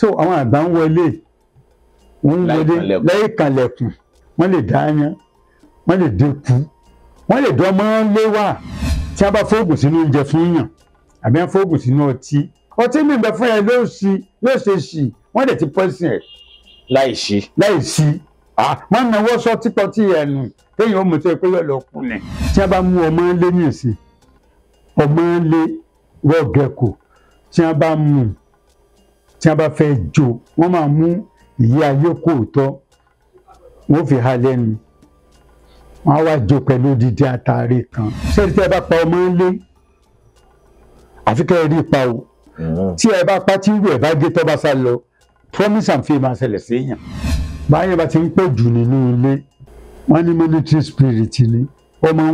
so àwọn àgbà ń wọlé wọ́n ń wọlé lẹ́yìn kanlẹ̀kùn wọ́n lè dáyán wọ́n lè dínkù wọ́n lè dán mọ́ léwà tí a bá fóògùn sínú oúnjẹ fún yàn àbí wọ́n fóògùn sínú ọtí ọtí mi bẹ fún ẹ yóò ṣe ṣì wọ́n lè ti pọ́sìn ẹ̀. láì sí. láì sí wọ́n náwó sọ títọ́ tí ẹ̀ nù téèyàn ó mú tó ẹ pé yóò lọ kú ni. tí a bá mú ọmọ lé ní ìsìn ọmọ lé wọ́ọ̀gẹ̀kọ̀ tí a bá mú un tí wọ́n bá fẹ́ jó wọ́n máa mú ìyé ayé kò tọ́ wọ́n fi ha lẹ́nu wọ́n á wá jó pẹ̀lú odidi àtàrí kan ṣé tí ẹ bá pa ọmọ ń lé àfi kẹ́ ẹ rí pa o mm-hmm. tí ẹ bá pa tí ìwé ẹ bá gé tọ́ bá sá lọ promise and faith máa ṣẹlẹ̀ séèyàn báyẹn bá ti ń pè jù nínú ilé wọ́n ní military spirit ni ọmọ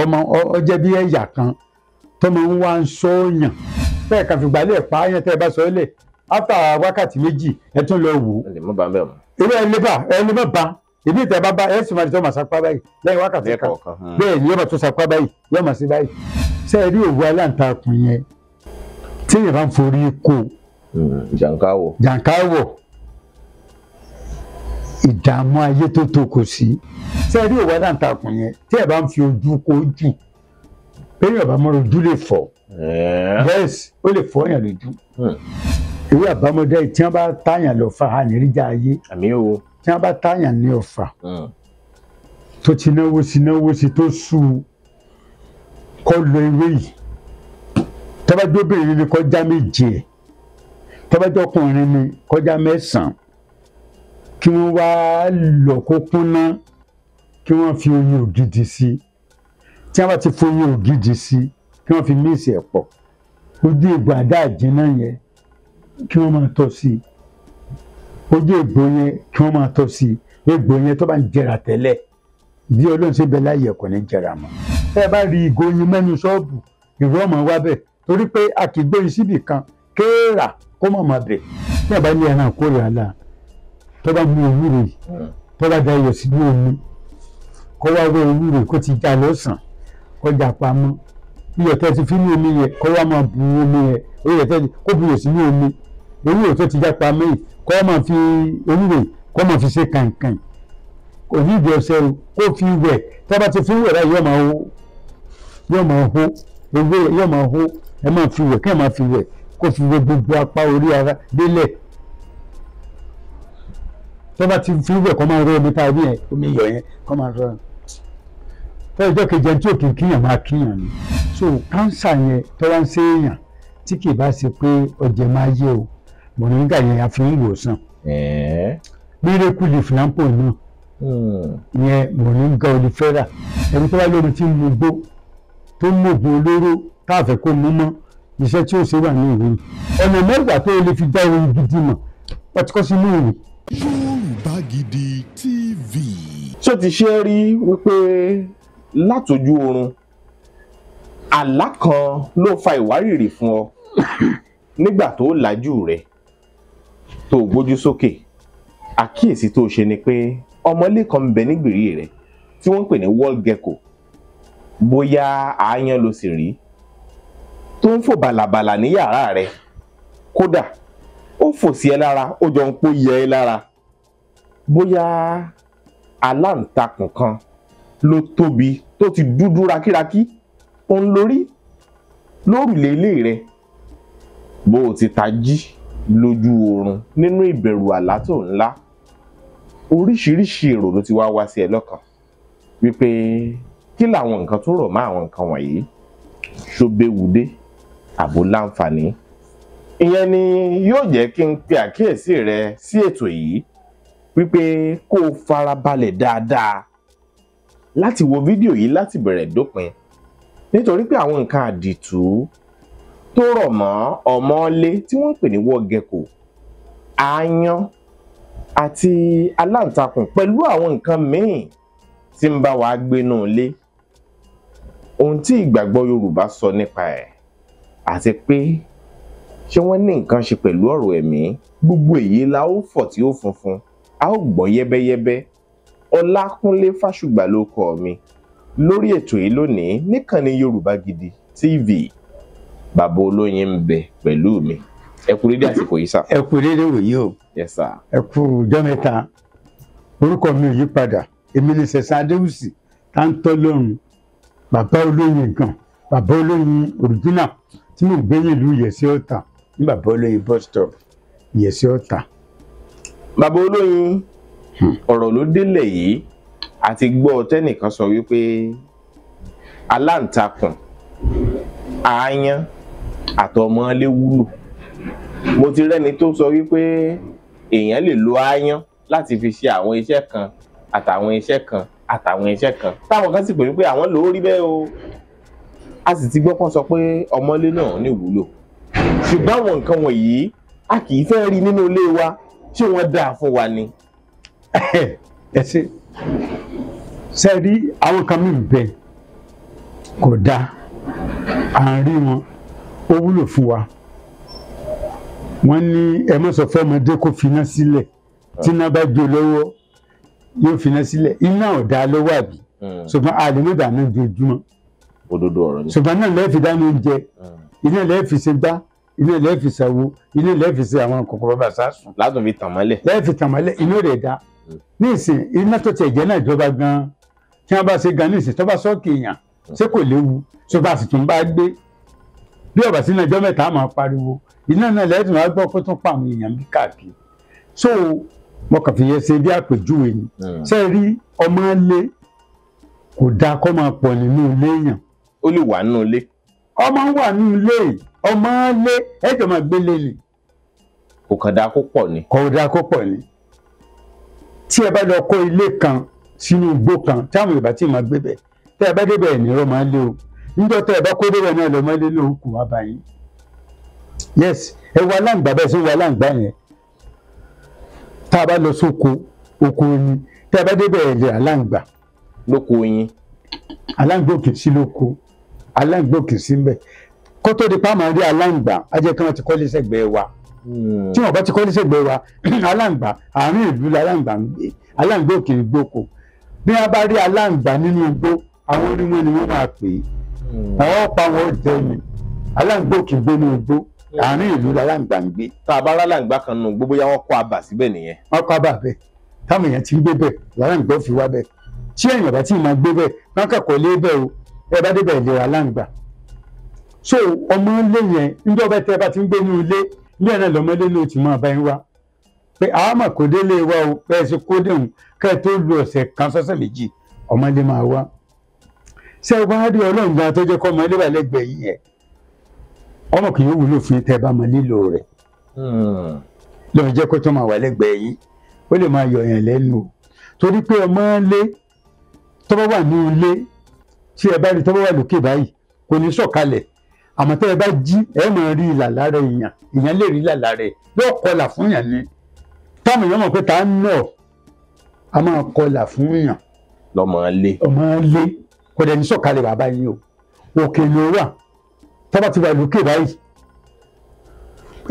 ọmọ ọjẹ́ bí ẹ̀yà kan tọ́mọ ń wá ń sọ bẹ́ẹ̀ kàfìgbálẹ̀ pààyàn tẹ́ bá sọ ọ́ lẹ̀ after wákàtí méjì ẹ tún lọ wò ó. ewé ẹni bá ẹni bá ba ìbí ìtẹ̀ bá ba ẹ sì máa di tó máa sapá báyìí lẹ́yìn wákàtí kan bẹ́ẹ̀ ni yóò máa tún sapá báyìí yóò máa sí báyìí. ṣé ẹ rí òwú aláǹtakùn yẹn tí yẹn bá ń forí kó. Hmm, jàǹkáwọ̀. jàǹkáwọ̀ ìdààmú ayé tó tó kò sí. ṣé ẹ rí òwú aláǹtakùn yẹn tí ẹ bá ń fi ojú kó jù bẹ́ẹ̀ yóò bá mọ́ ojú lè fọ́ bẹ́ẹ̀ ó ìwé àbámọ̀dá yìí tí wọ́n bá táyàn lọ́fà á ní ríjà ayé tí wọ́n bá táyàn ní ọ̀fà hmm. tó ti náwó sí náwó sí tó sú kọ́ lọ ewé yìí tọ́bájọ́bìnrin ni kọjá méje ẹ̀ tọ́bájọ́kùnrin ni kọjá mẹ́sàn-án kí wọ́n wá lọ kó kúnná kí wọ́n fi oyin ògidì sí tí wọ́n bá ti fi oyin ògidì sí kí wọ́n fi míìsì ẹ̀ pọ̀ ojú ìgbà dáàjì náà yẹn kí wọ́n máa tọ́ sí i ojú egbò yẹn kí wọ́n máa tọ́ sí i egbò yẹn tó bá ń jẹrà tẹ́lẹ̀ bí ọlọ́run ṣe bẹ láyè kò ní jẹrà mọ́ ẹ bá rí ìgò oyin mẹ́nu ṣọ́ọ̀bù ìró ọmọ wa bẹ̀ torí pé a kì í gbé yín síbì kan kéèrà kó mọ̀ mọ̀ bẹ̀ tí a bá ní ẹran kórè àlà tó bá mú ewúro yìí tó bá da iyọ̀ sínú omi kó wá wọ ewúro kó ti já lọ́sàn kó já pamọ́ iyọ̀ tẹ́ ti fi ní omi yẹ kó wá máa bu omi yẹ iyọ̀ tẹ́ ti kó bu iyọ̀ sínú omi ewúro tó ti jápa mẹ́yìn kọ́ máa fi ewúro kọ́ máa fi ṣe kàìnkàìn kò ní ìdí ọṣẹ o kó fi wẹ̀ tá a bá ti fi wẹ̀ rà yóò máa hó yóò máa hó ewé yóò máa hó ẹ máa fi wẹ̀ kẹ́ ẹ máa fi wẹ̀ kó fi wẹ̀ gbogbo apá orí ara délẹ̀ tó bá ti fi wẹ̀ kọ́ máa rọ omi tá a rí yẹn omi yọ̀ yẹn kọ́ máa rọ fẹ́ẹ́jọ́ kejì ẹni tí ò kíyàn máa kíyàn ni so kánsà yẹn tó ń ṣe èèyàn tí kì í bá ṣe pé ọ̀jẹ̀ máa yé o mọ̀nìngà yẹn a fi ń wòsàn miracle leaf lampo náà hmm. yẹn mọ̀nìngà olifera ẹni tó bá lómi tí ń mu gbó tó ń mọ̀gbọ́n olóró káàfẹ́ kó mú mọ́ iṣẹ́ tí ó ṣe wà ní ìwé ọ̀nà mẹ́gbà tó lè fi dá ohun gidi mọ̀ ọtí kọ́ sínú ìwé. Yorùbá Gidi TV. ṣé ti ṣe rí wípé látojú oorun àlá kan ló fa ìwárìrì fún ọ nígbà tó lajú rẹ̀ tó o gbójú sókè àkíyèsí tó o ṣe ni pé ọmọlé kan ń bẹ nígbèrí rẹ tí wọ́n ń pè ní wall gecko bóyá àáyán ló sì rí tó ń fò bàlàbàlà ní yàrá rẹ kódà ó fò sí ẹ lára ó jọ ń pò yẹ ẹ lára bóyá aláǹtakùn kan ló tóbi tó ti dúdú rakíraki òun lórí lórùlé rẹ bó o ti ta jí lójú oorun nínú ìbẹ̀rù àlá tó ńlá oríṣiríṣi èrò ló ti wá wá sí ẹ lọ́kàn wípé kí làwọn nǹkan tó rọ̀ mọ́ àwọn nǹkan wọ̀nyí ṣòbéwùdé àbò láǹfààní ìyẹn ni yóò jẹ́ kí n pe àkíyèsí rẹ sí ètò yìí wípé kó o farabalẹ̀ dáadáa láti wo fídíò yìí láti bẹ̀rẹ̀ dópin nítorí pé àwọn nǹkan àdìtú tó rọ̀ mọ́ ọmọọ́lé tí wọ́n ń pè ní war gecko aáyán àti aláǹtakùn pẹ̀lú àwọn nǹkan míì tí ń bá wa gbénú ilé ohun tí ìgbàgbọ́ Yorùbá sọ nípa ẹ̀ àti pé ṣé wọ́n ní nǹkan ṣe pẹ̀lú ọ̀rọ̀ ẹ̀mí gbogbo èyí la ó fọ̀ tí ó funfun a ó gbọ́ yẹ́bẹ́yẹ́bẹ́ Ọlákúnlé Fásùgbà ló kọ mi lórí ètò yìí lónìí níkànnì Yorùbá Gidi TV bàbá olóyin ń bẹ pẹ̀lú mi ẹ kú dédé àsìkò yìí sà. ẹ kú dédé wòyí o. yes sà. ẹ kú ọjọ́ mẹ́ta orúkọ mi ò yí padà èmi ni Sẹ̀san Adéwùsì tá ń tọ́ lọ́rùn bàbá olóyin gan bàbá olóyin original tí mò gbé yìí ìlú Ìyẹ̀sí Ọ̀tà ní bàbá olóyin bus stop Ìyẹ̀sí Ọ̀tà. bàbá olóyin hmm. ọ̀rọ̀ ló délẹ̀ yìí àti gbọ́ tẹ́nìkan sọ wípé aláǹtakùn àáyán àtọmọlé wúlò mo ti rẹ́ni tó sọ wípé èèyàn lè lo aáyán láti fi ṣe àwọn iṣẹ́ kan àtàwọn iṣẹ́ kan àtàwọn iṣẹ́ kan táwọn kan sì pè wípé àwọn lòó rí bẹ́ẹ̀ o a sì ti gbọ́ pọ́n sọ pé ọmọlé náà ní ìwúlò ṣùgbọ́n àwọn nǹkan wọ̀nyí a kì í fẹ́ rí nínú ilé wa ṣé wọ́n dáa fún wa ni. ẹ ṣe ṣe rí àwọn kan mi bẹ kò dáa à ń rí wọn ó wúlò fún wa wọ́n ní ẹ má sọ fọ́mọdé kó finá sílẹ̀ tí iná bá jó lọ́wọ́ yóò finá sílẹ̀ iná ọ̀dà lọ́wọ́ àbí hmm. ṣùgbọ́n àlùmọ́dà náà dojúmọ́ òdodo ọ̀rọ̀ ni ṣùgbọ́n náà lẹ́ẹ̀fì dáná oúnjẹ hmm. iná lẹ́ẹ̀fì ṣe gbá iná lẹ́ẹ̀fì ṣàwo iná lẹ́ẹ̀fì ṣe àwọn kòkòrò bá sásùn. látùn fi tàn mọ́lẹ̀. lẹ́ẹ̀fì tàn mọ́lẹ̀ iná rẹ̀ dá hmm. ní ìsìn iná tó tiẹ̀ jẹ́ náà ìjọba gan-an tí wọ́n bá ṣe gan ní ìsìn tó bá sọ́ọ̀kì èèyàn ṣé kò léwu ṣùgbọ́n àsìtún bá gbé bí ọ̀bà sínú ẹjọ́ mẹ́ta máa pariwo iná náà lẹ́tùn wá gbọ́ kó tún pa àwọn èèyàn bí káàkiri so mo kàn fi yẹ ṣe bí àpèjúwe ni hmm. ṣe rí ọmọ ilé kò dáa kó máa pọ̀ nínú ilé èèyàn. ó lè wà nínú ilé. ọmọ wà nínú ilé ọmọ ilé ẹjọ máa gbélé ni. kò kàn dáa kó pọ̀ ni. kò dáa kó pọ̀ ni. tí ẹ bá lọ kó ilé kan sínú igbó kan táwọn ìbátí máa gbé bẹ̀ tẹ́ ẹ bá débẹ̀ ẹ̀ nírọ̀ máa lé o níjọ́ tẹ́ ẹ bá kó débẹ̀ náà lọ́mọdé lòún kù wá báyìí yes ẹ wọ aláǹgbá bẹ́ẹ̀ sí wọ aláǹgbá yẹn tá a bá lọ sóko oko oyin tá a bá débẹ̀ ẹ̀ lé aláǹgbá. lóko oyin. aláǹgbá òkè sí lóko aláǹgbá òkè sí mbẹ kótó di pàmò rí aláǹgbá ajẹ́ kí wọ́n ti kọ́lé sẹ́gbẹ̀ẹ́ wa hmm. tí wọn bá ti kọ́lé sẹ́gbẹ̀ẹ́ wa aláǹgbá àárín ìlú aláǹgbá ń gbé òkè ìgbóko bí wọn bá rí aláǹgbá nínú igbó àwọn onímọ̀ ni wọ́n máa pè é. wọn pa wọn jẹ ni aláǹgbá òkè gbé ní igbó àárín ìlú abara tá a bá kan nù gbogbo yà wọn kọ àbà síbẹ̀ nìyẹn. wọn kọ ti ń gbé bẹ́ẹ̀ fi wá tí èèyàn bá ti máa gbé o ẹ bá so ọmọ ilé yẹn bá ti ń gbé ní ilé ti máa bá wa o pẹ́ẹ́sì kódé òun kẹ́ẹ̀ tó lu ọ̀sẹ̀ kan sọ́sẹ̀ méjì ṣé ẹ wáá rí ọlọ́run gan tó jẹ́ kọ́ ọmọ ẹlẹ́wà lẹ́gbẹ̀ẹ́ yìí yẹn ọmọ kì yóò wúlò fún tẹ́ ẹ bá mọ lílo rẹ̀ hmm. lọ́run jẹ́ kó tó máa wà lẹ́gbẹ̀ẹ́ yìí ó lè máa yọ̀yàn lẹ́nu o torí pé ọmọ lé tọ́wọ́ wà ní ilé tí ẹ bá rí tọ́wọ́ wà lókè báyìí kò ní sọ̀kalẹ̀ àmọ́ tẹ́ ẹ bá jí ẹ máa rí ìlà lára èèyàn èèyàn lè rí ìlà lára ẹ̀ yóò kọlà fún yàn ni táwọn èèyàn mọ̀ pé tá a nọ̀ a máa kọlà fún yàn. lọ́mọ lé. ọmọ lé kò dẹ̀ ní sọ̀kalẹ̀ bàbá yín o òkè ló wà tọ́ba ti wà lókè báyìí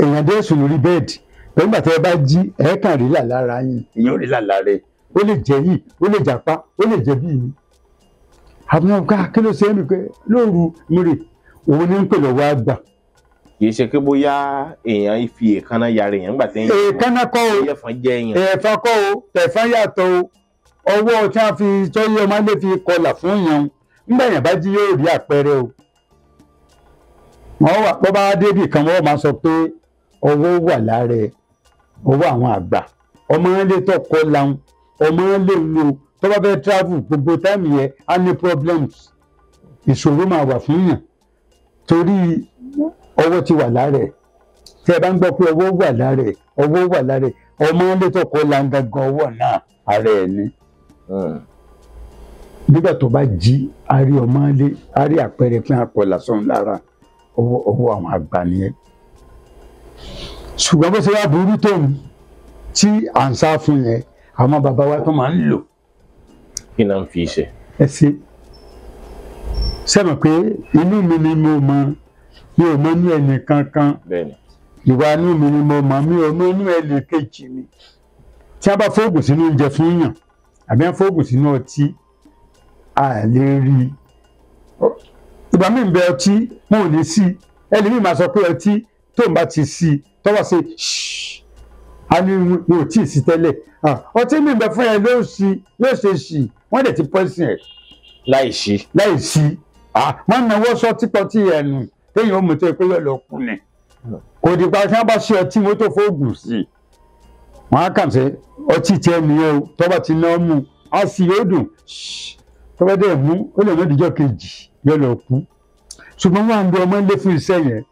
èèyàn dé sùn lórí bẹ́ẹ̀dì pẹ̀lú bàtà ẹ bá jí ẹ̀ẹ́kàn rí là lára yín èèyàn rí là lára ẹ̀ ó lè jẹ́ yìí ó lè jàpá ó lè jẹ́ bíi yín àwọn ọ̀gá kí ló ṣe é mi pé lóru mire òun ní ń pè lọ́wọ́ àgbà. kì í ṣe pé bóyá èèyàn fi èèkánná yára èèyàn gbà tẹ́yìn. èèkánná kọ́ o ẹ̀fọn jẹ́ èèyàn. ẹ̀fọn kọ́ o ẹ̀fọn yàtọ̀ o ọwọ́ tí wọ́n fi tọ́yé ọmọ ilé fi kọlà fún yẹn ńgbà bá jí yóò rí àpẹẹrẹ o wọ́n wà kan wọ́n máa sọ pé ọwọ́ wà lára ọwọ́ àwọn àgbà ọmọ ilé tó kọlà ọmọ ilé tó bá fẹ́ travel gbogbo táìmù yẹn á ní problems ìṣòro máa wà fún yàn torí ọwọ́ ti wà lára ẹ̀ bá ń gbọ́ pé ọwọ́ wà lára wà lára Hmm. nígbà tó bá jí a rí ọmọ lé a rí àpẹẹrẹ pé a kọ̀ lásán lára ọwọ́ ọwọ́ àwọn àgbà nìyẹn ṣùgbọ́n bó ṣe wá burú tóun tí à ń sá fún yẹn àwọn bàbá wa tó máa ń lò. kí náà ń fi ṣe. ẹ ṣe sẹ́mi pé inú mi ni mo mọ mi ò mọ ní ẹnì kankan ìwà inú mi ni mo mọ mi ò mọ inú ẹnì kejì mi tí a bá fóògùn sínú oúnjẹ fún yàn àbí wọn fóògùn sínú ọtí a lè rí i ìgbà míì ń bẹ ọtí wọn ò ní sí ẹlẹ́mìí máa sọ pé ọtí tó ń bá ti sí tọ́wọ́ sí ṣíṣ a ní wọn ò tí ì sí tẹ́lẹ̀ ọtí míì ń bẹ fún ẹ ló ṣe yóò ṣe ṣì wọ́n dẹ̀ ti pọ́sìn ẹ̀. láì sí. láì sí wọ́n náwó sọtí pọtí ẹnu téèyàn ó mú tó ẹ pé yóò lọ kú ni kò dìgbà tí wọ́n bá ṣe ọtí mọ́tò fóògùn sí i wọn á kàn sẹ ọtí tiẹ nìyẹn o tọ́ba ti náà mú a sì yóò dùn tọ́ba dẹ̀ mú ó lè mú ìdíjọ́ kejì yóò lọ kú ṣùgbọ́n wọn à ń bẹ ọmọ ilé fún iṣẹ́ yẹn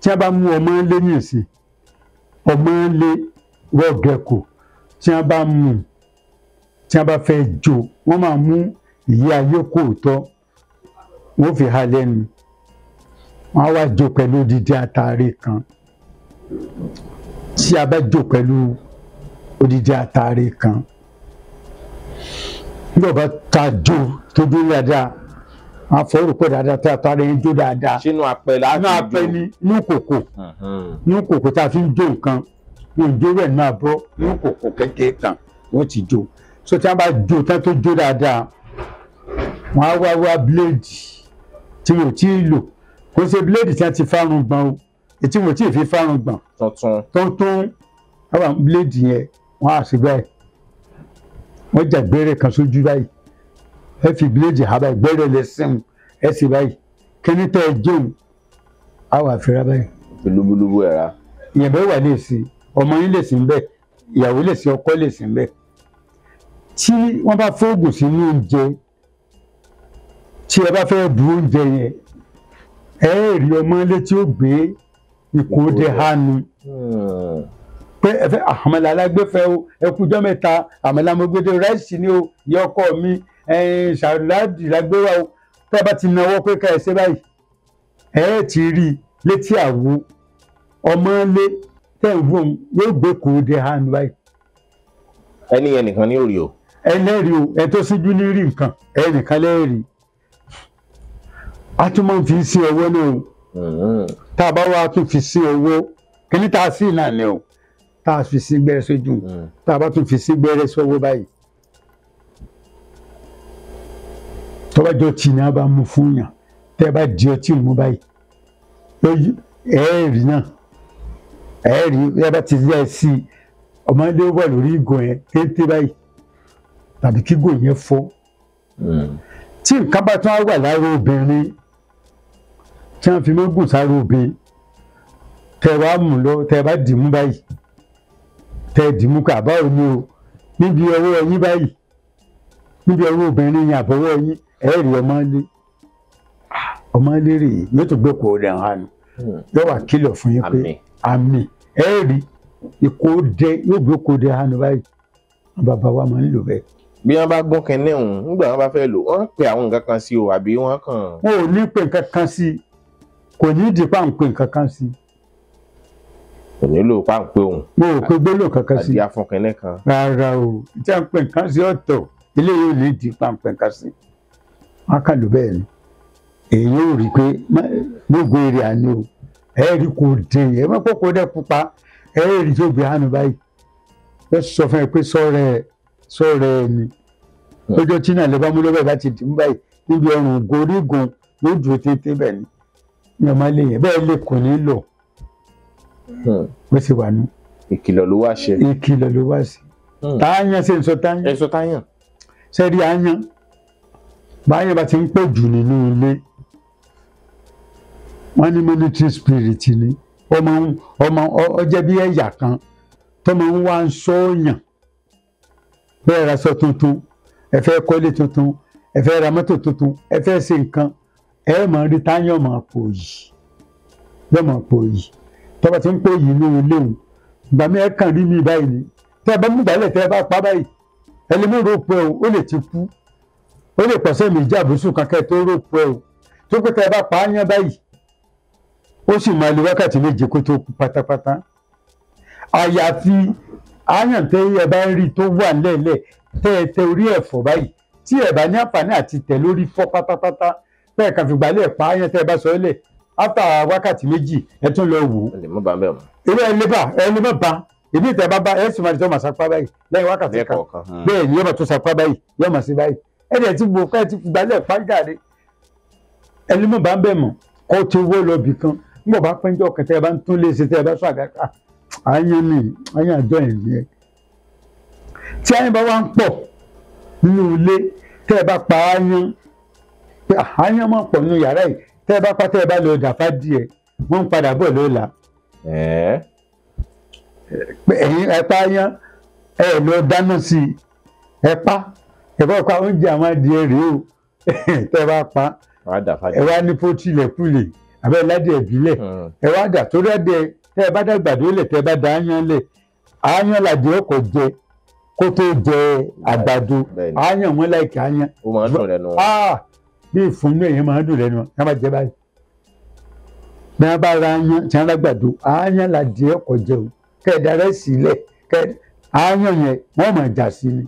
tí a bá mú ọmọ ilé ní ìsìn ọmọ ilé rọgẹkù tí a bá mú tí a bá fẹ́ jó wọ́n máa mú ìyé ayé kò tọ́ wọ́n fi ha lẹ́nu wọ́n á wá jó pẹ̀lú odidi àtàrí kan tí a bá jò pẹ̀lú odidi àtàrí kan nígbà tá a jó tó dúró dáadáa àfọwọ́rùpọ̀ dáadáa tá a tàrí ń jó dáadáa sínú apẹ la fi jó apẹ ni ní kòkò mhm. ní kòkò tá a fi ń jó nǹkan ní ìjó rẹ̀ náà bọ́ ní kòkò kékeré kan wọ́n ti jó so tí a bá jó tán tó jó dáadáa wọ́n á wá wá bíléèdì tí mi ò tí ì lò kò ṣe bíléèdì tí wọ́n ti fárun gbọ́n o ètí mo tí ì fi fárun gbọ̀n tuntun àwọn bíléèdì yẹn wọ́n á sí báyìí wọ́n jà gbére kan sójú báyìí ẹ fi bíléèdì ha báyìí gbére lè sìn ẹ sì báyìí kíní tẹ ẹ jẹun àwọn àfẹ́rẹ́ báyìí. lúbúlúbú ẹ̀ ra. ìyẹn bẹ́ẹ̀ wà lè sí ọmọ yín lè sí ń bẹ̀ ìyàwó lè sí ọkọ lè sí ń bẹ̀ tí wọ́n bá fóògùn sínú oúnjẹ tí ẹ bá fẹ́ bu oúnjẹ yẹn ẹ rí ọmọ ilé tí ó gbé ìkóde ha ni pé ẹ fẹ́ ah, àmàlà alágbèfẹ́ o ẹ kújọ́ mẹ́ta àmàlà amógbédé ráìsì ni o ìyá ọkọ mi ṣàládì lágbéwá o tẹ́ bá ti náwó pé ká ẹ ṣe báyìí ẹ ti rí létí àwo ọmọ lé tẹ́ ń wò yóò gbé kóde ha ni báyìí. ẹni yẹn nìkan ní òrì o. ẹlẹ́rìí o ẹ tó síjú ní rí nǹkan ẹ nìkan lẹ́rìí a tún máa ń fi ṣe ọwọ́ náà o tá a bá wá tún fi sí owó kíní tá a sí náà ni o tá a fi sí gbẹ́rẹ́ sójú mm. tá a bá tún fi sí gbẹ́rẹ́ sówó báyìí tọ́bajọ́ tì ní a bá mú fún yàn tẹ́ bá di ọtí mú báyìí ẹ̀ẹ́rì náà ẹ̀ẹ́rì ẹ bá ti yá ẹ sí i ọmọdé wà lórí ìgò yẹn téńté báyìí tàbí kígò yẹn fọ́ mm. tí nǹkan bá tún wà lára obìnrin tí wọ́n fi mọ́gùn sáré obìnrin tẹ́ ẹ wá mú lọ tẹ́ bá dì mú báyìí tẹ́ dì mú kà báwo ni o níbi ọwọ́ ẹyin báyìí níbi ọwọ́ obìnrin yẹn àbọ̀wọ́ ẹyin ẹ rí ọmọ lé ọmọ lé rèé yóò tó gbé kó o dẹ̀ hàn yóò wá kìlọ̀ fún yín pé àmì ẹ rí ìkó dẹ yóò gbé kó o dẹ̀ hàn báyìí bàbá wa máa ń lò bẹ́ẹ̀ bí wọn bá gún kẹne ọhún nígbà wọn bá fẹ́ lò wọn pe àwọn nǹkan kan sí o àbí wọn kàn. wọn ò ní pè nǹkan kan sí kò ní ìdí páńpé nǹkan kan sí i kò nílò páńpé òun. mo ò pe gbólóò kankan sí i àdìyà fún kínní kan. rárá o tí a ń pè nǹkan sí ọ̀tọ̀ ilé yóò lè di páńpé nǹkan sí i wọn kà ló bẹ́ẹ̀ ni èyí yóò rí i pé gbogbo èrè àní o ẹ rí kò dé ẹ má kókó dẹ pupa ẹ rí tó gbé hànú báyìí ẹ sọ fún ẹ pé sọ̀rọ̀ ẹ sọ̀rọ̀ ẹ ni lọ́jọ́ hmm. tí náà lè bá mú lọ́wọ́ ẹ bá ti dì mú báyìí níbi ọrùn gorígun lójú tètè bẹ́ẹ̀ ni ní ọmọlé yẹn bẹ́ẹ̀ lè kò ní lò hmm. bó ti wà nù. ìkìlọ̀ ló wá ṣe. ìkìlọ̀ ló wá ṣe. Hmm. tààyàn ṣe èso tààyàn. èso tààyàn. sẹ́ẹ̀dì àyàn báyàn bá ti ń pè jù nínú ilé wọ́n ní monetary spirit ni ọmọ ọmọ ọjẹ́ bí ẹ̀yà kan tó máa ń wá ń sọ́ọ̀yàn bẹ́ẹ̀ ra sọ tuntun ẹ fẹ́ kọ́lé tuntun ẹ fẹ́ ra mọ́tò tuntun ẹ fẹ́ ṣe nǹkan ẹ mọ̀ rí táyọ̀ mọ̀ pò yìí yọ̀ mọ̀ pò yìí tọ́ba ti ń pò yìí ní ilé òun ìgbà mi ẹ kàn rí mi báyìí ni tẹ́ ẹ bá mú ìgbàlẹ̀ tẹ́ ẹ bá pa báyìí ẹlẹ́mú rògbò ẹ̀ ó lè ti kú ó lè pọ̀sẹ̀ méjì àbùsù kankan tó rògbò ẹ̀ tó pé tẹ́ ẹ bá pa á yán báyìí ó sì máa lè wákàtí méje kó tó kú pátápátá àyàfi àyàn tẹ́ ẹ bá ń rí tó wà lẹ́lẹ̀ tẹ́ ẹ tẹ orí ẹ̀fọ́ báyìí tí ẹ bá ní àǹfààní àti tẹ̀ lórí fọ́ pátápátá bẹ́ẹ̀ kan fìgbà lè pa yẹn tẹ́ ẹ bá sọ ẹ lẹ̀ after wákàtí méjì ẹ tún lọ wò ó. ẹ lè mú bá bẹ́ẹ̀ mọ́. ìwé ẹ lè bá ẹ lè má bá ìbí ìtẹ̀ bá bá ẹ sì máa di tó máa sapá báyìí lẹ́yìn wákàtí kan hmm. bẹ́ẹ̀ ni yóò máa tún sapá báyìí yóò máa sí báyìí ẹ dẹ̀ ti gbòó ká ẹ ti fìgbà lẹ̀ pa jáde ẹ lè mú bá bẹ́ẹ̀ mọ́ kó o ti wó lọ bì kan nígbà bá pẹ́ńjọ́ kẹtẹ́ ẹ bá ń tún lé ṣe tẹ́ ẹ bá sọ àgàkà ayé ni pé àyàn máa pọ̀ nínú yàrá yìí tẹ́ ẹ bá pátá ẹ bá lọ dàfá díẹ̀ wọ́n ń padà bọ̀ lọ́la. ẹ̀yin ẹ̀pá yán ẹ lọ dáná sí i ẹ̀pá ẹ̀pá ọ̀pá oúnjẹ àwọn adìẹ rèé o tẹ́ ẹ bá pa ẹ wá ní pọ́tì ilẹ̀kùlẹ̀ abẹ́ ládìẹ ìbílẹ̀ hmm. ẹ wá dà tó rẹ́dẹ̀ tẹ́ ẹ bá dàgbàdo lẹ̀ tẹ́ ẹ bá dà áyán lẹ̀ áyán làdìẹ ọkọ̀ jẹ kó tó jẹ àgbàdo áyàn wọn láìka áyán. ó máa ń dùn lẹ́nu bí ìfúnnú èèyàn máa ń dùn lẹ́nu wọn bá jẹ báyìí bí wọn bá ra ayan tí wọn lágbàdo ayan la di ọkọ jẹ o kẹẹdà rẹ sílẹ̀ kẹ ayan yẹn wọn máa jà sí ni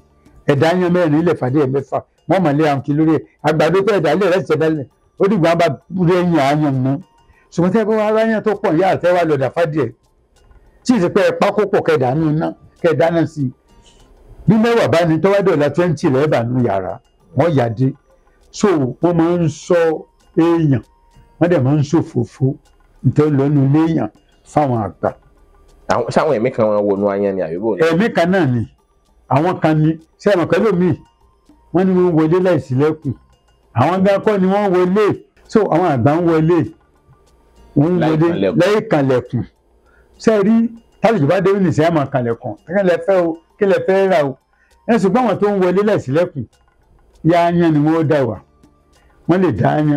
ẹ̀dá ayan mẹ́rin ilẹ̀ fàdé ẹ mẹ́fà wọn máa lé àwọn kí lórí ẹ àgbàdo tẹ ẹ̀dá ilẹ̀ rẹ ṣẹdá lẹ ó dìgbà wọn bá rẹ yan ayan mú ṣùgbọ́n tẹ bá wà ra ayan tó pọ̀ yá àtẹ wà so wọ́n máa ń sọ èèyàn wọ́n dẹ̀ máa ń ṣòfófó nítorí lọ́nu léèyàn fáwọn àgbà. sáwọn ẹ̀mí kan wọnú ayan ni àyùbọ̀ ni. ẹ̀mí kan náà ni àwọn kan ni ṣé ẹ̀mọ̀ pẹ̀lú mi wọ́n ní wọ́n wọlé láìsílẹ̀kùn àwọn gan kọ́ ni wọ́n wọlé so àwọn àgbà ń wọlé wọ́n ń wọlé lẹ́yìn kanlẹ̀kùn ṣé ẹ rí tálíjù bá dé ní ìṣẹ́ àmọ̀ kanlẹ̀kùn kí lẹ fẹ́ o kí lẹ fẹ́ rà o ẹ̀ ṣùgbọ́n àwọn tó ń wọlé láìsílẹ̀kùn yááyán ni wọ́n dà wá wọ́n lè dááyán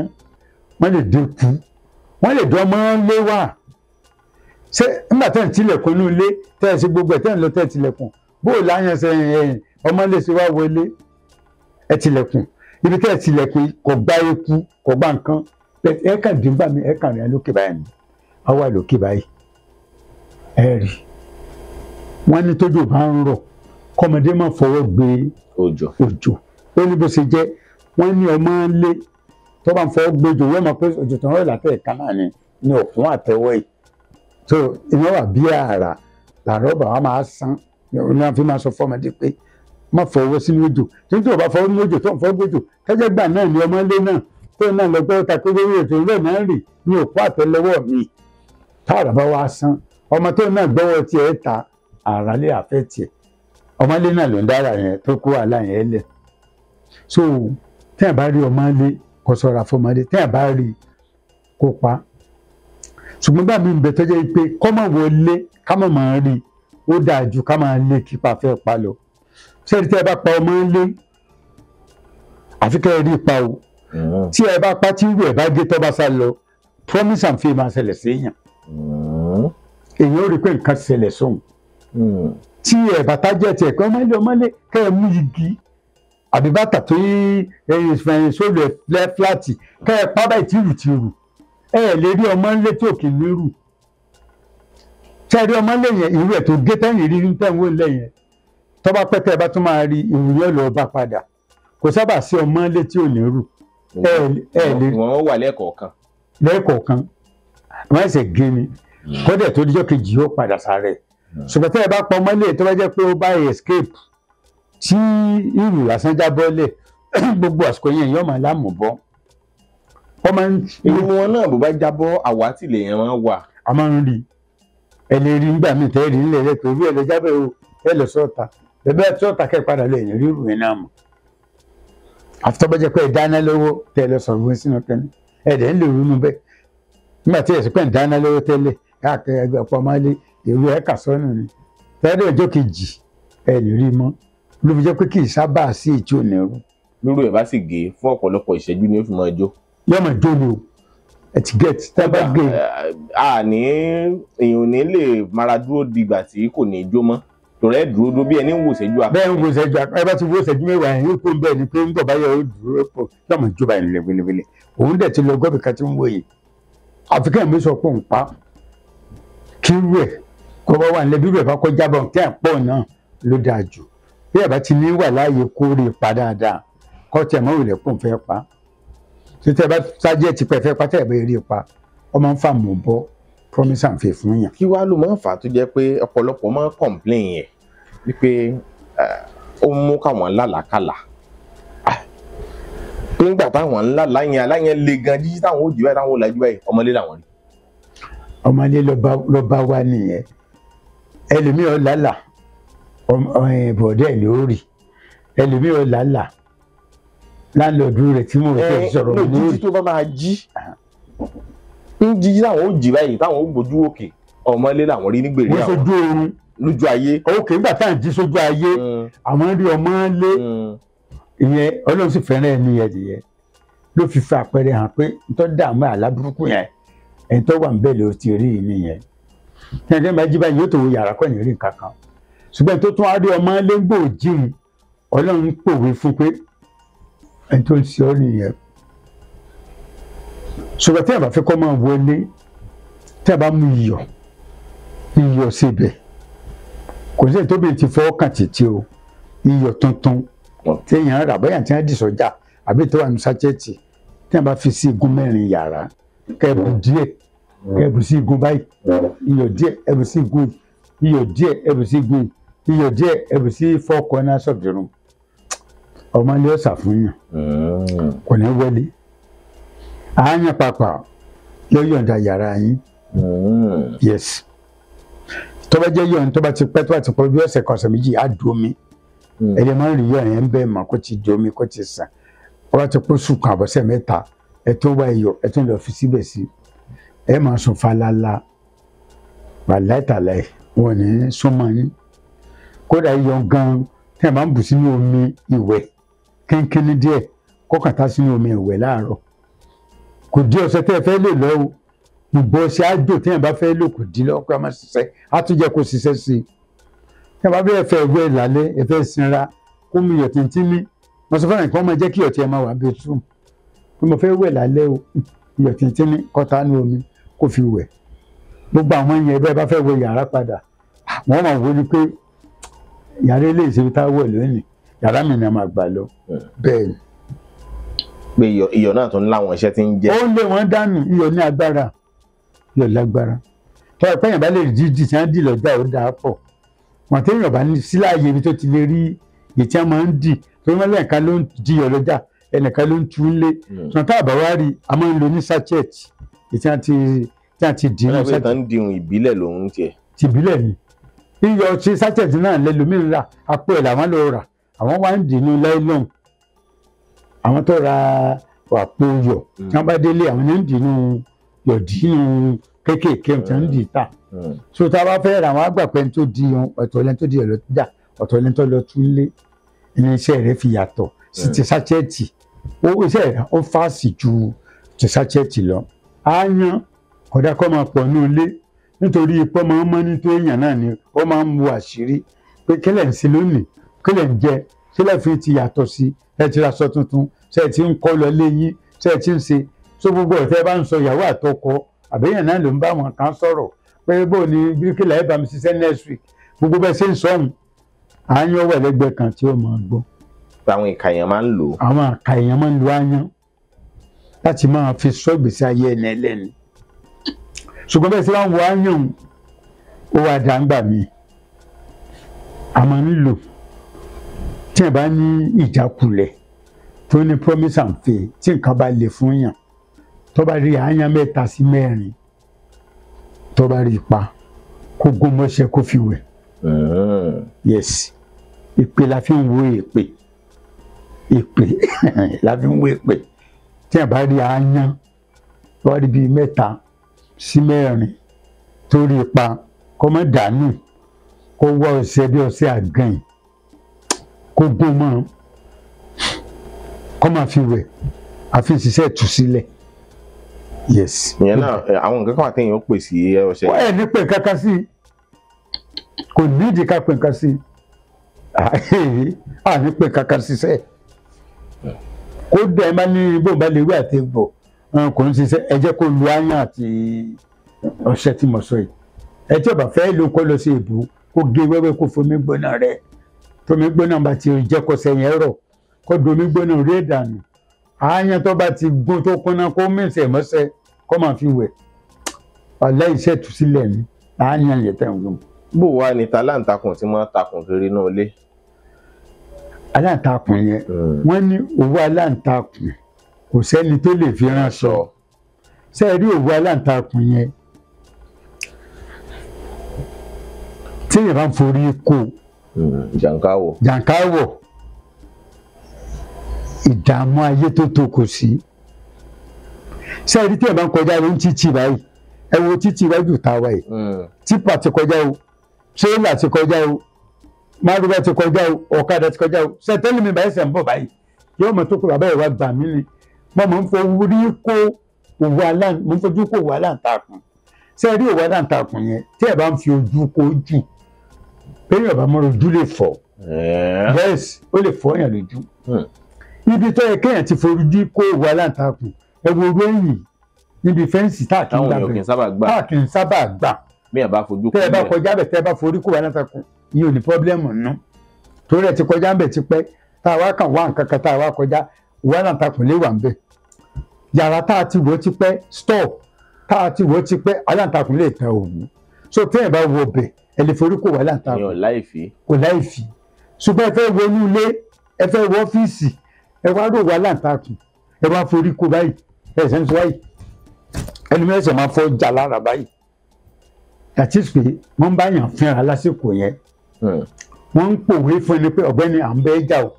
wọ́n lè dẹ́kun wọ́n lè dán mọ́ lé wá ṣé nígbà tẹ́ ń tilẹ̀kùn inú ilé tẹ́ ẹ ṣe gbogbo ẹ̀ tẹ́ ń lọ tẹ́ ẹ tilẹ̀kùn bóò láyàn ṣe ẹ̀yìn ọmọ lè ṣe wá wọlé ẹ tilẹ̀kùn ibi tẹ́ tilẹ̀kùn kò gbá eku kò gbá nǹkan ẹ kàn dín bá mi ẹ kàn rìn lókè báyìí ni a wà lókè báyìí ẹ rí wọ́n ní tójú bá ń rọ̀ kọ́mọdé má fọwọ́ gbé òjò ó ní bó ṣe jẹ́ wọ́n ní ọmọ lé tó bá ń fọwọ́ gbẹjọ wọ́n mọ̀ pé òjò tó ń rọ̀ náà ni ni òkun àtẹwọ́ yìí so ìyẹn wà bí àrà làárọ̀ bà wá máa san ní wọn fi máa sọ fọmọdé pé má fọwọ́ sínú òjò nítorí ọba fọwọ́ sínú òjò tó ń fọwọ́ gbẹjọ kẹ́jẹ́ gbà náà ni ọmọ lé náà tó náà lọ gbẹ́rọ́ takoro rẹ̀ tó rẹ̀ náà rì ní òkú àtẹlẹwọ́ mi táàrà bá wá san ọmọ tó náà gbọ́wọ́ tiẹ̀ ta àrà lé àfẹ́ tiẹ̀ ọmọlé náà ló ń dára yẹn tó kó àlá yẹn so tẹ́yìn bá rí ọmọ lé kó ṣọ́ra fọmọ lé tẹ́yìn bá rí kó pa ṣùgbọ́n bá mi bẹ̀ tọ́jú pé kọ́mọ̀ wọlé kámọ̀ máa rí ó dáa ju ká máa lé kípa fẹ́ pa lọ ṣé tí ẹ bá pa ọmọ lé àfi kẹ́ ẹ rí pa o mm-hmm. tí ẹ bá pa tí ìwé ẹ bá gé tọ́ bá sá lọ promise and faith máa ṣẹlẹ̀ sí èèyàn mm-hmm. èèyàn ó rí pé nǹkan ṣẹlẹ̀ sóhun mm-hmm. tí ẹ bàtà jẹ́ tiẹ̀ pé ọmọ ilé ọmọ ilé kẹ́ ẹ mú igi àbí bàtà tó yí sóòlù ẹ̀ fúláàtì kẹ́ ẹ pábà ìtìrùtìrù ẹ ẹ̀ lè rí ọmọ ńlẹ̀ tí òkè lérù tẹ́rí ọmọ ńlẹ̀ yẹn ìrú ẹ̀ tó gé tẹ́yìn rí tẹ́wọ́ ńlẹ̀ yẹn tọ́ba pẹ́tẹ́ bá tún máa rí ìrú yẹn lọ́ọ́ bá padà kò sábà sí ọmọ ńlẹ̀ tí ò lérù ẹ ẹ lè. wọ́n wà lẹ́ẹ̀kọ̀ọ̀kan. lẹ́ẹ̀kọ̀ọ̀kan wọ́n ẹ̀sẹ̀ gé ni hmm. kọ́dẹ̀ tó díjọ́ kejì yóò padà sáré hmm. ṣùgbọ́n tẹ́ ẹ bá pọ̀ ọmọ ńlẹ̀ tó bá jẹ́ pé ó bá escape tí ìrù lásán jábọ́lẹ̀ gbogbo àsìkò yẹn yóò máa láàmú bọ́. ọmọ ń ṣe. irú wọn náà bó bá jábọ́ àwátìlẹ̀ yẹn wà. a máa ń rí ẹ lè rí nígbà míì tẹ́ rí nílẹ̀ lẹ́tọ̀ orí ẹ lè jábẹ́ o ẹ lọ sọ́ọ̀ta bẹ́ẹ̀ sọ́ọ̀ta kẹ́ padà lè yẹn rírù yẹn náà mọ̀. àfi tọ́ bá jẹ́ pé ẹ dáná lọ́wọ́ tẹ́ ẹ lọ sọ̀rọ̀ wọn sínú kẹ́ni ẹ dẹ̀ ń lè ronú bẹ́ẹ̀ nígbà tí ẹ̀sìn pẹ̀ ń dáná lọ́wọ́ tẹ́lẹ̀ káàkiri ẹgbẹ́ ọ̀pọ̀ máa lé èrú ẹ̀ kà sọ́nù ni tẹ́lẹ̀ ọjọ́ kejì ẹ lè rí mọ́ ló fi jẹ́ pé kì í sábà sí ìtí ònírú. lóru ẹ̀ bá sì gé fún ọ̀pọ̀lọpọ̀ ìṣẹ́jú ni ó fi máa jó. yóò máa jó ni o ẹ ti gẹ̀ tí tábà gé. àní èèyàn ò ní lè mara dúró dìgbà tí kò ní jó mọ́ torí dúró dúró bí ẹni ń wò sẹ́jú àpá. bẹ́ẹ̀ ń wò sẹ́jú àpá ẹ bá wò sẹ́jú mẹ́wàá ẹ̀ yóò kó bẹ́ẹ̀ ni pé ń bọ̀ báyọ̀ ó dúró pọ̀ yóò máa jó báyìí nílẹ̀ wíléwílé òun dẹ̀ ti lọ gọ́bì kan tí ń wòye àfikẹ́ mi sọ pé òun pa kí rẹ̀ kọ́ bá wà nílẹ̀ bí rẹ̀ bá kọjá bọ̀ kẹ́ ẹ̀ pọ̀ náà ló dáa jù bí ẹ̀ bá ti ní wà láàyè kórè pa dáadáa kọ́ tí ẹ̀ mọ́ ìrẹ̀ kó fẹ́ pa tí tẹ́ bá sájẹ́ ti pẹ́ fẹ́ pa tẹ́ ẹ̀ bá rí pa ọ máa ń fà mọ́ bọ́ promise and faith fún yàn. kí wàá ló máa ń fà á tó jẹ́ pé ọ̀pọ̀lọpọ̀ máa ń complain yẹn wípé ah, ó ń mú káwọn lálàákàlà pé ah, ńgbà táwọn ńlá láyẹn aláyẹn le gan jíjí táwọn ó jù báyìí táwọn ó lajú báyìí ọmọlé làwọn rí. ọmọlé ló bá wá nìyẹn ẹlòmíràn lálàá bọ̀dẹ́ ni ó rí ẹlòmíì ò làálà láńlọ́ọ̀dù rẹ̀ tí mò ń tẹ̀ sọ̀rọ̀ mi lórí. títí tó bá máa jí ń jí táwọn ó jí báyìí táwọn ó gbójú òkè ọmọlé làwọn rí nígbèrè àwọn. wọ́n sojú oorun lójú ayé. òkè nígbà táwọn jí sójú ayé mm. àwọn rí ọmọlé mm. ìyẹn ọlọ́run sì fẹ́ràn ẹni yẹn nìyẹn ló fi fa àpẹẹrẹ hàn pé ntọ́ dààmú àlábùrúkú yẹn ẹni tó wà ń bẹ̀ ló ti rí nìyẹn. ní ẹni tó máa jí báyìí yóò tó wo ṣùgbọ́n tó tún arí ọmọ légbò jíun ọlọ́run pòwe fún pé ẹni tó ń ṣe ọ́ nìyẹn ṣùgbọ́n tí àbá kọ́ máa wọlé tí àbá mú iyọ̀ iyọ̀ síbẹ̀ kò sí ètòbí ti fọ́ kàn títí o iyọ̀ tuntun tí èèyàn rà bóyá tí wọ́n dì sọ́jà àbí tó wà ní sáchẹ́ẹ̀tì tí wọ́n bá fi sí igun mẹ́rin yàrá kẹ́ẹ̀bù díẹ̀ kẹ́ẹ̀bù sí igun báyìí iyọ̀ díẹ̀ kẹ́ẹ̀bù sí igun yìí iyọ̀ díẹ̀ ẹ̀bù sí gbé iyọ̀ díẹ̀ ẹ̀bù sí four corners of the room ọmọ ilé ọ̀sà fún yàn hmm. kò ní wọlé àáyàn pàpà yóò yọ̀ǹda yàrá yín hmm. yes tó bá jẹ́ yọ̀ǹda tó bá ti pẹ́ tó bá ti pọ̀ bí ọ̀sẹ̀ kan ọ̀sẹ̀ méjì á dùn mí ẹ̀rẹ̀ máa ń rí yọ̀ǹda yẹn bẹ́ẹ̀ mà kó ti dùn mí kó ti sàn ọba ti pọ̀ sùkùn àbọ̀sẹ̀ mẹ́ta ẹ̀ tó wá iyọ̀ ẹ̀ tó lọ fi síbẹ̀ sí ẹ̀ máa sùn falala wà láìtàláì wọn ní súnmọ́ yín kódà iyọ gan tẹ̀ máa ń bù sínú omi ìwẹ̀ kínkínní díẹ̀ kọ́kàtà sínú omi ìwẹ̀ láàárọ̀ kò dí ọ̀sẹ̀ tẹ́ ẹ fẹ́ lè lọ o ìbọn ṣe àjò tí ẹ bá fẹ́ lò kò dín lọ́kọ́ ẹ máa ṣiṣẹ́ á tún jẹ́ kó ṣiṣẹ́ sí i tí ẹ bá bẹ́ẹ̀ fẹ́ wẹ̀ lálẹ́ ẹ fẹ́ sinra kó mu iyọ̀ tìǹtì mi mo sọ fún ẹ̀kọ́ máa jẹ́ kí iyọ̀ ẹ máa wà bẹ́ẹ̀ tún mo fẹ́ wẹ̀ lálẹ́ o iyọ̀ tìǹtì mi kọ́ta ní omi kó fi wẹ̀ gbogbo àwọn yẹn bẹ́ẹ̀ bá fẹ́ wọ yàrá padà wọ́n máa wọ pé yàrá eléyìí ṣe tá a wọ̀ lónìí yàrá mi ni a máa gbà lọ bẹ́ẹ̀ ni. pé iyọ̀ náà tún láwọn iṣẹ́ tí ń jẹ́. ó lé wọn dànù iyọ̀ ní agbára iyọ̀ lágbára tọ́ ẹ̀pẹ́ yẹn bá lè di di tí wọ́n dì lọ́jà ó dáa pọ̀ wọ́n tẹ́ yọ̀ bá ní síláàyè ibi tó ti lè rí ètí wọn máa ń dì torí wọn lẹ́ẹ̀ka ló ń di iyọ̀ lọ́jà ẹnìkan ló ń tú lé tọ́ hmm. tá àbáwá rí a máa ń lo ní sachet ètí wọn ti rí tí a ti dìrún sátẹ̀tì. wọ́n tán dìrún ìbílẹ̀ lòun tiẹ̀. tìbílẹ̀ ni iyọ̀ ti sátẹ̀tì náà lẹ́lòmíì rà apò ẹ̀ làwọn lọ rà àwọn wá ń dìrún láìlọ́n àwọn tó ra àpò yọ̀ tí hmm. wọ́n bá délé àwọn ní ń dìrún yọ̀ dìrún kéékèèké tí wọ́n ń dì hmm. Hmm. ta. so tá a bá fẹ́ ra àwọn àgbàpẹ́ tó di ọ̀tọ̀ lẹ́ni tó di ọ̀lọ́jà ọ̀tọ̀ lẹ́ni lọ túnlé ilé rẹ̀ fi yàtọ̀ sí ti sátẹ̀tì ó iṣẹ́ rẹ̀ ó fàásì ju ti sátẹ̀tì lọ. a yan ọ̀dà kọ́ máa pọ̀ ní ilé nítorí ipò máa ń mọ́ ní tó èèyàn náà ni ó máa ń bu àṣírí pé kílẹ̀ ń sí lónìí kílẹ̀ ń jẹ kílẹ̀ fi ti yàtọ̀ sí ẹ ti ra aṣọ tuntun ṣe ti ń kọ́ lọ léyìn ṣe ti ń ṣe tó gbogbo ọ̀tẹ́ bá ń sọ ìyàwó àtọkọ àbẹ́yẹn náà ló ń bá wọn kan sọ̀rọ̀ pé bó ni bíríkìlà ẹ̀ bá mi ṣiṣẹ́ next week gbogbo bẹ́ẹ̀ ṣe ń sọ òun àáyán wà lẹ́gbẹ̀ẹ́ kan tí ó máa gbọ́. àwọn ìka èèyàn máa ń lò. àwọn ìka máa ń lo àáyán láti máa fi sọ ìgbésí ayé ẹni ẹlẹ́ni ṣùgbọ́n bẹ́ẹ̀ sí láwọn wọ́n á yàn ó wà dá ń gbà mí àmọ́ nílò tí ẹ̀ bá ní ìjákulẹ̀ tó ní promise and faith tí nǹkan bá le fún yàn tó bá rí àáyán mẹ́ta sí mẹ́rin tó bá rí ipa kó gómọ́ṣẹ́ kó fi wẹ̀. yes ìpè la fi ń wo èpè ìpè la fi ń wo èpè tí ẹ̀ bá rí àáyán tó rí bíi mẹ́ta sí mẹ́rin torí ipa kọ́mọ dànù kó wá ọṣẹ bí ọṣẹ àgàn yìí kó gún mọ́ kọ́mọ fi wẹ̀ àfi ṣiṣẹ́ tù sílẹ̀ yes. ìyẹn náà àwọn nǹkan kan wà téèyàn ó pè sí ọṣẹ. wọ́n ẹ̀ ní pè kankan sí kò nídìí ká pè kankan sí àní pè kankan sí sẹ́ẹ̀ kó dẹ̀ máa ní bó ba lè wí àti gbò kò ń ṣiṣẹ́ ẹ jẹ́ kó lu áyàn àti ọṣẹ tí mo sọ yìí ẹ tí ò bá fẹ́ ló kó lọ sí ìbú kó gé wẹ́wẹ́ kó fomi gbóná rẹ tómi gbóná bá ti jẹ́ kó sẹ́yìn ẹ̀rọ kó domi gbóná rí ìdànù àáyàn tó bá ti gún tó kúnná kó mẹsẹ̀ mọ́sẹ̀ kó máa fi wẹ̀ ọ̀lẹ́ tù sílẹ̀ mi àáyàn yẹn tẹ̀ ń gún. bó wàá ní taláǹtakùn tí máa takùn kiri náà lé. aláǹtakùn yẹn hmm. wọ́n ní owó aláǹtakùn yẹn kò sẹ́ni tó lè fi ránṣọ ṣe é rí òwú aláǹtakùn yẹn téèyàn bá ń forí kó hmm, jàǹkáwọ̀ jàǹkáwọ̀ ìdààmú ayé tó tó kò sí ṣe é rí téèyàn bá ń kọjá ló ń títì báyìí ẹ wo títì iwájú táwa yìí hmm. tipa ti kọjá o tírélà ti kọjá o márùbá ti kọjá o ọ̀kadà ti kọjá o ṣe tẹ́lẹ̀ mi báyìí ṣe ń bọ̀ báyìí yóò mọ̀ tó kó bàbá ìwà gbà mí ni mo mọ̀ ń forí kó òwò aláǹ mo ń fojú kó òwò aláǹtakùn ṣé ẹ rí òwò aláǹtakùn yẹn tí ẹ bá ń fi ojú kó jù bẹ́ẹ̀ ọ̀bá mọ́ra ojú lè fọ́ eh. yes ó lè fọ́ èèyàn lójú hmm. ibi tó yẹ kéèyàn ti forí kó òwò aláǹtakùn ẹ wo orú ẹ̀yìn níbi fẹ́ǹsì tá a kì í sábà gbà tá a kì í sábà gbà bí ẹ bá fojú kó bẹ́ẹ̀ tẹ́ ẹ bá kọjá bẹ̀ tẹ́ ẹ bá forí kó òwò aláǹtakùn yìí ò ní pọ́blẹ́mù nù torí ẹ ti kọjá bẹ̀ tipẹ́ tá a wá kàn wá nǹkan kan tá a wá kọjá wàhálà takùn lè wà ń bẹ̀ yàrá tá a ti wò ó ti pẹ́ stop tá a ti wò ó ti pẹ́ aláǹtakùn lè tẹ òwú so téèyàn bá wo ọbẹ̀ ẹ lè forí kò wàhálà takùn kò láì fi ṣùgbọ́n ẹ fẹ́ wọnú ilé ẹ fẹ́ wọ ọ́fíìsì ẹ wá rò wàhálà takùn ẹ wá forí kò báyìí ẹ ṣe ń sọ báyìí ẹni mẹ́sàn máa fọ́ jà lára báyìí àti pé wọ́n bá yàn fínra lásìkò yẹn hmm. wọ́n ń pòwé fún ẹni pé ọ̀gbẹ́ni à ń bẹ́ẹ̀ jà o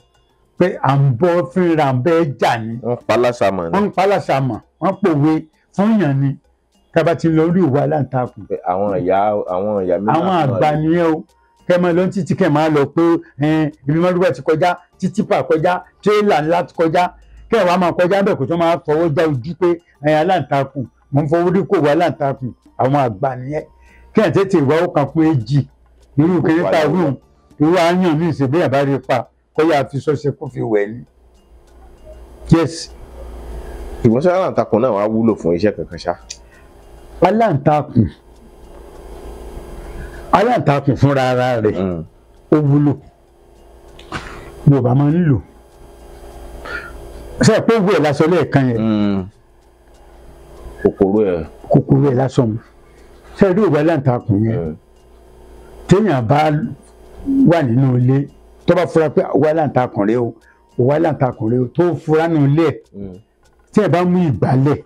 pé à ń bọ́ fínra bẹ́ẹ̀ jà ni. wọ́n ń palàṣà mọ̀ ni. wọ́n ń mọ̀ wọ́n pòwe fún yàn ni tába ti lọ rí ìwà aláǹtakùn. àwọn ìyá àwọn ìyá mi. àwọn àgbà nìyẹn o kẹ máa lọ títí kẹ lọ pé ibi mọ́lúwẹ̀ ti kọjá títí pa kọjá tírélà ńlá ti kọjá kẹ wàá máa kọjá bẹ́ẹ̀ kó tó máa fọwọ́ já ojú pé aláǹtakùn mò ń fọwọ́ rí kò wá aláǹtakùn àwọn àgbà nìyẹn tètè wá ó kàn fún èjì irú kiri ta rúùn irú àyàn mi ìṣègbè àbárí pa bóyá fi sọ́sẹ̀ kó fi wẹ̀ ni. yes. ìwọ ṣe aláǹtakùn náà wàá wúlò fún iṣẹ́ kankan ṣá. aláǹtakùn aláǹtakùn fúnra ara rẹ̀ mm. ó wúlò yorùbá máa ń lò ṣe é pé owó ẹ̀ lásán lẹ́ẹ̀kan yẹn mm. kòkòrò ẹ̀ kòkòrò ẹ̀ lásán mu ṣe é rí òwe aláǹtakùn yẹn mm. téèyàn bá wà nínú ilé tó bá fura pé wàhálà ń ta ọkùnrin o wàhálà ń ta ọkùnrin o tó fura nù lẹ̀ mm. tí ẹ bá mú ìgbálẹ̀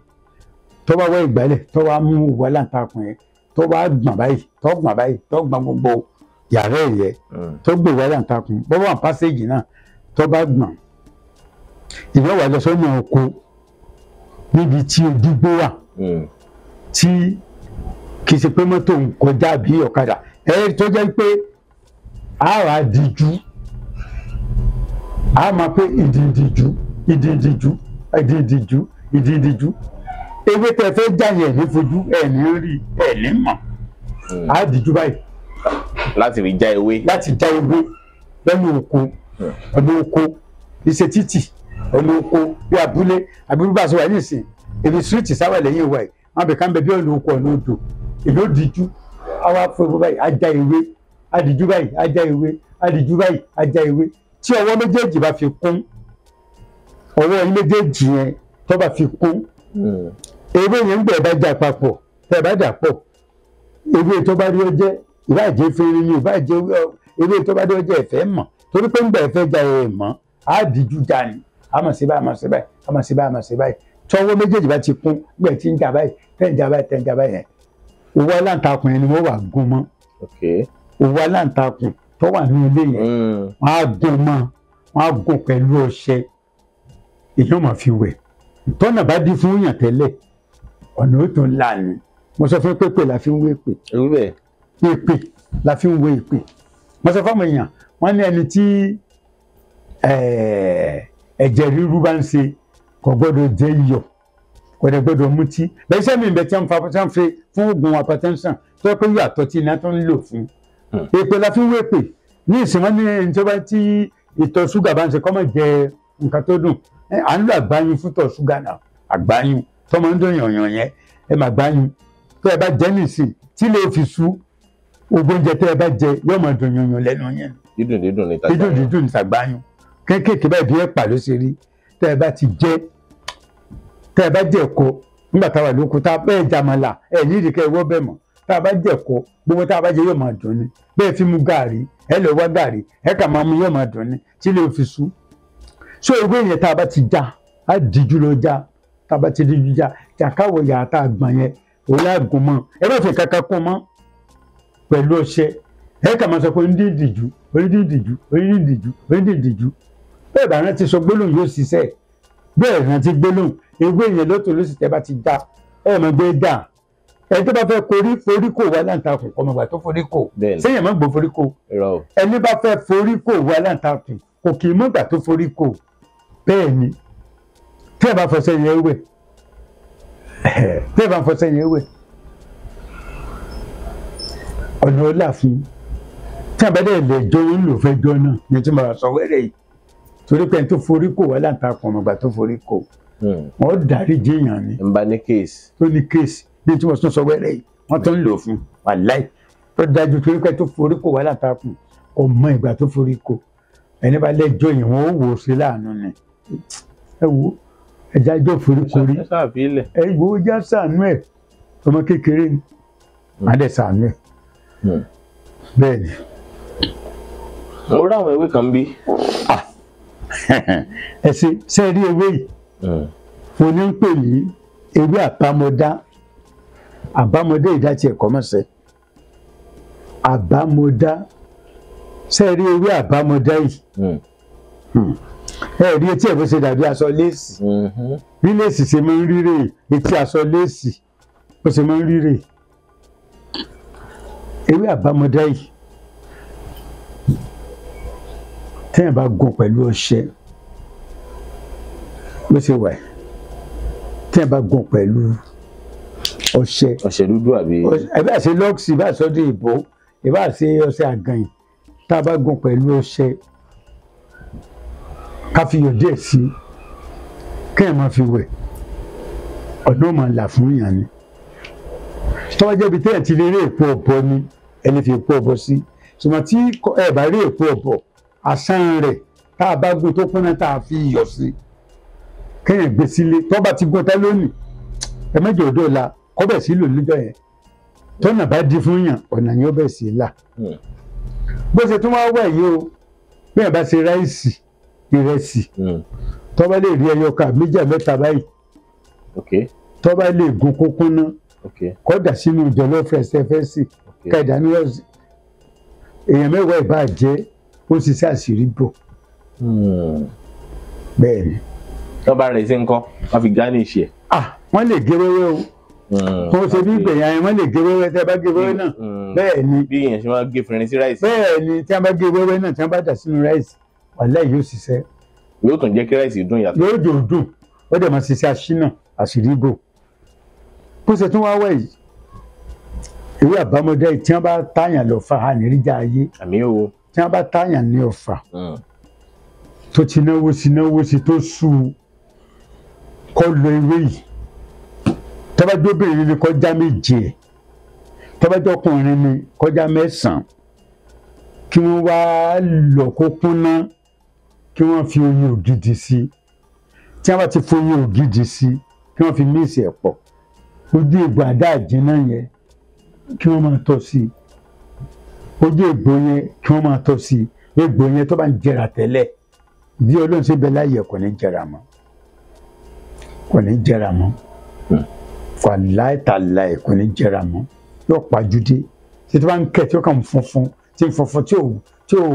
tó bá wá ìgbálẹ̀ tó bá mú wàhálà ń ta ọkùnrin tó bá gbọ̀n báyìí tó gbọ̀n báyìí tó gbọ̀n gbogbo yàrá ẹ̀ yẹ mm. tó gbé wàhálà ń ta bọ́ wà pásẹ́jì náà tó bá gbọ̀n ìwé wà lọ sọ́nà níbi tí ojúgbó wà mm. tí kì í ṣe pé mọ́tò ń kọjá bí ọ̀kadà ẹ̀ tó jẹ́ pé àrà díjú a máa pé ìdìndìjú ìdìndìjú ìdìndìjú ìdìndìjú ewé tẹ fẹ́ jáyẹ̀ ní fojú ẹ̀ ní rí ẹ̀ ní mọ̀ á hmm. dìjú báyìí. láti rí já ewé. láti já ewé lẹ́nu oko hmm. ẹnu oko iṣẹ́ títì ẹnu oko bí abúlé àbí bí bàṣẹ wà ní ìsìn èmi síríìtì sáwà lẹ́yìn ìwà yìí wọn bẹ̀ ká ń bẹ bí ọ̀nà oko ọ̀nà odò èmi ó dìjú àwa fún ewé báyìí á já ewé á dìjú báyìí á já ewé A dìjú báyìí á já ewé tí ọwọ́ méjèèjì bá fi kún ọwọ́ yín méjèèjì yẹn tó bá fi kún hmm. ewé yẹn ń gbẹ bá jà papọ̀ tẹ bá dà pọ̀ ewé tó bá rí ọ ìbáàjẹ́ fèrè ni ìbáàjẹ́ eh, ewé tó bá rí ọ ẹ̀fẹ́ mọ̀ torí pé ń gbẹ ẹ̀fẹ́ ja ẹ̀ mọ́ á dìjú ja ni àmọ̀ sí báyìí àmọ̀ sí báyìí àmọ̀ sí báyìí àmọ̀ sí báyìí tọwọ́ méjèèjì bá ti kún gbẹ tí ń jà báyìí tẹ̀ ń jà báyìí tẹ̀ ń jà báyìí tó wà nínú ilé yẹn mm. wọn á gún e mọ́ wọn á gún pẹ̀lú ọṣẹ èyí ọmọ fi wẹ̀ tọ́nà bá dí fún yàn tẹ́lẹ̀ ọ̀nà ó tó ń là ní mo sọ fún pépè la fi ń wé pè pépè la fi ń wé pè mo sọ fún àwọn èèyàn wọ́n ní ẹni tí ẹ̀jẹ̀ ríru bá ń ṣe kò gbọ́dọ̀ jẹ iyọ̀ kò dẹ̀ gbọ́dọ̀ mutí bẹ́ẹ̀ sẹ́mi ìbẹ̀ tí wọ́n fa fún oògùn hypertension tó yẹ pé yàtọ̀ tí iná tó ń lò fún un èpè la fi ń wépè ní ìsìn wọn ní ìjọba tí ìtọ̀ ṣúgà bá ń ṣe kọ́ mọ̀ jẹ nǹkan tó dùn à ń lo àgbáyún fútọ̀ ṣúgà náà àgbáyún tọmọ ń dùn yànyàn yẹn ẹ mà gbáyún tẹ ẹ bá jẹ nìsín tí lè fi sú ogun oúnjẹ tẹ ẹ bá jẹ yóò máa dùn yànyàn lẹ́nu yẹn dídùn dídùn ní tàgbáyún dídùn dídùn ní tàgbáyún kéékèèké báyìí bí ẹ̀pà ló ṣe rí tẹ ẹ bá ti jẹ tẹ ẹ bá jẹ ẹ̀kọ nígbà táwa lóko tá ẹ jàmàlà ẹ ní ìdíkẹ́ ìwọ́ bẹ́ẹ̀ mọ́ tá a bá jẹ̀kọ gbogbo tá a bá jẹ yóò máa dùn ni bẹ́ẹ̀ ti mu gàrí ẹ lọ wá gàrí ẹ kà máa mu yóò máa dùn ni tí ilé òfin sú so ìwé yẹn tá a bá ti já a dìjú lọ já tá a bá ti dìjú já jàkáwọ̀ yàrá tá a gbọ̀n yẹn òun á gùn mọ́ ẹ bá fi kankan kún mọ́ pẹ̀lú ọṣẹ ẹ kà máa sọ pé onídìí ìdìjú onídìí ìdìjú onídìí ìdìjú onídìí ìdìjú bẹ́ẹ̀ bá rántí sọ gbólóhùn yóò ṣiṣẹ́ bẹ́ẹ̀ rántí gbólóhùn ewé yẹn lọ́tọ̀ ẹni tó bá fẹ́ forí forí kò wá láǹtakùn ọmọ ìgbà tó forí kò sẹ́yìn mọ́ gbọ́ forí kò ẹni bá fẹ́ forí kò wá láǹtakùn kò kì í mọ́ ìgbà tó forí kò bẹ́ẹ̀ ni tí ẹ bá fọṣẹ yẹn wẹ̀ tí ẹ bá fọṣẹ yẹn wẹ̀ ọ̀nà ọ̀la fún tí abẹ́rẹ́ ilẹ̀ ìjọ yín lò fẹ́ jọ náà ní tí mo sọ wẹ́rẹ́ yìí torí pé ẹni tó forí kò wá láǹtakùn ọmọ ìgbà tó forí hmm. wọ́n dárí jẹ́yàn ni. tó ní kéèsì bí tí wọ́n tún sọ wẹ́rẹ́ yìí wọ́n tún lò fún wàláì tó dájú torí pé tó forí kò wá látàkùn kò mọ ìgbà tó forí kò ẹni bá lẹ́jọ́ yìí wọ́n ó wò ó sí láàánú ni ẹ wo ẹja jọ forí kò rí ẹ wo já sànú ẹ ọmọ kékeré ni má hmm. dẹ̀ sànú ẹ hmm. bẹ́ẹ̀ ni. mo rá àwọn ewé kan bí. Ah! ẹ ṣe ṣe rí ewé yìí hmm. mo ní ń pè ní ewé àpamọ́dá àbámọ̀dá ìdá tí ẹ̀kọ́ mọ̀ sẹ́ àbámọ̀dá sẹ́ẹ̀rí ewé àbámọ̀dá yìí hmm. Hmm. ẹ rí etí ẹ̀ bó ṣe dàbí aṣọ léèsì mm-hmm. bí léèsì ṣe máa ń ríre etí aṣọ léèsì bó ṣe máa ń ríre ewé àbámọ̀dá yìí téèyàn bá gún pẹ̀lú ọṣẹ bó ṣe wà téèyàn bá gún pẹ̀lú ọṣẹ ọṣẹ ọṣẹ dúdú àbí. ìbá ṣe lọ́ọ̀sì ìbá sọ́dún ìbò ìbá ṣe ọṣẹ àgànyìn tá a bá gun pẹ̀lú ọṣẹ ká fi yọ̀ díẹ̀ sí kéèyàn máa fi wẹ̀ ọ̀nà máa là fún yàn ni tọ́wọ́ jẹ́bi téèyàn ti lè rí èpo ọ̀bọ ni ẹni fi èpo ọ̀bọ sí ṣùgbọ́n tí ẹ bá rí èpo ọ̀bọ àṣán rẹ̀ tá a bá gun tó pọ́n náà tá a fi yọ̀ sí kéèyàn gbé sílé tọ́ba ti gun tán lónìí ẹ mẹ́jọ òdò la kọ́ bẹ̀ sí lò lójọ́ yẹn tọ́nà bá di fún yàn ọ̀nà ni ó bẹ̀ sí là hmm. bó ṣe tún wá wẹ̀ yìí o bí yàn bá ṣe ráìsì ìrẹsì hmm. tó bá lè rí ẹyọ ká méjì mẹ́ta báyìí tó bá lè gun kókó ná kọ́dà sínú jọlọ́ fẹsẹ̀fẹsì kẹ̀dá ní ọ̀sìn èèyàn mẹ́wàá ìbá jẹ́ ó sì ṣe àṣírí bò hmm. bẹ́ẹ̀ ni. tọ́ba rẹ̀ ṣe ń kọ́ wọ́n fi gánìṣì ẹ̀. Ah, wọ́n lè gé wẹ́wẹ́ o kò hmm. ṣe bí gbẹ̀yìn àyẹ̀mọ́ lè gé wẹ́wẹ́ tí a bá gé wẹ́wẹ́ náà hmm. bẹ́ẹ̀ ni bí èèyàn ṣe máa gé fèrè sí ráìsì. bẹ́ẹ̀ ni tí a bá gé wẹ́wẹ́ náà tí a bá dà sínú ráìsì wàláì yóò ṣiṣẹ́. yóò tún jẹ́ kí ráìsì dùn yàtọ̀. yóò jò dùn ó dẹ̀ máa ṣiṣẹ́ aṣínà àṣírí bò bó ṣe tún wá wẹ̀ yìí ìwé àbámọ́dé tí wọ́n bá táyàn lọ fa àníríjà ayé tí wọ́n bá táyàn ní ọ̀fà hmm tọ́bájú obìnrin ni kọjá méje tọ́bájú ọkùnrin ni kọjá mẹ́sàn-án kí wọ́n wá lọ kó kúnná kí wọ́n fi oyin ògidì sí tí wọ́n bá ti fi oyin ògidì sí kí wọ́n fi míìsì ẹ̀ pọ̀ ojú egbò àdáàjìnà yẹn kí wọ́n máa tọ́ sí ojú egbò yẹn kí wọ́n máa tọ́ sí egbò yẹn tó bá ń jẹrà tẹ́lẹ̀ bí Ọlọ́run ṣe bẹ láyè kò ní jẹrà mọ́ kò ní jẹrà mọ́. Hmm wàláì tàlà ẹ̀ kò ní jẹra mọ́ yóò pajú dé tí tí wọ́n ń kẹ̀ tí ó kàn ń funfun tí ń funfun tí ò tí ò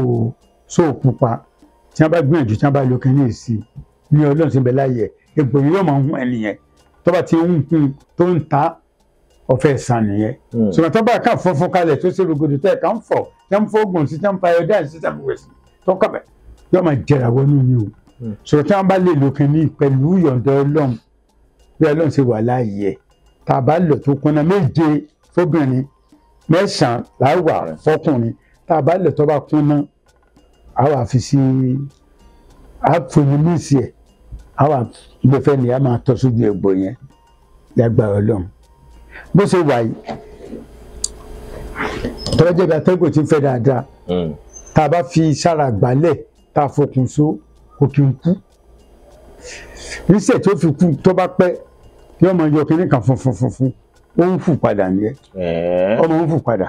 so pupa tí wọ́n bá gbìyànjú tí wọ́n bá lo kẹ́ni èsì ní ọlọ́run sí ibẹ̀ láyẹ̀ egbò yìí yóò máa ń hún ẹnìyẹn tó bá ti ń hun tó ń ta ọ̀fẹ́ sàn nìyẹn hmm. ṣùgbọ́n tó bá kà funfun kalẹ̀ tó ṣe rògbòdò tẹ́ ẹ̀ kà ń fọ̀ tẹ́ ń sí tẹ́ ń fa ẹ̀dá sí tẹ́ ń wẹ̀sì tó kọ̀ bẹ̀ yóò máa jẹrà wọnú ni o hmm. ṣùgbọ́n tí wọ́n bá lè lo kẹ́ni pẹ̀lú yọ̀ǹda ọlọ́run bí ọlọ́run ṣe wà láàyè tá a bá lò tó kúnná méje fóbìnrin mẹ́sàn-án láwà fọkùnrin tá a bá lò tó bá kúnná a wà fi sí a fòyí mísì ẹ̀ a wà gbé fẹ́ ni a máa tọ́ sójú egbò yẹn lágbára ọlọ́run bó ṣe wà yìí tọ́jọ́ bí atẹ́gùn ti fẹ́ dáadáa hmm. tá a bá fi sára gbálẹ̀ tá a fokùn so kò kí n kú níṣẹ́ tó fi kú tó bá pẹ́ yóò máa yọ kínní kan funfun funfun ó ń fù padà nìyẹn ọmọ ń fù padà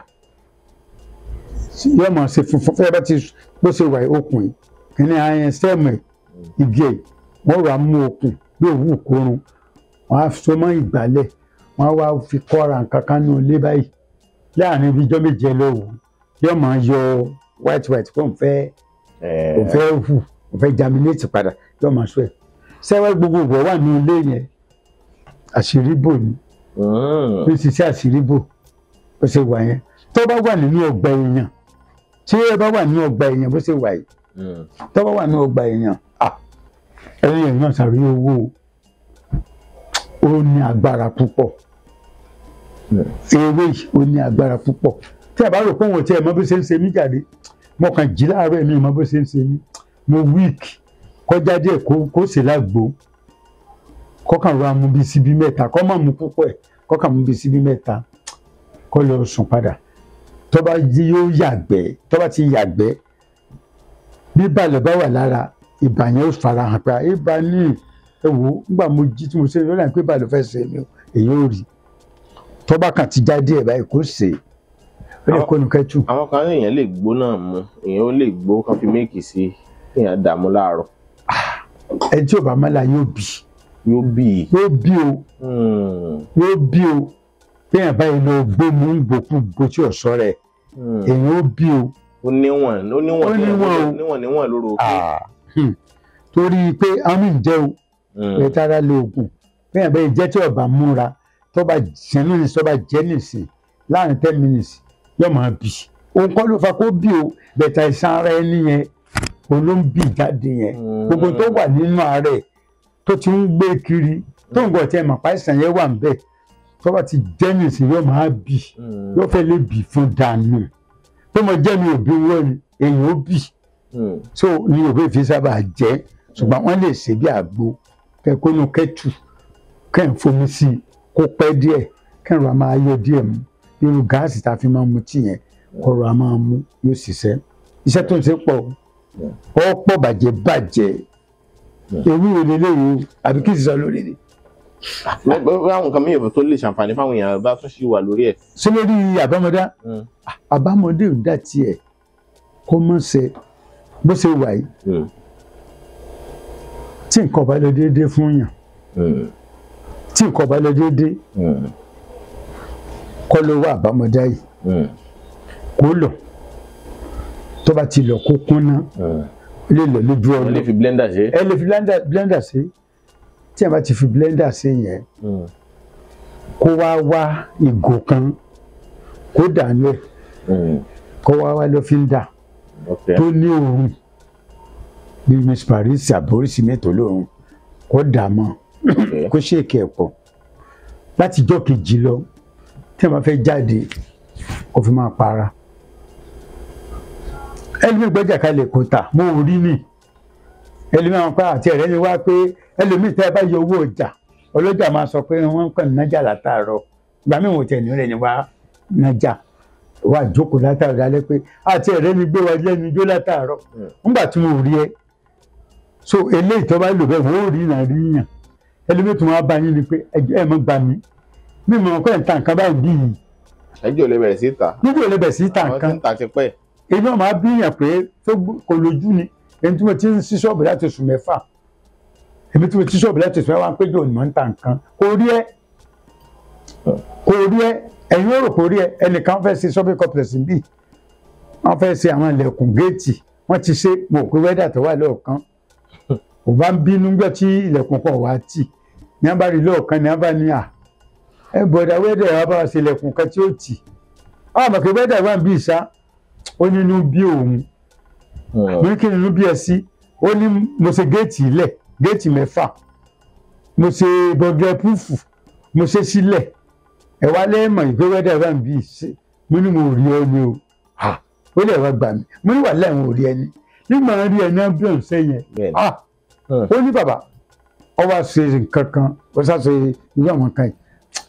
yóò máa ṣe funfun fẹ́ bá ti bó ṣe wà okùn yìí kínní ayẹn sẹ́ẹ̀mù ìgé wọ́n wà mú okùn bí òwú kórun wọ́n á so mọ́ ìgbálẹ̀ wọ́n á wá fi kọ́ra nǹkan kan ní ilé báyìí láàrin ibi ijọ́ méje lówó yóò máa yọ white white kó n fẹ́ kó n fẹ́ hù kó n fẹ́ germinate padà yóò máa sọ ẹ̀ sẹ́wẹ́ gbogbo ìwọ̀ wà ní ilé yẹn àṣírí bò ni ló hmm. ti ṣe àṣírí bò bó ṣe wà yẹn tó bá wà nínú ọgbà èèyàn tí ẹ bá wà nínú ọgbà èèyàn bó ṣe wà yìí hmm. tó bá wà nínú ọgbà èèyàn ẹni èèyàn ṣàrí owó ó ní agbára púpọ̀ hmm. ewé ó ní agbára púpọ̀ tí ẹ bá rò pé òun ò tí ẹ mọ bó ṣe ń ṣe mí jáde mo kàn jí láàárọ̀ ẹ̀mí mọ bó ṣe ń ṣe mí mo wíìkì kọjá díẹ̀ kó ṣe lágbo kọ́kàn rọra mu bíi síbi mẹ́ta kọ́ má mu púpọ̀ ẹ̀ kọ́kàn mu bíi síbi mẹ́ta kọ́ lọ sùn padà tó bá yóò yàgbẹ́ tó bá ti yàgbẹ́ bí balẹ̀ bá wà lára ibà yẹn ó fara hàn pé ibà ní ẹ̀wò nígbà mo jí tí mo ṣe lọ́nà pé ibà ló fẹ́ ṣe mí èyí ò rí tó bá ti jáde ẹ̀ báyìí kò ṣe ó lè kó nìkan tù. àwọn kan èèyàn lè gbó náà mu èèyàn ó lè gbó kan fi méèkì sí èèyàn dààmú láàárọ̀. Ah, ẹ tí ò bá mọ́lá yóò bì í yóò bì í. yóò bì ó hmm. yóò bì ó bẹ́ẹ̀ báyìí lọ gbé mú gbòkú gbòtí ọ̀sọ́ rẹ̀ hmm. èyàn ó bì ó. ó níwọ̀n ó níwọ̀n níwọ̀n níwọ̀n lóru òkè. Ah, hmm. torí pé àmì ìjẹ́ o ẹ̀ tára lé oògùn bẹ́ẹ̀ báyìí jẹ́ tí ọba múra tọ́ba jẹ́ nísìn tọ́ba jẹ́ nísìn láàrin ten minutes yóò máa bì òun kọ́ ló fa kó bì ó bẹ̀tà ìsan ara ẹni yẹn olóńbì jáde yẹn gbogbo tó wà nínú ara ẹ̀ tó ti ń gbé kiri tó ń gbọ́ tí ẹ mọ̀ páìsàn yẹn wà ń bẹ̀ tó bá ti jẹ́ mi sí yóò máa bì hmm. yóò fẹ́ lè bì fún dànù tó mọ jẹ́ mi ò bí wọ́n ni èyàn ó bì hmm. so ni òbí fi sábà jẹ́ ṣùgbọ́n wọ́n lè ṣe bí àgbo kẹ́kọ́nù kẹ́tù kẹ́ ń fomi sí i kó pẹ́ díẹ̀ kẹ́rù a máa yọ díẹ̀ mu irú gáàsì tá a fi máa mu tí yẹn kọ̀rọ̀ a máa mu yóò ṣiṣẹ́ iṣẹ́ tó ń ṣe pọ̀ ọ́ hmm. pọ̀ bàjẹ́ bàjẹ́ ewúro lélẹ̀ yìí àbí kí ìsìsọ lórí ni. àwọn nǹkan mìíràn tó lè ṣàǹfààní fáwọn èèyàn bá tún ṣì wà lórí ẹ̀. ṣé lórí àbámọ̀dá hmm. àbámọ̀dé ò dá tiẹ̀ kó mọ̀ ṣe bó ṣe wà yìí hmm. tí nǹkan ọba lọ déédéé fún yàn hmm. tí nǹkan ọba lọ déédéé kọ́ ló wá àbámọ̀dá yìí kó lọ tó bá ti lọ kó kúnná. Mm lè lọ lójú ọ̀nà. ẹ lè fi blender ṣe. ẹ lè fi blender ṣe tí a bá ti fi blender ṣe yẹn hmm. kó wá wá ìgò kan kó dà lẹ̀ hmm. kó wá wá lọ́ fi ń dà tó ní òórùn bí miss paris àbórísì mẹ́tò lóòórùn kó dà mọ́ kó ṣèkè ẹ̀ pọ̀ láti kejì lọ tí a bá fẹ́ jáde kó fi máa para ẹlòmí gbẹ́jà kalẹ̀ kò tà mo ò ni ẹlòmí àwọn pa àti ẹ̀rẹ́ ni wá pé ẹlòmí tẹ́ ẹ bá yọ owó ọjà ọlọ́jà máa sọ pé wọ́n ń kàn nájà látàárọ̀ ìgbà míì wò tẹ̀lé rẹ̀ ni wá nájà wá jókòó látàárọ̀ alẹ́ pé àti ẹ̀rẹ́ ni gbé wa lẹ́nu jó látàárọ̀ hmm. nígbà tí mo rí ẹ so eléyìí tó bá lò bẹ́ẹ̀ wọ́n ò rí náà rí yàn ẹlòmí tó máa bá yín ni pé ẹ mọ̀ mi mọ̀ kọ́ ẹ̀ ń ta nǹkan báyìí bí yìí. ẹjọ́ lè bẹ̀rẹ̀ sí ta. nígbà lè bẹ̀rẹ̀ sí ta nǹkan. àwọn tí ń ta ti pẹ́ èyí náà máa bíyàn pé tó kò lójú ni èmi tí mo ti ń sí ṣọ́ọ̀bù láti oṣù mẹ́fà èmi tí mo ti ṣọ́ọ̀bù láti oṣù mẹ́fà ń péjọ òní mọ́ ń ta nǹkan kò rí ẹ kò rí ẹ ẹ̀yin ò rò kò rí ẹ ẹnìkan fẹ́ ṣe shopping complex bí wọ́n fẹ́ ṣe àwọn ilẹ̀kùn géètì wọ́n ti ṣe mọ̀ pé wẹ́dà tó wà lọ́ọ̀kan kò bá ń bínú gbọ́ tí ilẹ̀kùn kan wá tì ní a bá rí lọ́ọ̀kan ní a bá ní à ẹ bọ̀dà wẹ́dà ó ní inú bí òun hmm. mo ní kí ni inú bí ẹ sí ó ní mo ṣe géètì ilẹ̀ géètì mẹ́fà mo ṣe bọ́gẹ́ púfù mo ṣe sílẹ̀ ẹ wá lẹ́ẹ̀mọ̀ ìgbé wẹ́dà wà níbí ṣe mo ní mo rí ọ ni o ó lè wá gbà mí mo ní wà láwọn ò rí ẹni nígbà rí ẹni ambulance sẹ́yìn ẹ̀ hmm. ó ní bàbá ọ wá ṣe nǹkan kan ó ṣàṣe irú àwọn kan yìí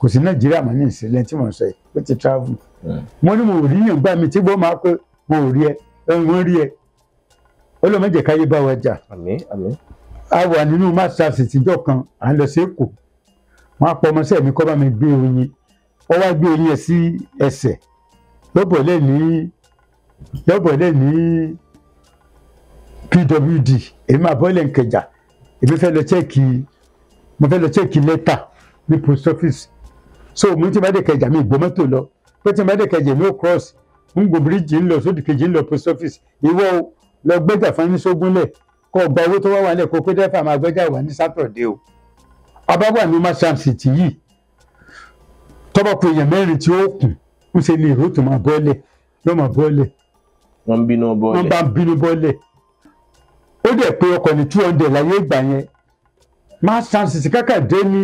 kò sí nàìjíríà mọ́ ní ìsìnlẹ̀ tí mo sọ yìí ó ti travel hmm. mo ní mo rí yàn gbà mí tí gbọ́ máa pé wọn ò rí ẹ wọn rí ẹ ọlọ́mọdé káyé bá wa jà àmín àmín a wà nínú masters ìtìjọ́ kan à ń lọ sí èkó wọn á pọ ọmọọṣẹ́ mi kọ́ bá mi gbé oyin ọ wá gbé oyin ẹ sí ẹsẹ̀ lọ́bọ̀ lẹ́ ní lọ́bọ̀ lẹ́ ní pwd èmi máa bọ́ọ̀lẹ̀ nkẹjà èmi fẹ́ lọ chẹ́ẹ̀kì mo fẹ́ lọ chẹ́ẹ̀kì lẹ́tà ní post office so mo ti bá dé kẹjà mi ìgbọ́mọ́tò lọ pé ti bá dé kẹjà mi ò cross ń gbòbíríjì ń lọ sódì kejì ń lọ post office ìwọ lọ gbẹ́jà fún yínsógúnlẹ̀ kó gba owó tó wá wà lẹ́kọ̀ọ́ pé dẹ́fà máa gbẹ́jà wà ní sátọ̀dé o abáwà ní masam city yìí tọ́bọ̀ pé èèyàn mẹ́rin tí ó kù ń ṣe lè rótò máa bọ́ọ̀lẹ̀ yóò máa bọ́ọ̀lẹ̀ wọ́n bínú bọ́ọ̀lẹ̀ wọ́n bá bínú bọ́ọ̀lẹ̀ ó dẹ̀ pé ọkọ̀ ní two hundred láyé ìgbà yẹn masam city kàkà dé ní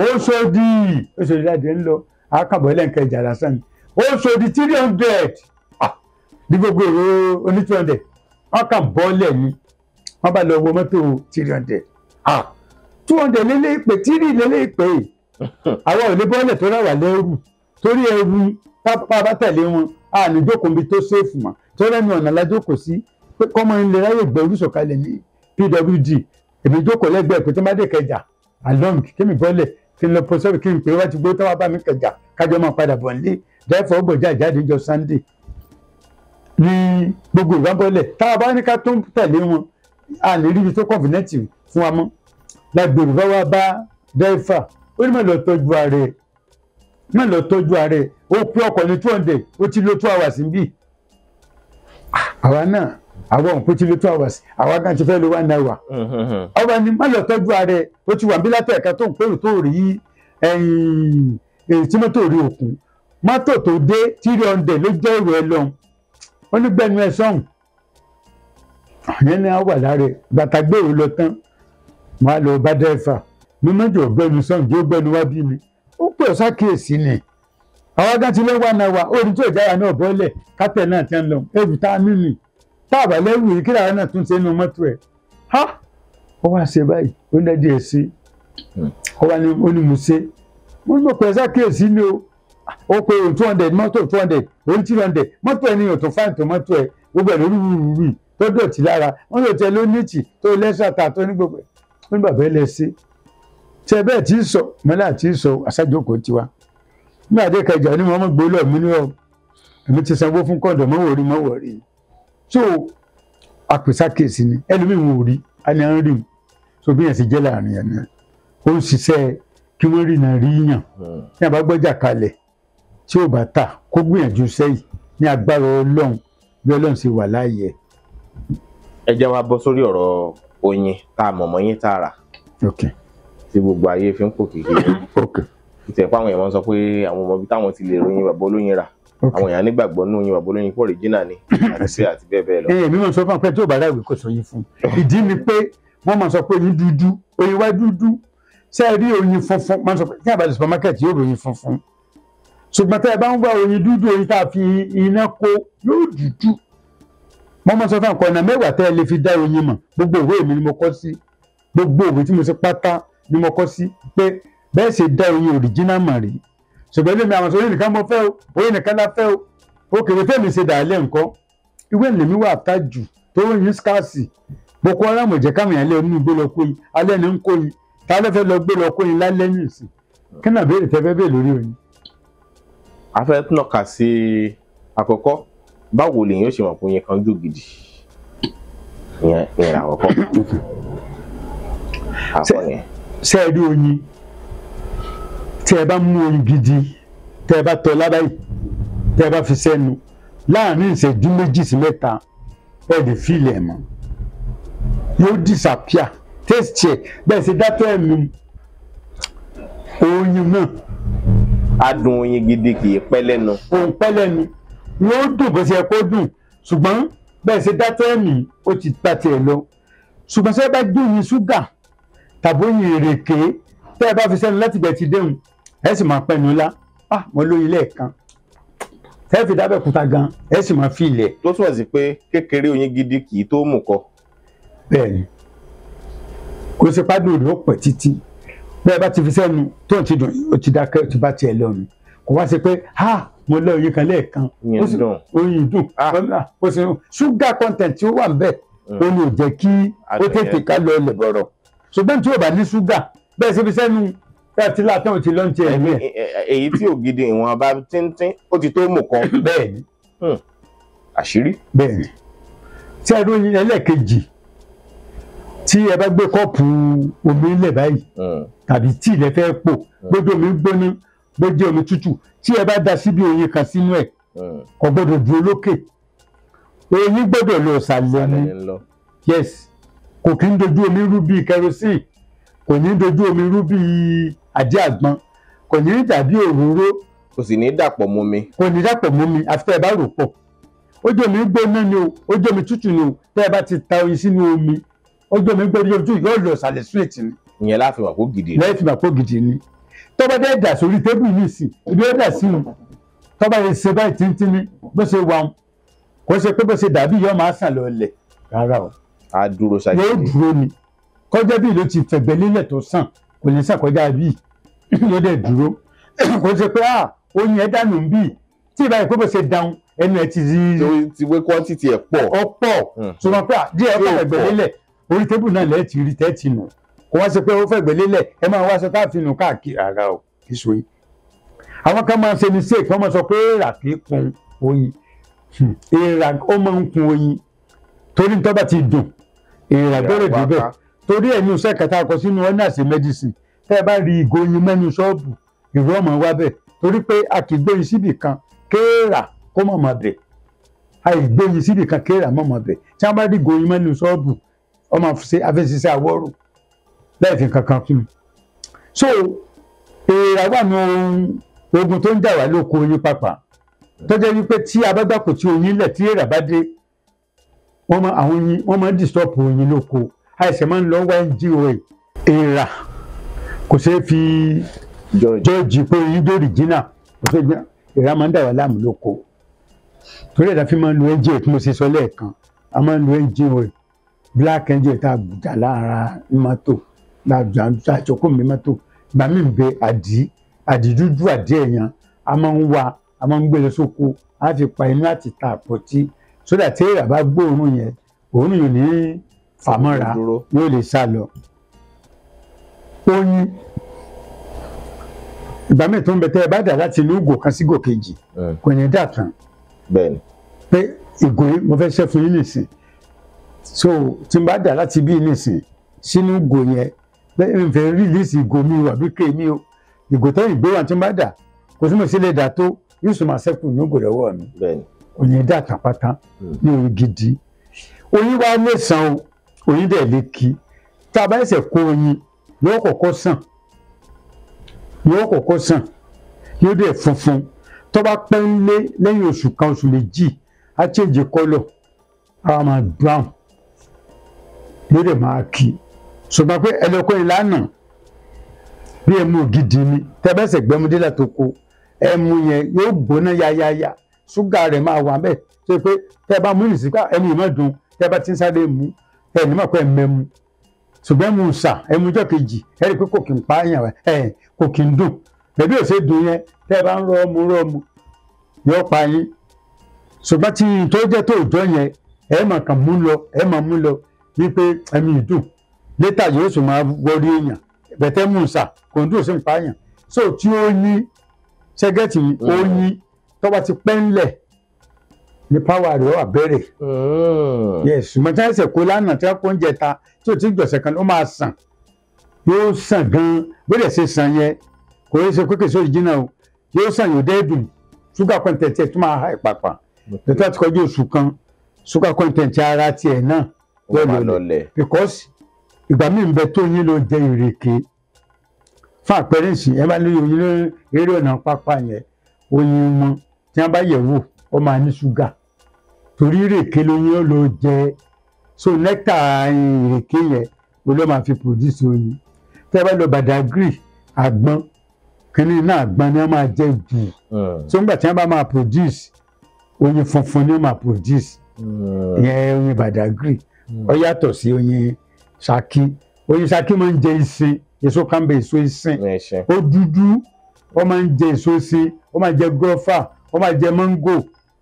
ó sọ díì ó sọ díì láti ń lọ àkàbọ̀ ẹlẹ́nkẹ́ ìjà lásán ni ó sọ di three hundred ah, ní gbogbo èrò oní two hundred wọ́n kàn bọ́ọ̀lẹ̀ ni wọ́n bá lọ wọ mọ́tò three hundred ah, two hundred lélẹ́ ìpè three lélẹ́ ìpè àwọn ò lè bọ́ọ̀lẹ̀ tó rà wà lẹ́rù torí ẹrù pápá bá tẹ̀lé wọn àníjókòó ibi tó ṣèfù mọ́ tó rẹ́nu ọ̀nà lájókòó sí pé kọ́mọ ilé ráyè gbẹ̀rú sọ̀kalẹ̀ ní pwd èmi jókòó lẹ́gbẹ̀ẹ́ pé tí má dé kẹjà along kí mi bọ́lẹ̀ kí n lọ pọ̀ sọ́ọ̀bù kí n pè é wá ti gbó tó wá bá mi kẹjà kájọ máa padà bọ̀ nílé therefore gbọ̀jà jáde jọ sunday ní gbogbo ìwábọ̀lẹ̀ tá a bá ní ká tó tẹ̀lé wọn a lè rí ibi tó kọ̀fìnẹ́tì fún wa mọ́ lágbèrè bá wa bá dẹ́fà ó ní mọ̀lọ́ tọ́jú ààrẹ mọ̀lọ́ tọ́jú ààrẹ ó pé ọkọ̀ ní two hundred ó ti lo two hours níbí àwa náà àwa òun pé ti lo two hours àwa náà ti fẹ́ lo one hour ọba mm-hmm. ni mọ̀lọ́ tọ́jú ààrẹ ó ti wà níbí látọ̀ ẹ̀ka tó ń pèrò tó rí ẹ̀yìn tí mọ́tò rí òkun mọ́tò tó dé three hundred ló jẹ́ ìwé lọ́hùn ó ní gbẹ̀nu ẹ̀ sọ́hùn yẹn ni a wà lára bàtà gbèrò lọ tán mo á lọ bá dẹ́fà mo mẹ́jọ gbẹ̀nu sọ́hùn jẹ́ gbẹ̀nu wá bí mi ó pè ọ́ sákèésí ni àwọn agán ti lé wà náà wà orin tó ìjára náà bọ́lẹ̀ kápẹ́ náà ti ń lọ ẹ̀rù tá a mímì tá a bá lẹ́rù yìí kíra náà tún ṣe inú mọ́tò ẹ̀ ha ó wá ṣe báyìí ó lẹ́dí ẹ̀ sí hmm. ó wá ní ó ní mo ṣe mo ní mo pè ọ́ sákèésí ni o ó pe two hundred mọ́tò two hundred orí three hundred mọ́tò ẹni ò tó fáìn tó mọ́tò ẹ gbogbo ẹ̀ lórí rúurú tó dọ̀tí lára wọ́n lò tẹ ló níìtì tó lẹ́sàtà tó ní gbogbo ẹ̀ ó ní bàbá ẹ lẹ sí tẹ bẹ́ẹ̀ tí ì sọ mọ́lá tí ì sọ àṣàjọkọ̀ tiwa ní àdékẹjà ni wọ́n mọ̀ gbó lọ mí ní ọ èmi ti sanwó fún kọ́ńdọ̀ mọ́wọ́rí mọ́wọ́rí so àpèsákèsí ni ẹlòmíì wọn ò rí àní à ń rí so bí yẹn ti jẹ́ láàrin yẹn náà ó ń ṣiṣẹ́ kí wọ́n rí náà rí yàn ní hmm. àbágbọ́jà kalẹ̀ tí ò bá tà kó gbìyànjú sẹ́yìn ní agbára ọlọ́run bí ọlọ́run ṣe wà láàyè. ẹ jẹ́ wá bọ́ sórí ọ̀rọ̀ oyin tá a mọ̀mọ́ yín tààrà tí gbogbo ayé fi ń pò kékeré ìtẹ̀ fáwọn èèyàn sọ pé àwọn ọmọ ibi táwọn ti lè ròyìn bàbá olóyin rà àwọn èèyàn nígbàgbọ́ nínú oyin bàbá olóyin pọ̀ rìjìnà ni àti àti bẹ́ẹ̀ bẹ́ẹ̀ lọ. èmi mọ̀ sọ fún apẹ́ tí ò bá ráìwé kò sọ yín fún ìdí ni pé wọ́n mọ̀ sọ pé oyin dúdú oyin wá dúdú ṣé ẹ rí oyin funfun máa sọ pé ní àbájọ supermarket yóò ròyìn funfun ṣùgbọ́n tẹ́ ẹ bá ń wá oyin dúdú oyin tá a fi iná kó yóò dúdú mo mọ sọ fún àwọn ọ̀nà mẹ́wàá tẹ́ ẹ lè fi dá oyin mọ̀ gbogbo òwe mi ni mo kọ́ sí gbogbo òwe tí mo ṣe pátá ni mo kọ́ sí pé bẹ́ẹ̀ ṣe dá oyin òrìjínà mọ̀ rí ṣùgbọ́n ilé mi àwọn sọ oyin nìkan mo fẹ́ o oyin nìkan la fẹ́ o òkèèrè tẹ́mi ṣe dàálẹ̀ nǹkan ìwé ìlẹ̀mí wà tá jù tó oyin skáàsì Boko Haram jẹ́ káwọn èèyàn lé nínú gbé lọ kó yin alẹ́ ní ń kó a fẹ́ nàka sí àkọ́kọ́ báwo lèyàn ṣe mọ̀ pé yẹn kan jó gidi ìyẹn ìyẹn àkọ́kọ́ àkọ́ yẹn. ṣé ẹ rí oyin tí ẹ bá mú oyin gidi tẹ ẹ bá tọ́ lábáyé tẹ ẹ bá fi sẹ́nu láàrin ìṣẹ́jú méjì sí mẹ́ta ẹ lè fi ilẹ̀ mọ́ yóò disappear taste check bẹ́ẹ̀ ṣe dátọ́ ẹ̀ mu oyin náà adùn oyin gidi kì í pẹ́ lẹ́nu. òun pẹ́ lẹ́nu yóò dùn bó ṣe yẹ kó dùn ṣùgbọ́n bẹ́ẹ̀ ṣe dá tẹ́ẹ̀mì ó ti ta tiẹ̀ lọ ṣùgbọ́n ṣé bá dùn ní ṣúgà tàbí oyin ìrèké tẹ́ ẹ bá fi sẹ́nu láti bẹ̀ ti déhùn ẹ sì máa pẹ́nu lá ah mo lóyin lẹ́ẹ̀kan tẹ́ fi dábẹ́ kúta gan ẹ sì máa fi ilẹ̀. tó túmọ̀ sí pé kékeré oyin gidi kì í tó mú kọ. bẹ́ẹ̀ni kò sí pádùn rẹ ó títí bẹ́ẹ̀ bá ti fi sẹ́nu tó ń ti dùn ó ti dákẹ́ ó ti bá tiẹ̀ lọ́nu kò wá sí pé ha mo lọ oyin kan lẹ́ẹ̀kan oyin dùn ah. ah, ó sì ṣúgà content tí ó wà níbẹ̀ mm. ó ní ò jẹ́ kí ó tètè ká lọ ilẹ̀ bọ̀rọ̀ ṣùgbọ́n tí ò bá ní ṣúgà bẹ́ẹ̀ ṣe fi sẹ́nu bẹ́ẹ̀ ti látàn ó ti lọ́n ti ẹ̀mí ẹ̀. èyí tí ògidì ìwọ̀n bá tíntín ó ti tó mò kan. bẹ́ẹ̀ni hmm. àṣírí. bẹ́ẹ̀ni tí a ròyìn ẹlẹ́ẹ̀kejì tí ẹ bá gbé kọ́ọ̀pù omi ńlẹ̀ báyìí hmm tàbí tí ilẹ̀ fẹ́ pò hmm. gbódò mi gbóná gbódò omi tútù tí ẹ bá da síbi oyin kan sínú ẹ̀ hmm. kò gbọdọ̀ dúró lókè oyin gbọdọ̀ lọ sàlẹ̀ ni yes kò kí ń dojú omi rú bíi kerosene kò ní dojú omi rú bíi àdí àgbọn kò ní dàbí òróró kò sì ní dàpọ̀ mú mi kò ní dàpọ̀ mú mi àfi tẹ́ ẹ bá rò pọ̀ ojú omi gbóná ni o ojú omi tútù ni o tẹ́ ẹ bá ti ta oyin sínú omi ojú omi gbóná yóò lọ sàlẹ̀ sún ètì ni ìyẹn láti wà kó gidi ni. láti wà kó gidi ni tọ́ba dẹ́ dà sórí tébù yìí sí ibi ó dà sí wọn tọ́ba yìí ṣe báyìí tíntín ní bó ṣe wà wọn kò ṣe pé bó ṣe dàbí yọ máa sàn lọlẹ̀ rárá o. a dúró ṣáájú yóò dúró ni kọjá bí ló ti fẹ̀gbẹ́ lélẹ̀ tó sàn kò ní sàkọjá bí yóò dẹ̀ dúró kò ṣe pé ah oyin ẹ̀ dànù bí tí ìbáyìí ẹnu ẹ ti di. ti wé quantity ẹ̀ pọ̀. ọ̀pọ̀ sọ pé díẹ̀ ọ̀pọ̀ ẹ̀gbẹ́ lélẹ̀ orí tébù náà lẹ́ẹ̀ rí tẹ́ẹ̀ nù kò wá ṣe pé ó fẹ̀gbẹ́ lélẹ̀ ẹ máa wá aṣọ táàfin nù káàkiri ara ò kì í so yìí àwọn kan máa ń ṣe ní sèkì wọ́n máa sọ pé èèrà kì í kun oyin hmm, èèrà ó máa ń kun oyin torí tó bá ti dùn èèrà gbọ́dọ̀ débẹ̀ torí ẹ̀ ní oṣù kẹta kọ sínú ọ́nàṣì mẹ́dísìn tẹ́ ẹ bá rí ìgò oyin mẹ́nu ṣọ́ọ̀bù ìró ọmọ wa bẹ̀ torí pé a kì í gbóyin síbì kan kéèrà kó mọ̀ mọ̀ bẹ̀ a ì gbóyin síbì kan kéèrà mọ̀ mọ̀ bẹ̀ tí wọ́n bá rí ìgò oyin mẹ́nu ṣọ́ọ̀bù ọmọ àfẹsẹ̀ àwọ̀rò láì fi kankan kún so èèrà wà nù ogun tó ń jà wá lóko oyin pàpà tó jẹ́ wípé tí a bá gbàpò tí oyin lẹ̀ tí èèrà bá dé wọ́n máa àwọn oyin wọ́n máa ń disturb oyin lóko àìsàn máa ń lọ wá NGOA èèrà kò ṣeé fi jọ́ọ̀jì pé oyin dórí jìnnà kò ṣeé gbìyànjú èèrà máa ń dà wá láàmú lóko torí ẹ̀dá fi máa ń lo NGOA tí mo ṣe sọ lẹ́ẹ̀kan a máa ń lo NGOA black NGOA tá a gbùjà lára mọ́tò gbàǹtà àjọkọ mi mọ́tò gbà mí bẹ àdí àdí dúdú àdí ẹ̀yàn a máa ń wa a máa ń gbé lọ sóko a fi pa iná àti ta àpótí sódà tí èrà bá gbóòórùn yẹn òórùn yìí ní fàmọ́ra yóò lè sá lọ. oyin ìgbà míì tó ń bẹ tẹ́ ẹ bá dà láti inú ìgò kan sí ìgò kejì kò ní dà tán pé ìgò yìí mo fẹ́ ṣe fún yín nìsín so tí n bá dà láti bí nìsín sínú ìgò yẹn nfẹ́ release ìgò mi o àbí ké o ìgò tó ìgbé wa tí n bá dà kò sí mo sì lè dà tó yóò sọ máa sẹ́kù ní ògò lọ́wọ́ mi òyìn dà tàpátá hmm. ní oyin gidi oyin wa lè san o oyin dẹ̀ lè kí tá a bá ẹsẹ̀ kó oyin yóò kọ́kọ́ sàn yóò kọ́kọ́ sàn yóò dẹ̀ funfun tó bá pẹ́ ń lé lẹ́yìn oṣù kan oṣù méjì á change colour á máa brown yóò dẹ̀ máa kí i ṣùgbọ́n pé ẹlẹ́kọ́ ìlànà bí ẹmu gidi ni tẹ́bẹ́sẹ̀ gbẹ́mudílẹ̀ tó kó ẹmu yẹn yóò gbóná yáyáyá ṣúgà rẹ̀ máa wà bẹ́ẹ̀ tó pé tẹ́ bá mú nìsí ká ah, ẹmu yìí má dùn tẹ́ bá ti ń sáré mu ẹ̀ ní màkọ́ ẹ̀mú ẹmu ṣùgbọ́n ẹmu sà ẹmu jọ́ kejì ẹ̀ rí pé kò kì ń pa àyàn ẹ̀ kò kì ń dùn bẹ̀bí ò ṣe dùn yẹn tẹ́ bá ń rọ ọmú yóò pa yín ṣùgbọ́n tí tó jẹ́ tó jọ yẹn ẹ̀ máa mú lọ ẹ̀ mú lọ wípé ẹmu dùn létà yóò sì máa wọrí èèyàn bẹ̀tẹ̀ mùsà kòńdú ò sì ń pààyàn so tí ó yí ṣẹ́gẹ́tì ó yí tọ́ba ti pẹ́ ńlẹ̀ ni power rẹ̀ wà bẹ̀rẹ̀ hmm. yes ṣùgbọ́n tí wọ́n ṣe kó lánàá tí wọ́n kó ń jẹ ta tí ò tí gbọ̀sẹ̀ kan ó máa sàn yóò sàn gan-an bẹ́ẹ̀ ṣe sàn yẹn kò ṣe pé kèso jìnnà o yóò sàn yóò dẹ́ẹ̀dùn ṣúgà kọ́ńtẹ̀ntì ẹ̀ tó máa ha ìpàpà lọ́tọ́ àti kọjú oṣù kan ṣúgà kọ́ńtẹ̀ntì ara tiẹ̀ náà lọ́lọ́lẹ̀ because ìgbà míì ń bẹ tó yín ló jẹ ìrèké fún àpẹẹrẹ ìsìn ẹ bá ní oyin eré ọ̀nà pápá yẹn oyin wọn tí wọ́n bá yẹ̀ wò ó máa ní ṣúgà torí ìrèké lóyin ó ló jẹ so nẹ́tà ìrèké yẹn ó ló máa fi produce oyin tẹ́ bá lọ Badagry àgbọn kínní náà àgbọn ni wọ́n máa jẹ jù hmm. so nígbà tí wọ́n bá máa produce oyin funfun ni wọ́n máa produce hmm. ìyẹn oyin Badagry ó hmm. yàtọ̀ sí oyin saki oyin saki máa ń jẹ ìsìn èso kan bẹ èso ìsìn ó dúdú ó máa ń jẹ èso ìsìn ó máa jẹ gọ́fà ó máa jẹ mángò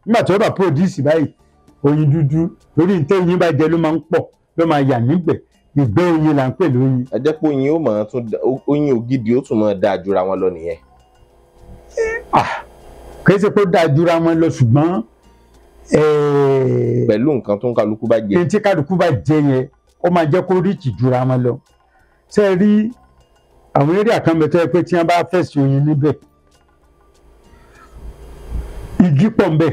nígbà tí wọ́n bá produce báyìí oyin dúdú lórí ntẹ́ oyin bá jẹ ló máa ń pọ̀ ló máa yà nígbẹ̀ ìgbẹ́ oyin là ń pè lóyin. ẹ jẹ́ pé oyin ó máa tún oyin ògidì ó tún máa dáa jura wọn lọ nìyẹn. kìí ṣe pé ó dáa jura wọn lọ ṣùgbọ́n. Eh, pẹ̀lú nǹkan tó ń kálukú bá jẹ. tí kálukú bá jẹ yẹn ó máa jẹ́ kó ríìtì jura wọn lọ ṣe é rí àwọn eré àkànbẹ tó yẹ pé tí wọ́n bá fẹ̀sùn oyin níbẹ̀ igi pọ̀ ńbẹ̀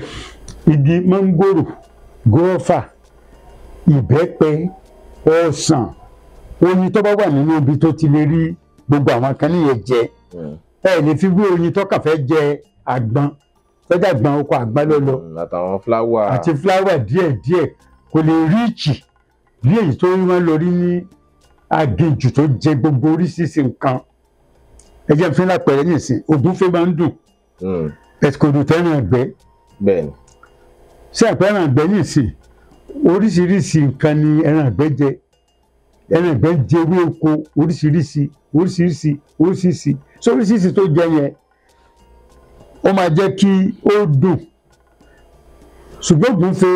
igi mọ́ngòrò gọ́ọ̀fà ìbẹ́pẹ ọsàn oyin tó bá wà nínú ibi tó ti lè rí gbogbo àwọn kan nìyẹn jẹ hmm. ẹ lè fi wé oyin tó kàn fẹ́ jẹ àgbọn fẹ́jà gbọn oko àgbálọ́lọ́ hmm, àti fúláwà díẹ̀díẹ̀ kò lè ríìchì bí èyí tó rí wọn lórí ní aginjù tó jẹ gbogbo oríṣiríṣi nǹkan ẹjẹ fi lápẹẹrẹ nìsín ògúnfẹ máa ń dùn ẹsìkòdù tẹran ẹgbẹ sí àpẹ ẹran ẹgbẹ nìsín oríṣiríṣi nǹkan ni ẹran ẹgbẹ jẹ ẹran ẹgbẹ jẹ ewé oko oríṣiríṣi oríṣiríṣi oríṣiríṣi sóríṣiríṣi tó jẹ yẹn ó máa jẹ kí ó dùn ṣùgbọ́n ògúnfe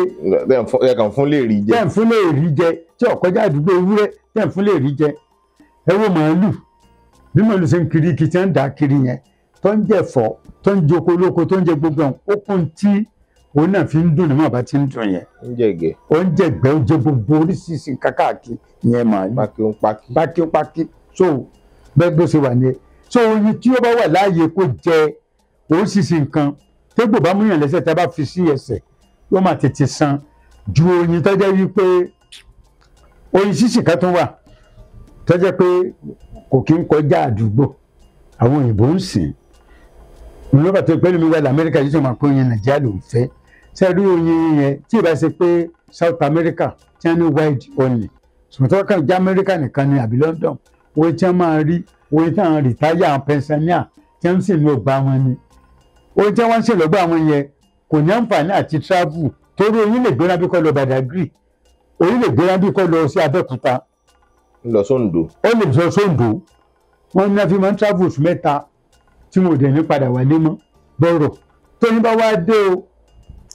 tẹ̀kàn fún lè rí jẹ tẹ̀ fún lè rí jẹ tí ọ̀kọ́jà àdúgbò ewúrẹ́ tẹ̀ fún lè rí jẹ ẹ wo màálù bí màálù ṣe ń kiri kí tí ń dà kiri yẹn tó ń jẹ fọ tó ń joko lóko tó ń jẹ gbogbo ọ̀hún ó kún tí òun náà fi ń dùn ní mọ̀ bá ti ń dùn yẹn ó ń jẹ̀gẹ̀ ó ń jẹ̀gbẹ́ ó jẹ gbogbo oríṣiríṣi kákàkí yẹn màálù pákípákí pákípákí so bẹ́ẹ̀ bó ṣe wà ní ẹ so oyin tí ó bá wà láàyè kó jẹ oríṣiríṣi nǹkan tégbò bá múyàn lẹ́sẹ̀ tá a bá fi sí ẹsẹ̀ yóò máa tètè san ju oyin tó jẹ́ wípé oyin sísì kan tó wà tó jẹ́ pé kò kí ń kọjá àdúgbò àwọn òyìnbó ń sìn lọ́kàn tó pẹ́ lómi wà lamẹ́ríkà yìí tó máa pé oyin nàìjíríà ló ń fẹ́ sẹ́rí oyin yẹn tí ì bá ṣe pé South America tí wide only sọ̀tọ́ kan jẹ́ America nìkan ni àbí London oyin tí wọ́n máa rí oyin tí wọ́n rìtáyà Pennsylvania tí wọ́n sì ń lò bá wọn ni oyin tí wọ́n ń ṣèlọ́gbà wọn yẹn kò ní àǹfààní àti travel torí oyin lè gbéra bí kò lọ Badagry oyin lè gbéra bí kò lọ sí Abẹ́òkúta. lọ sóńdò. ó lè lọ sóńdò wọn ní wọn máa ń travel oṣù mẹ́ta tí mo dẹ̀ ní padà wálé mọ́ bọ̀rọ̀ tóyin bá wá dé o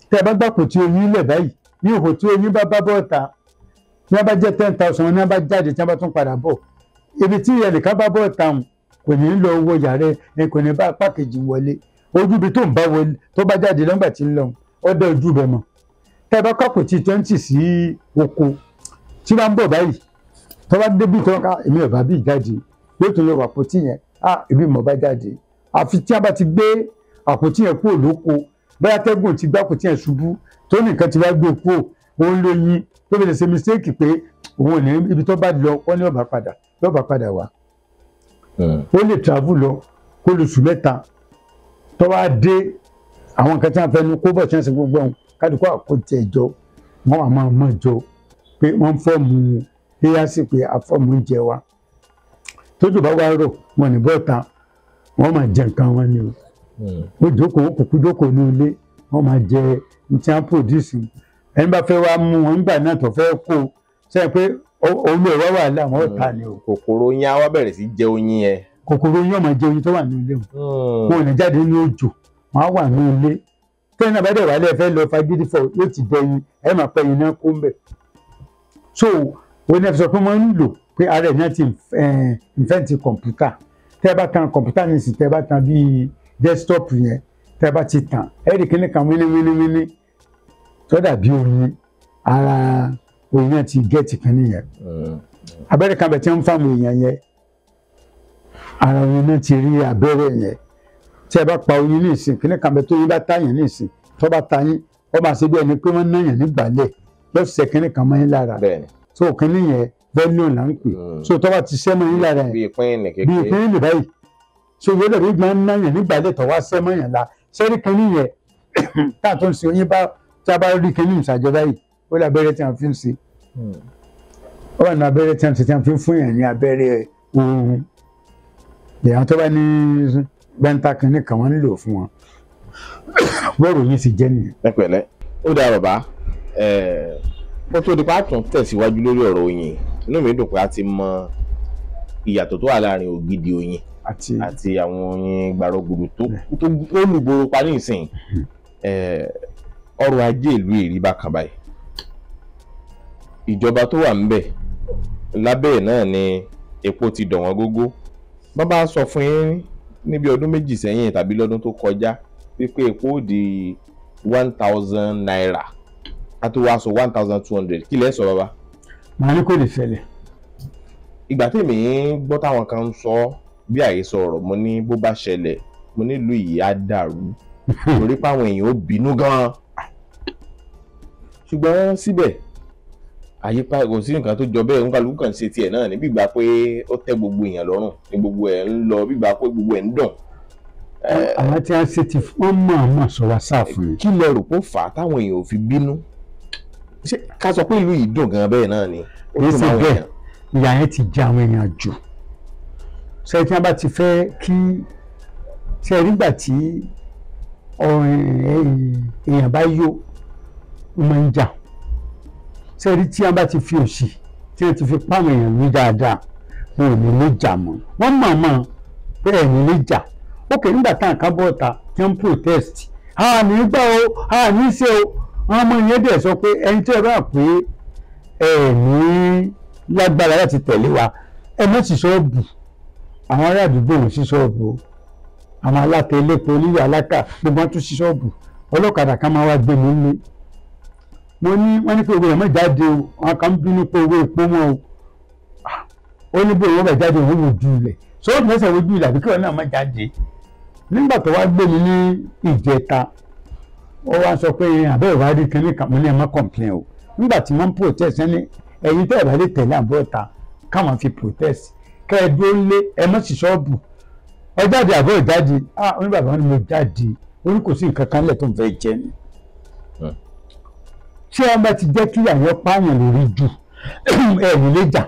tẹ bá gbàpò tí oyin lẹ̀ báyìí ní òkò tí oyin bá bá bọ̀ ta ní wọn bá jẹ́ ten thousand ní wọn bá jáde tí wọn bá tún padà bọ̀ ibi tí ẹnìkan bá bọ̀ ta kò ní lọ wọ yàrá ẹ kò ní bá pàkejì wọlé ojú ibi tó ń bá wọlé tó bá jáde lọ́ngbà tí ń lọ ọ dá ojú bẹ̀ mọ́ tẹ́ ẹ bá kọ́ àpótí twenty sí oko tí wọ́n ń bọ̀ báyìí tó bá débí tó ń ah, ká èmi ò bá bí jáde yóò tún yọ àpótí yẹn á ah, èmi mọ̀ bá jáde àfi tí a bá ti gbé àpótí yẹn kúrò lóko bóyá tẹ́gùn ti gbá àpótí yẹn ṣubú tó nìkan ti wá gbé kúrò òun ló yí tó fi lè ṣe mistake pé òun ò ní ibi tó bá lọ wọ́n ní ó padà ó padà wá hmm. ó lè travel lọ kó lóṣù mẹ́ta tó bá dé àwọn nǹkan tí wọ́n fẹnu kó bọ̀ tí wọ́n ṣe gbogbo ọ̀hún kádùkọ́ àkótì ẹ̀jọ́ wọ́n wà máa mọ̀ jọ pé wọ́n fọ́ọ̀mù yíyásí pé afọ́ọ̀mù ń jẹ wa tójú bá wá rò wọn ní bọ́ta wọ́n máa jẹ nǹkan wọn ni o hmm. ó jókòó kúkú jókòó ní ilé wọ́n máa jẹ ní tí pòdùsì ẹni bá fẹ́ wá mú wọn nígbà náà tó fẹ́ kó sẹ́yìn pé olú ẹ̀rọ wà láwọn ọ̀tá ni o. kòkòrò yín á wá bẹ̀rẹ̀ sí jẹ oyin yẹn kòkòrò yín ọmọ jẹ oyin tó wà ní ilé wọn hmm. wọn ò ní jáde ní òjò wọn á wà ní ilé tẹ́yìn náà bá dẹ̀ wálé ẹ fẹ́ lọ fagídí fọ yóò ti dẹyin ẹ máa pẹ́ yín náà kó ń bẹ̀. so wọn ní ẹ fi sọ pé wọ́n ń lò pé ara ẹ̀ náà ti ìfẹ́ǹtì kọ̀ǹpútà tẹ́ ẹ bá tan kọ̀ǹpútà ní ìsìn tẹ́ ẹ bá tan bíi desktop yẹn tẹ́ ẹ bá ti tàn ẹ̀ rí kíní kan wíní wíní wíní tó dàbí oyin ara oyin náà ti gẹ́ẹ̀tì kan nìyẹn hmm. abẹ́rẹ́ kan bẹ̀ tí wọ́n fáwọn èèyàn yẹn ara oyin náà ti rí abẹ́rẹ́ yẹn tí ẹ bá pa oyin ní ìsìn kíní kan bẹ tó yín bá táyàn ní ìsìn tó bá táyín ó máa ṣe bí ẹni pé wọ́n náyàn nígbàlẹ̀ lọ́sẹ̀ kíní kan mọ́ yín lára so kíní yẹn venue là ń pè hmm. so tó bá ti ṣẹ́ mọ́ yín lára yẹn bí ìpín ní báyìí so yóò dàbí máa ń náyàn nígbàlẹ̀ tó wá ṣẹ́ mọ́ yẹn la sẹ́rí kíní yẹn tá a tó ń ṣe oyin bá tá a bá rí kíní ìṣàjọba yìí ó lè abẹ́rẹ́ tí a èèyàn tó bá ní bẹ́ńtà kan nìkan wọ́n ń lò fún wọn bọ́ọ̀rọ̀ yìí sì jẹ́ nìyẹn. ẹ pẹ̀lẹ́ ó dáa bàbá ó tó di pàtó tẹ̀síwájú lórí ọ̀rọ̀ oyin inú mi dùn pé a ti mọ ìyàtọ̀ tó wà láàrin ògidì oyin àti àwọn oyin gbàrọ̀gbòrò tó lùgbòrò pa ní ọrọ̀ ajé ìlú èrí bákan báyìí ìjọba tó wà ń bẹ̀ lábẹ́ náà ni epo ti dọ̀wọ́n gógó bàbá sọ fún yín níbi ọdún méjì sẹ́yìn tàbí lọ́dún tó kọjá wípé epo di one thousand naira a tó sọ one thousand two hundred kí lẹ́ sọ bàbá. mo ní kò lè ṣẹlẹ̀. ìgbà tèmi gbọ́ táwọn kan ń sọ bí àhesọ ọ̀rọ̀ mo ní bó bá ṣẹlẹ̀ mo nílùú yìí á dàrú torí páwọn èèyàn ó bínú gan-an ṣùgbọ́n síbẹ̀ àyípadà kò sí nǹkan tó jọ bẹ́ẹ̀ nkàlùkù kàn ṣe tiẹ̀ náà ní bígbà pé ó tẹ́ gbogbo èèyàn lọ́rùn ní gbogbo ẹ̀ ń lọ bígbà pé gbogbo ẹ̀ ń dàn. àwọn tí a ṣe ti wọ́n mọ̀ mọ̀ sọ wá sáàfin. kí lẹ rò pé ó fà á táwọn èèyàn ò fi bínú ṣé ká sọ pé ìlú yìí dùn gan bẹ́ẹ̀ náà ni. èyí sì bẹ́ẹ̀ ìyá yẹn ti jẹ àwọn èèyàn jù sẹ́yìn tí wọ́n bá ti fẹ́ kí ṣe nígbà tí èèyàn bá yó ń sẹ́rí tí wọ́n bá ti fi òṣì tí wọ́n ti fi páwọn èèyàn ní dáadáa wọn ò ní lè jà mọ́ wọ́n mọ̀ mọ́ bẹ́ẹ̀ ní lè jà ókè nígbà táwọn kan bọ̀ ta kí wọ́n protest a ní gbà o a ní ṣe o àwọn ọmọ yẹn dẹ̀ sọ pé ẹni tí ẹ bá pé ẹ ní lágbára láti tẹ̀lé wa ẹ mọ̀ sí ṣọ́ọ̀bù àwọn ará àdúgbò ò sí ṣọ́ọ̀bù àwọn aláta elépo oníyà aláta gbogbo wọn tún sí ṣọ́ọ̀bù ọlọ́kadà kan máa wá gbé mi nílé mo ní wọ́n ní pé owó rẹ̀ mọ̀ jáde o àwọn kan bínú pé owó epo mọ́ o ah, ó ní bí owó rẹ̀ jáde òun wojú ilẹ̀ so ó fẹsẹ̀ wojú ilẹ̀ àbí kí wọn náà mọ̀ jáde nígbà tó wá gbé mi ní ìjẹta ó wá sọ pé àbẹ́rẹ́ wa rí kínní kan mo ní ẹ má complain o nígbà tí wọ́n ń protest ẹni ẹ̀yin tẹ́ ẹ̀ bá lè tẹ̀lé àbọ̀ta káwọn fi protest kẹ́ ẹ dúró lé ẹ mọ̀ sí ṣọ́ọ̀bù ẹ jáde àbọ̀ ìjáde ah oníbàbá ni mo jáde orí kò sí nǹkan kan lẹ̀ tó ń fẹ́ jẹ ni tí wọ́n bá ti jẹ́ kí àyẹ̀ pààyàn lórí jù ẹ̀rù lè jà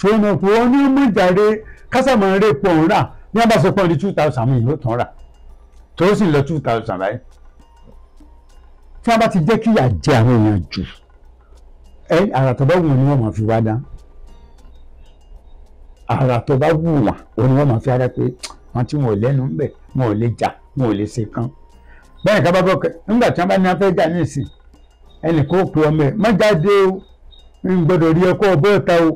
tòun kò wọ́n ní mọ̀jáde kásámọ̀ rẹ̀ pọ̀ ń rà ní wọ́n bá sọ pé ọ̀dí two thousand mi yóò tán rà tó sì lọ two thousand láyé tí wọ́n bá ti jẹ́ kí ìyà jẹ àwọn èèyàn jù ẹ àrà tó bá wù wọn ni wọ́n máa fi wá dá àrà tó bá wù wọn ni wọ́n máa fi wá pé wọ́n ti wọn lẹ́nu ń bẹ̀ ò lè jà wọn ò lè ṣe kán bẹ́ẹ̀ ká bá bọ̀ kẹ́ nígbà tí wọ́n bá ní afẹ́jà ní ìsìn ẹnì kó pe ọmọ ẹ̀ má jáde o n gbọ́dọ̀ rí ẹkọ́ bọ́ọ̀ta o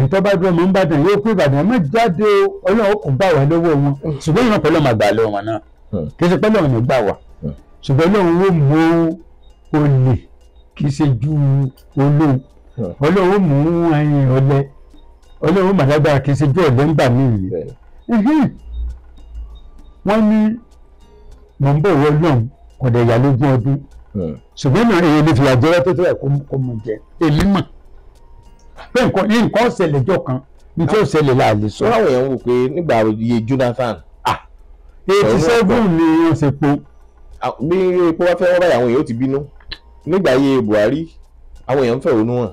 ẹ̀tọ́ bá dúró mọ́ ń bàdàn yóò pé ìbàdàn má jáde o ọlọ́run kò gbà wá lọ́wọ́ wọn ṣùgbọ́n ìran pẹ̀lú ọmọ àgbà lọ́wọ́ náà hmm. kì í ṣe pẹ̀lú ọ̀nà gbà wá hmm. ṣùgbọ́n ọlọ́run ó mú olè kì í ṣe ju olóhùn hmm. ọlọ́run ó mú ẹyin ọlẹ ọlọ́run màlágbára mò ń bọ̀ wọ náà ọ̀dẹ̀ ìyá lógún ọdún hmm. ṣùgbọ́n náà èyí lè fi àjẹrẹ́ tó tó ẹ̀ kó mọ̀ jẹ èmi mọ̀ pé nǹkan ní nǹkan ọ̀sẹ̀lẹ̀ jọ kan ní tí ó ṣẹlẹ̀ láàlè sọ. báwo yẹn ń wò pé nígbà iye Jonathan. eighty seven ni wọ́n ṣe po. bí epo wá fẹ́ wọ́n báyìí àwọn èèyàn ó ti bínú nígbà iye Buhari àwọn èèyàn ń fẹ̀hónú hàn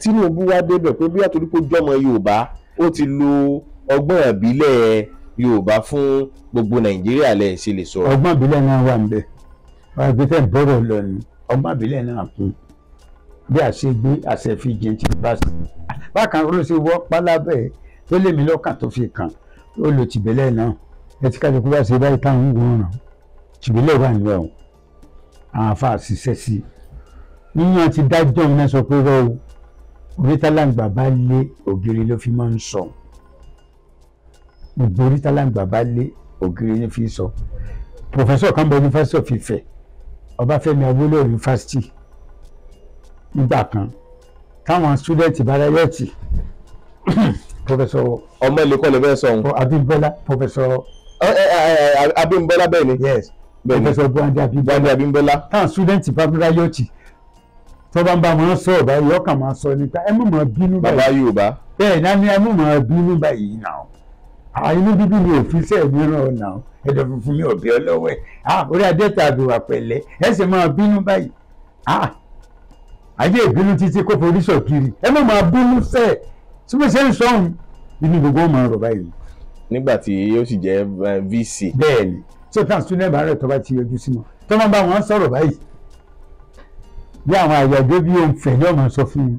Tinubu wá débẹ̀ pé bí àtòlípò jọmọ Yorùbá ó ti lo ọgbọ́n ìbílẹ̀ yorùbá fún gbogbo nàìjíríà lẹ ṣe lè sọ̀rọ̀. ọgbọ́n ìbílẹ̀ náà wà níbẹ̀ àgbẹ̀tẹ̀ bọ̀rọ̀ lọ ni ọgbọ́n ìbílẹ̀ náà kún bí àṣegbé àṣẹfíjìn ti bá sí. bákan ló ṣe wọ́ pálábẹ́ tó lèmi lọ́kàn tó fi kàn ó lo tìbílẹ̀ náà ẹtí kájọ kó bá ṣe báyìí táwọn ń gbọ́n ràn tìbílẹ̀ wà níbẹ̀ o àwọn afa àṣìṣe sí i yíyan ti dájọ́ mi náà sọ pé rọ́ọ̀ orí tálágbà bá lé ògiri ló fi máa ń sọ̀rọ̀ ìborí tálàǹgbà bá lé ògiri ní fi sọ pòfẹ́sọ̀ kan bọ yunifásitì of Ifẹ̀ Ọbáfẹ́mi Awólọ́wọ̀ yunifásitì nígbà kan táwọn sítúdẹ̀ntì bá ráyọ̀tì pòfẹ́sọ̀. ọmọ ilé kọ́ni bẹ́ẹ̀ sọ̀hún. Abímbọ́lá pòfẹ́sọ̀. Abímbọ́lá bẹ́ẹ̀ ni. yes pòfẹ́sọ̀ buhari Abímbọ́lá. Abímbọ́lá. táwọn sítúdẹ̀ntì bá ráyọ̀tì tó bá ń bá wọn sọ̀rọ̀ báyìí ọkàn máa sọ nípa ẹ mọ̀ mọ̀ bínú báyìí. bàbá Yorùbá. bẹ́ẹ̀ náà ni ẹ mọ̀ mọ̀ bínú báyìí náà inú bíbí mi ò fi iṣẹ́ mìíràn ọ̀nà ẹ̀dọ̀ funfun mi ò bí ọlọ́wẹ́ orí adé tàbí wà pẹ̀lẹ́ ẹ sì máa bínú báyìí ayé ìbínú títí kó forí sọ kiri ẹ má máa bínú sẹ́ ẹ̀ tí mo ṣe ń sọ ohun inú gbogbo máa rọ̀ báyìí. nígbà tí yóò sì jẹ́ eh, vc. bẹ́ẹ̀ni so tán student bá rẹ tó bá ti yọjú sí wọn tó máa bá wọn sọ̀rọ̀ báyìí bí àwọn àyàgbé bí ohun fẹ yóò máa sọ fún mi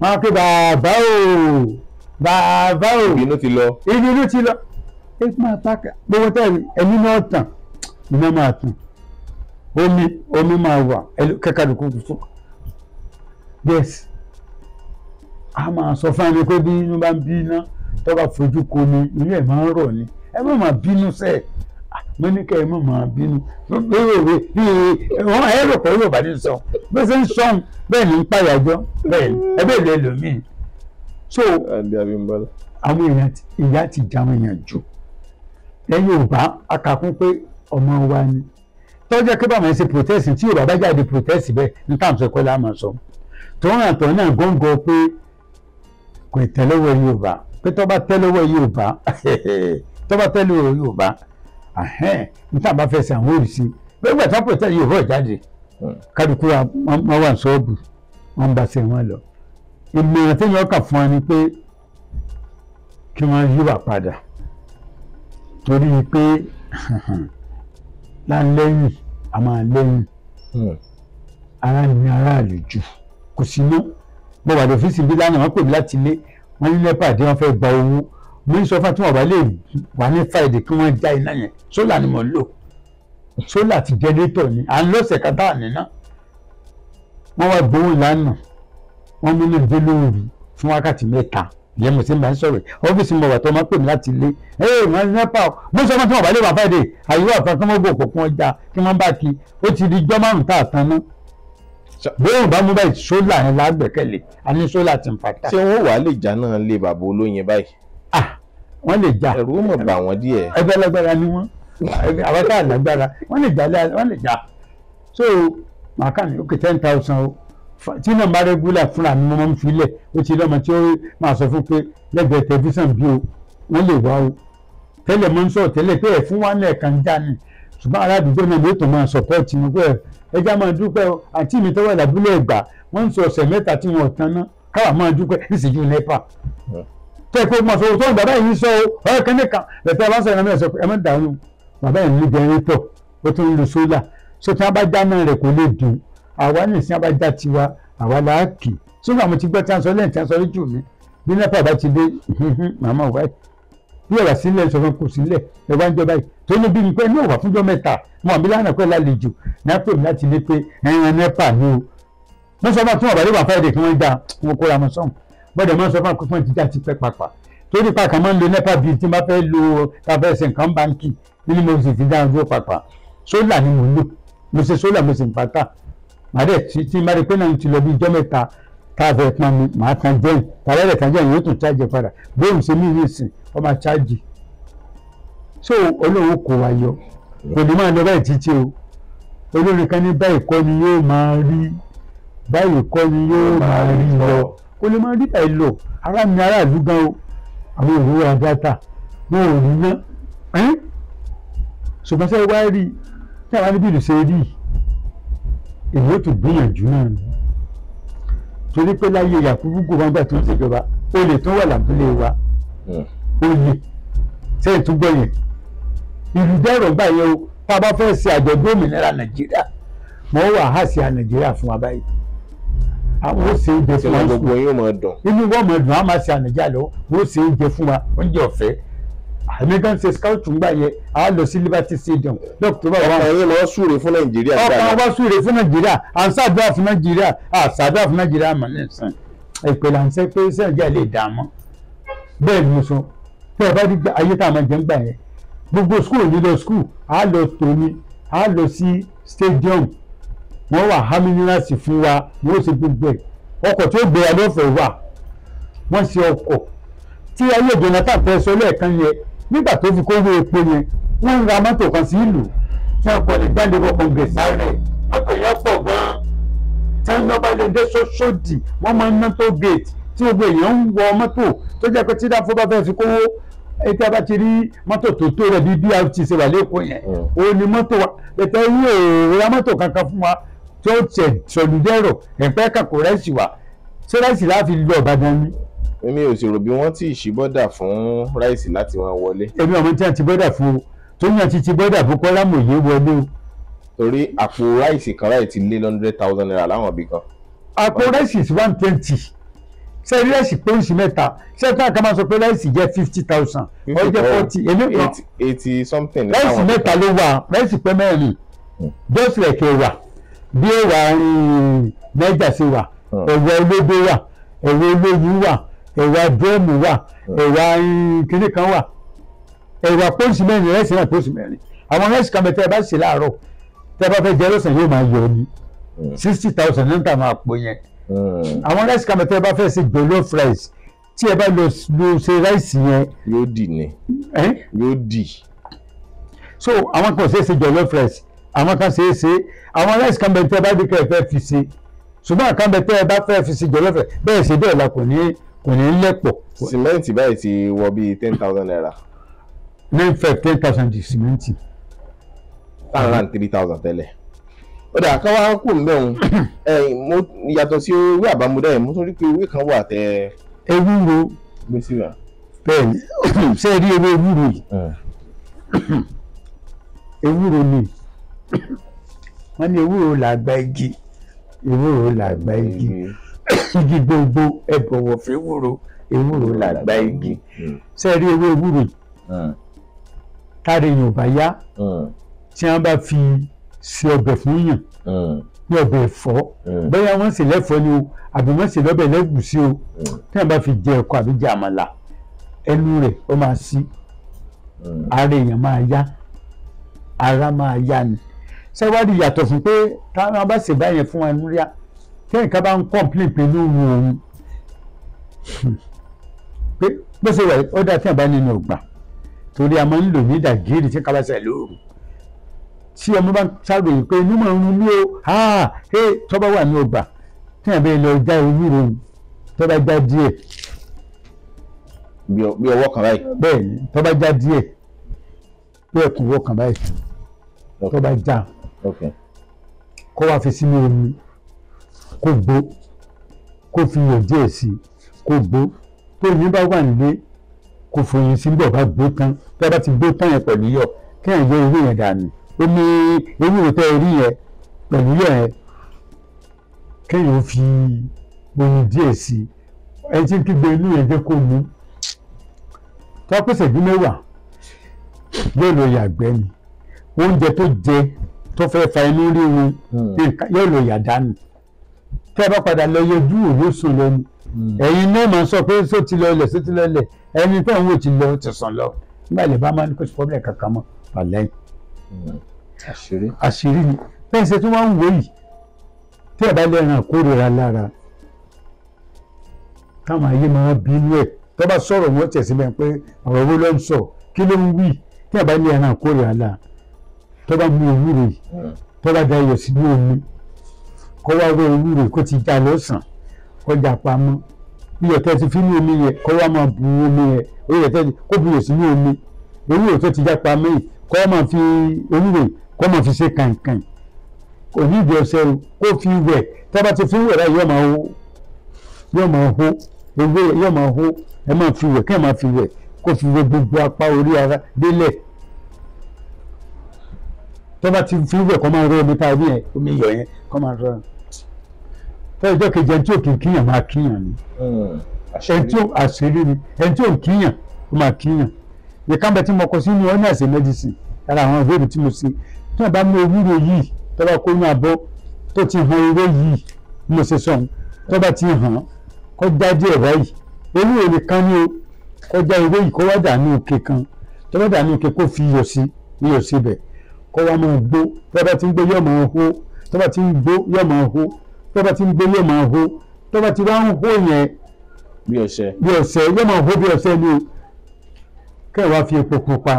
wọn bàbá o ìbínú ti lọ ìbínú ti lọ ètò máa ta gbogbo tẹ́lẹ̀ ẹni náà tàn iná máa tàn omi omi máa wà kẹ́kẹ́ kò tó yes a máa sọ fún ẹni pé bí inú bá ń bí iná tó bá fojú ko ni ilé ẹ̀ máa ń rọ̀ ni ẹ má máa bínú sẹ́ẹ̀ mo ní kẹ́ ẹ má máa bínú lóòrè wọn ẹ rò pé yóò bá ní sọ bó ṣe ń sọ bẹ́ẹ̀ ni ń pàyàjọ bẹ́ẹ̀ ni ẹ bẹ́ẹ̀ lè lòmíì so àwọn èèyàn ìyá ti já àwọn èèyàn jù lẹ́yìn Yorùbá akakún pé ọmọ wa ni tọ́jà kí bàmí ṣe protest tí Yorùbá bá jáde protest bẹ́ẹ̀ ní tàǹsọ̀ ẹ̀kọ́ la máa sọ tòun àtọ̀ náà góńgó pé kò tẹ́lẹ̀wọ̀ Yorùbá pé tọ́ba tẹ́lẹ̀wọ̀ Yorùbá tọ́ba tẹ́lẹ̀wọ̀ Yorùbá níta bá fẹsẹ̀ àwọn òrìṣì bẹ́ẹ̀ gbà tá protest Yorùbá jáde hmm. kálukú wa máa wà sọ́ọ̀bù wọ́n ń ba ṣe wọn lọ ìmọ̀ràn téèyàn kà fún ẹ ni pé kí wọ́n yíwà padà torí pé lálẹ́yìn a máa lẹ́yìn hmm. ara ní aráàlú jù kò sí ná mo wà lọ́fíìsì bí lánàá wọ́n pè mí láti ilé wọ́n ní lẹ́pà dé wọ́n fẹ́ gba owó mo ń sọ fún àtúnwọ̀n wà lè wà ní fàìdè kí wọ́n já iná yẹn sólà ni mo lò sólà ti jẹnrétọ̀ ni à ń lọ́sẹ̀ kátà nínà wọ́n wá gbowó lánàá wọ́n mú mi dé lóòrù fún wákàtí mẹ́ta ìyẹn mo ṣe máa ń sọ̀rọ̀ ọ́fíìsì mo wà tó máa ń pè mí láti ilé ee wọ́n ní nepa o mo sọ fún tí wọ́n bá lè wà fáìdè àyíwá àfa kí wọ́n gbọ́ òkùnkùn ọjà kí wọ́n bá ti ó ti di jọ́ márùn tá a tan mọ́ bóun bá mú báyìí sólà yẹn lágbẹ̀kẹ̀lé a ní sólà ti ń fata. ṣé wọn wàá lè já náà lé bàbá olóyin báyìí. ah wọn lè já ẹrù ó mọ̀ bà wọ́n díẹ̀. ẹgbẹ́ lágbára ni wọ́n àwọn tá lágbára wọ́n lè já so màkà ní ten thousand tí náà bá rẹ́gúlà fúnra mi mo máa ń filẹ̀ ó ti lọ́mọ tí ó máa sọ fún pé lẹ́gbẹ̀ẹ́ tẹlifíṣàn bí o wọ́n lè wá o tẹ́lẹ̀ mo ń sọ tẹ́lẹ̀ pé ẹ̀ fún wa náà kàn já ni ṣùgbọ́n aládùúgbò náà ló tó máa sọ̀pọ́ọ̀tì mi pé ẹja máa dúpẹ́ o àǹtí mi tọ́wọ́ ìdàbúlẹ̀ ẹ̀gbà wọ́n ń sọ ọ̀sẹ̀ mẹ́ta tí wọ́n tán ná káwa máa dúpẹ́ níṣìjú nẹ́pà tẹ́ pé mo sọ tó ń bàbá yìí àwa ní ìsìn abájá tiwa àwa là á kì í sókè àwọn tí gbọ́ tí a ń sọ lẹ́yìn tí a ń sọ lójú mi bí nẹ́pà bá ti dé màmá wa bí ọ̀rọ̀ sílẹ̀ sọ fún kò sílẹ̀ ẹ wá ń jọba yìí tó ní bí mi pé ní òwà fúnjọ mẹ́ta mọ̀ mí lánàá pẹ́ lálejò ní àpò mi láti lé pé ẹran nẹ́pà ni o mo sọ fún àtúnwọ̀ bàdé bàfáyé dè kí wọ́n dá wọn kóra wọn sọ̀hún bọ́dẹ̀ mo sọ fún akókò ti já ti pẹ́ papà torí pa kàn máa ń lo nẹ́pà bíi tí n bá fẹ́ lo káfẹ́sẹ̀ nǹkan báńkì nínú mo sì ti dá wọn dúró papà sólà ni mo lò mo ṣe sólà mo sì ń pátá màá dẹ̀ tí tí má rí pé náà ti lọ bí ijọ́ mẹ́ta tá a fẹ́ pọn mi màá kan jẹun tààrà rẹ̀ kan jẹun yóò tún ṣáàjì padà bóun ṣe mí ní ìsìn ọmọ ṣáàjì so olówó kò wá yọ kò ní máa lọ báyìí títí o olórin kan ní báyìí kọ́ ni yóò máa rí báyìí kọ́ ni yóò máa rí lọ kò lè máa rí báyìí lọ ara mi ara ìlú gan o àwọn òwúrọ̀ adáta wọn ò ní ná ṣùgbọ́n sẹ́wárí tí àwọn níbi ìlú ṣe rí yìí èyí ó tún gbìyànjú náà ni torí pé láyé Yakubu Gowon nígbà tó ń ṣèjọba olè tó wà lábúlé wa hmm. olè ṣe ìtúgbọ̀ yẹn ìlú dẹ́rọ̀ báyẹn o tá a bá fẹ́ ṣe àjọ̀dún òmìnira Nàìjíríà mọ̀ wà á ṣe Nàìjíríà fún wa báyìí àwọn ó ṣe oúnjẹ fún wa inú wọn mọ̀ dùn á máa ṣe Nàìjíríà lọ wọ́n ó ṣe oúnjẹ fún wa oúnjẹ ọ̀fẹ́ American ṣe scout ń gbà yẹ a lọ sí Liberty Stadium lọ́kùtọ́bà wa. ọkàn yín máa súre fún Nàìjíríà. ọkàn wa súre fún Nàìjíríà à ń ṣàdúrà fún Nàìjíríà à ṣàdúrà fún Nàìjíríà àmọ́ lẹ́sàn-án ìpè là ń sẹ́ pé Nàìjíríà lè dà mọ́ bẹ́ẹ̀ ni mo sọ pé ẹ bá rí ayé tá a máa jẹ́ ń gbà yẹn gbogbo school ní lọ school a lọ tòní a lọ sí stadium wọ́n wà haminirasi fún wa wọ́n ṣe gbogbo ẹ̀ ọkọ̀ tí ó gbé wa lọ́fẹ̀ẹ́ wà wọ́n ṣe ọkọ̀ tí ayé Jonathan fẹ́ nígbà tó fi kówó epo yẹn wọ́n ń ra mọ́tò kan sí ìlú tí wọ́n kọ́ lè jáde wọ kọ̀ǹgẹ̀ sáré mọ́tò yẹn pọ̀ gan-an tí wọ́n bá lè dé sọ́sọ́dì wọ́n máa ń ná tó gate tí gbogbo èèyàn ń wọ mọ́tò tó jẹ́ pé tí dáfó bá fẹ́ fi kówó etí abá ti rí mọ́tò tó tó rẹ̀ bí BRT ṣe wà lẹ́kọ̀ọ́ yẹn mm. ó ní mọ́tò wa ètò yìí ò ra mọ́tò kankan fún wa tí ó tẹ̀ sọ̀lùdẹ́rọ̀ ẹ̀pẹ́ kàkó rẹ́sì wa ṣé rẹ́sì láti lọ ni mi ò sì rò bí wọ́n ti ṣí bọ́dà fún ráìsì láti wọn wọlé. èmi ọmọ tí a ti bọ́dà fún o tóyàn ti ti bọ́dà fún kọ́lámù yìí wọlé torí àpò ráìsì kan ráì lé one hundred thousand naira láwọn ibì kan. àpò ráìsì is one twenty ṣe ráìsì pé oṣù mẹ́ta ṣe tí wọn kà máa sọ pé ráìsì jẹ́ fifty thousand ó jẹ́ forty èmi kan eighty something. ráìsì mẹ́ta ló wà ráìsì pé mẹ́rin hmm. just like ẹ̀wà bí ẹ̀wà mẹ́jà ṣe wà hmm. ẹ̀wà olódó wà ẹ̀wà olóyin wà ẹ̀wà dọ́ọ̀mù wà ẹ̀wà kínní kan wà ẹ̀wà pósì mẹ́rin rẹ́sì náà pósì mẹ́rin àwọn rẹ́sì kan bẹ tẹ́ ẹ bá sì láàárọ̀ tẹ́ ẹ bá fẹ́ jẹ lọ́sàn yóò máa yọ ni sixty thousand ní ta máa pò yẹn àwọn rẹ́sì kan bẹ tẹ́ ẹ bá fẹ́ ṣe jollof rice tí ẹ bá lọ ṣe ráìsì yẹn. yóò dì ní yóò dì. so àwọn kan ṣe é ṣe jollof rice àwọn kan ṣe é ṣe àwọn rice kan bẹ tẹ́ ẹ bá hmm. dé hmm. kẹ́ ẹ fẹ́ fi ṣe ṣùgbọ́n àkànbẹ ẹ bá fẹ́ fi ṣe jollof rice bẹ́ẹ̀ ṣe bẹ́ẹ̀ la ní kò ní lẹ́pọ̀. sìmẹ́ǹtì báyìí ti wọ bíi ten thousand naira. nine five ten thousand di sìmẹ́ǹtì. one hundred and three thousand tẹ́lẹ̀. ó dà ká wá kù ń bẹ̀rù mo yàtọ̀ sí owó àbámúdá yẹn mo tún rí pé owó kan wà tẹ́. ewúro bẹ́ẹ̀ ni ṣé rí ewé ewúro yìí ewúro ni wọ́n ní ewúro làgbà igi ewúro làgbà igi. Mm -hmm igi gbogbo ẹ bọ̀wọ̀ fún ewúro ewúro làgbà igi sẹ́ẹ̀rí hmm. ewé ewúro hmm. tárẹ̀yìn ò bá yá hmm. tí wọ́n bá fi ṣe ọbẹ̀ fún yàn ní ọbẹ̀ ẹ̀fọ́ bóyá wọ́n sì lẹ́fọ́ ni o àbí wọ́n sì lọ́bẹ̀ lẹ́gùsí o tí wọ́n bá fi jẹ ẹ̀kọ́ àbí jẹ àmàlà ẹnu rẹ̀ ó máa ṣí ara èèyàn máa yá ara máa yá ni ṣé wàá fún pé táwọn bá ṣèbá yẹn fún wa nílẹ̀ tí nǹkan bá ń complain pẹ̀lú òun pé bó ṣe wà ó dá tí a bá nínú ọgbà torí a máa ń lò ní ìdàgìrì tí nǹkan bá ṣe lóru tí ọmọ bá ń ṣàròyìn pé inú máa ń rún ní o ẹ ah, tó bá wà ní ọgbà tí a bá lọ já orí rẹ tó já díẹ̀. bí ọwọ́ kan báyìí. bẹ́ẹ̀ni tó bá já díẹ̀ bí ẹkùn ọwọ́ báyìí tó já kó wá fi sínú omi kó gbó kó fi iyọ̀ díẹ̀ sí i kó gbó tó yín bá wà nílé kó foyín sí bọ̀ bá gbó tán tí a bá ti gbó tán yẹn pẹ̀lú iyọ̀ kí ẹ̀ yọ ewé yẹn dànù omi ewúro tẹ́ ẹ rí yẹn pẹ̀lú iyọ̀ yẹn kí ẹ̀ yọ fi oyin díẹ̀ sí i ẹni tí ń kígbe inú yẹn jẹ́ kó mú tó a pèsè bí mẹ́wàá yóò lọ yàgbẹ́ ni oúnjẹ tó jẹ tó fẹ́ fa inú rí wọn hmm. yóò lọ yà dànù tẹ́ ẹ bá padà lọ yẹjú òwò sùn lọ ni hmm. ẹ̀yin náà máa sọ pé só ti lọ ilẹ̀ só ti lọ ilẹ̀ ẹni tó ń wò ti lọ ti sàn lọ nígbà ilẹ̀ bá máa ní kó sí pọ́blẹ̀ kankan mọ́ pàlẹ́ yìí. àṣírí àṣírí ni bẹ́ẹ̀ ṣe tí wọ́n ń wò yìí tí ẹ̀ bá lè ràn kórìíra lára táwọn ayé máa bínú ẹ̀ tó bá sọ̀rọ̀ wọn tẹ̀ síbẹ̀ pé ọ̀rọ̀ owó ló ń sọ kí ló ń wí tí ẹ̀ bá lè ràn kórìíra lára tó bá mú ewúro yìí hmm. tó bá da iyọ̀ sínú kó wá wé ewúro kó ti já lọ́sàn kó já pamọ́ iyọ̀ tẹ́ ti fi ní omi yẹ kó wá máa bu omi yẹ iyọ̀ tẹ́ ti kó bu yọ̀ sínú omi ewúro tó ti já pamọ́ yìí kó wá máa fi ewúro kó máa fi ṣe kàìnkàìn kò ní ìdí ọṣẹ o kó fi wẹ̀ tẹ́ bá ti fi wẹ̀ rẹ̀ yóò máa hó yóò máa hó ewé yóò máa hó ẹ máa fi wẹ̀ kẹ́ ẹ máa fi wẹ̀ kó fi wẹ̀ gbogbo apá orí ara délẹ̀ tó bá ti fi wẹ̀ kó máa rọ omi tá a rí yẹn omi yọ̀ yẹn kó máa rọ ẹ̀ fẹ́ẹ́ jọ́ kejì ẹni tí ò kì í kíyàn máa kíyàn ni hmm, ẹni tí ò àṣírí ni ẹni tí ò kíyàn ó máa kíyàn nìkan bẹ tí mo kọ sí ní ọ́nà ẹ̀sẹ̀ medicine lára àwọn ìwé tí mo ṣe tí wọ́n bá mú ewúro yìí tọ́lá kó ní abọ́ tó ti hàn ewé yìí mo ṣe sọ̀hún tọ́ba ti hàn kó já díẹ̀ báyìí ewúro nìkan ni o kó já ewé yìí kó wá dànù òkè kan tọ́ba dànù òkè kó fi iyọ̀ sí iyọ̀ síbẹ̀ kó wá máa gbó tọ́ba ti ń gbó yọ̀ máa hó tọ́ba ti ń gbó yọ̀ máa hó tó bá ti ń gbé yóò máa hó tó bá ti wá ń hó yẹn bí ọṣẹ bí ọṣẹ yóò máa hó bí ọṣẹ ni o kẹwàá fi epo pupa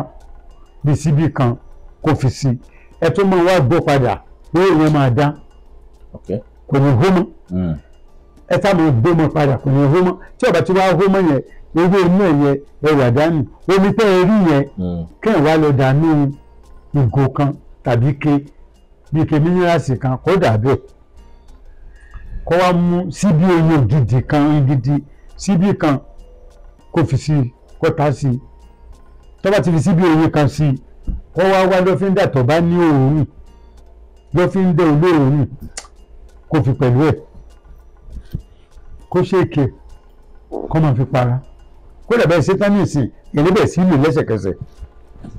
bí síbí kan kò fi sí ẹ tó máa wá gbó padà pé ìyẹn máa dá kò ní hó mọ́ hmm. ẹ tá máa gbé mọ́ padà kò ní hó mọ́ tí ọba ti wá hó mọ́ yẹn ewé inú ẹ̀yẹ ẹwà dání omi tẹ́ ẹ rí yẹn hmm. kẹwàá lọ dànù ìgò kan tàbí ke bí ke mínírààsì kan kó dà bẹ́ẹ̀ kó wá mú síbí oyin ògidì kan gidi síbí kan kó fi sí kó ta sí i tó bá ti fi síbí oyin kan sí i kó wá wá lọ́fíńdà tó bá ní òórùn lọ́fíńdà olóòórùn kó fi pẹ̀lú ẹ̀ kó ṣèké kó máa fi para kó dàbẹ́ sétánì ìrẹ́bẹ̀ sí ìlú lẹ́sẹ̀kẹsẹ̀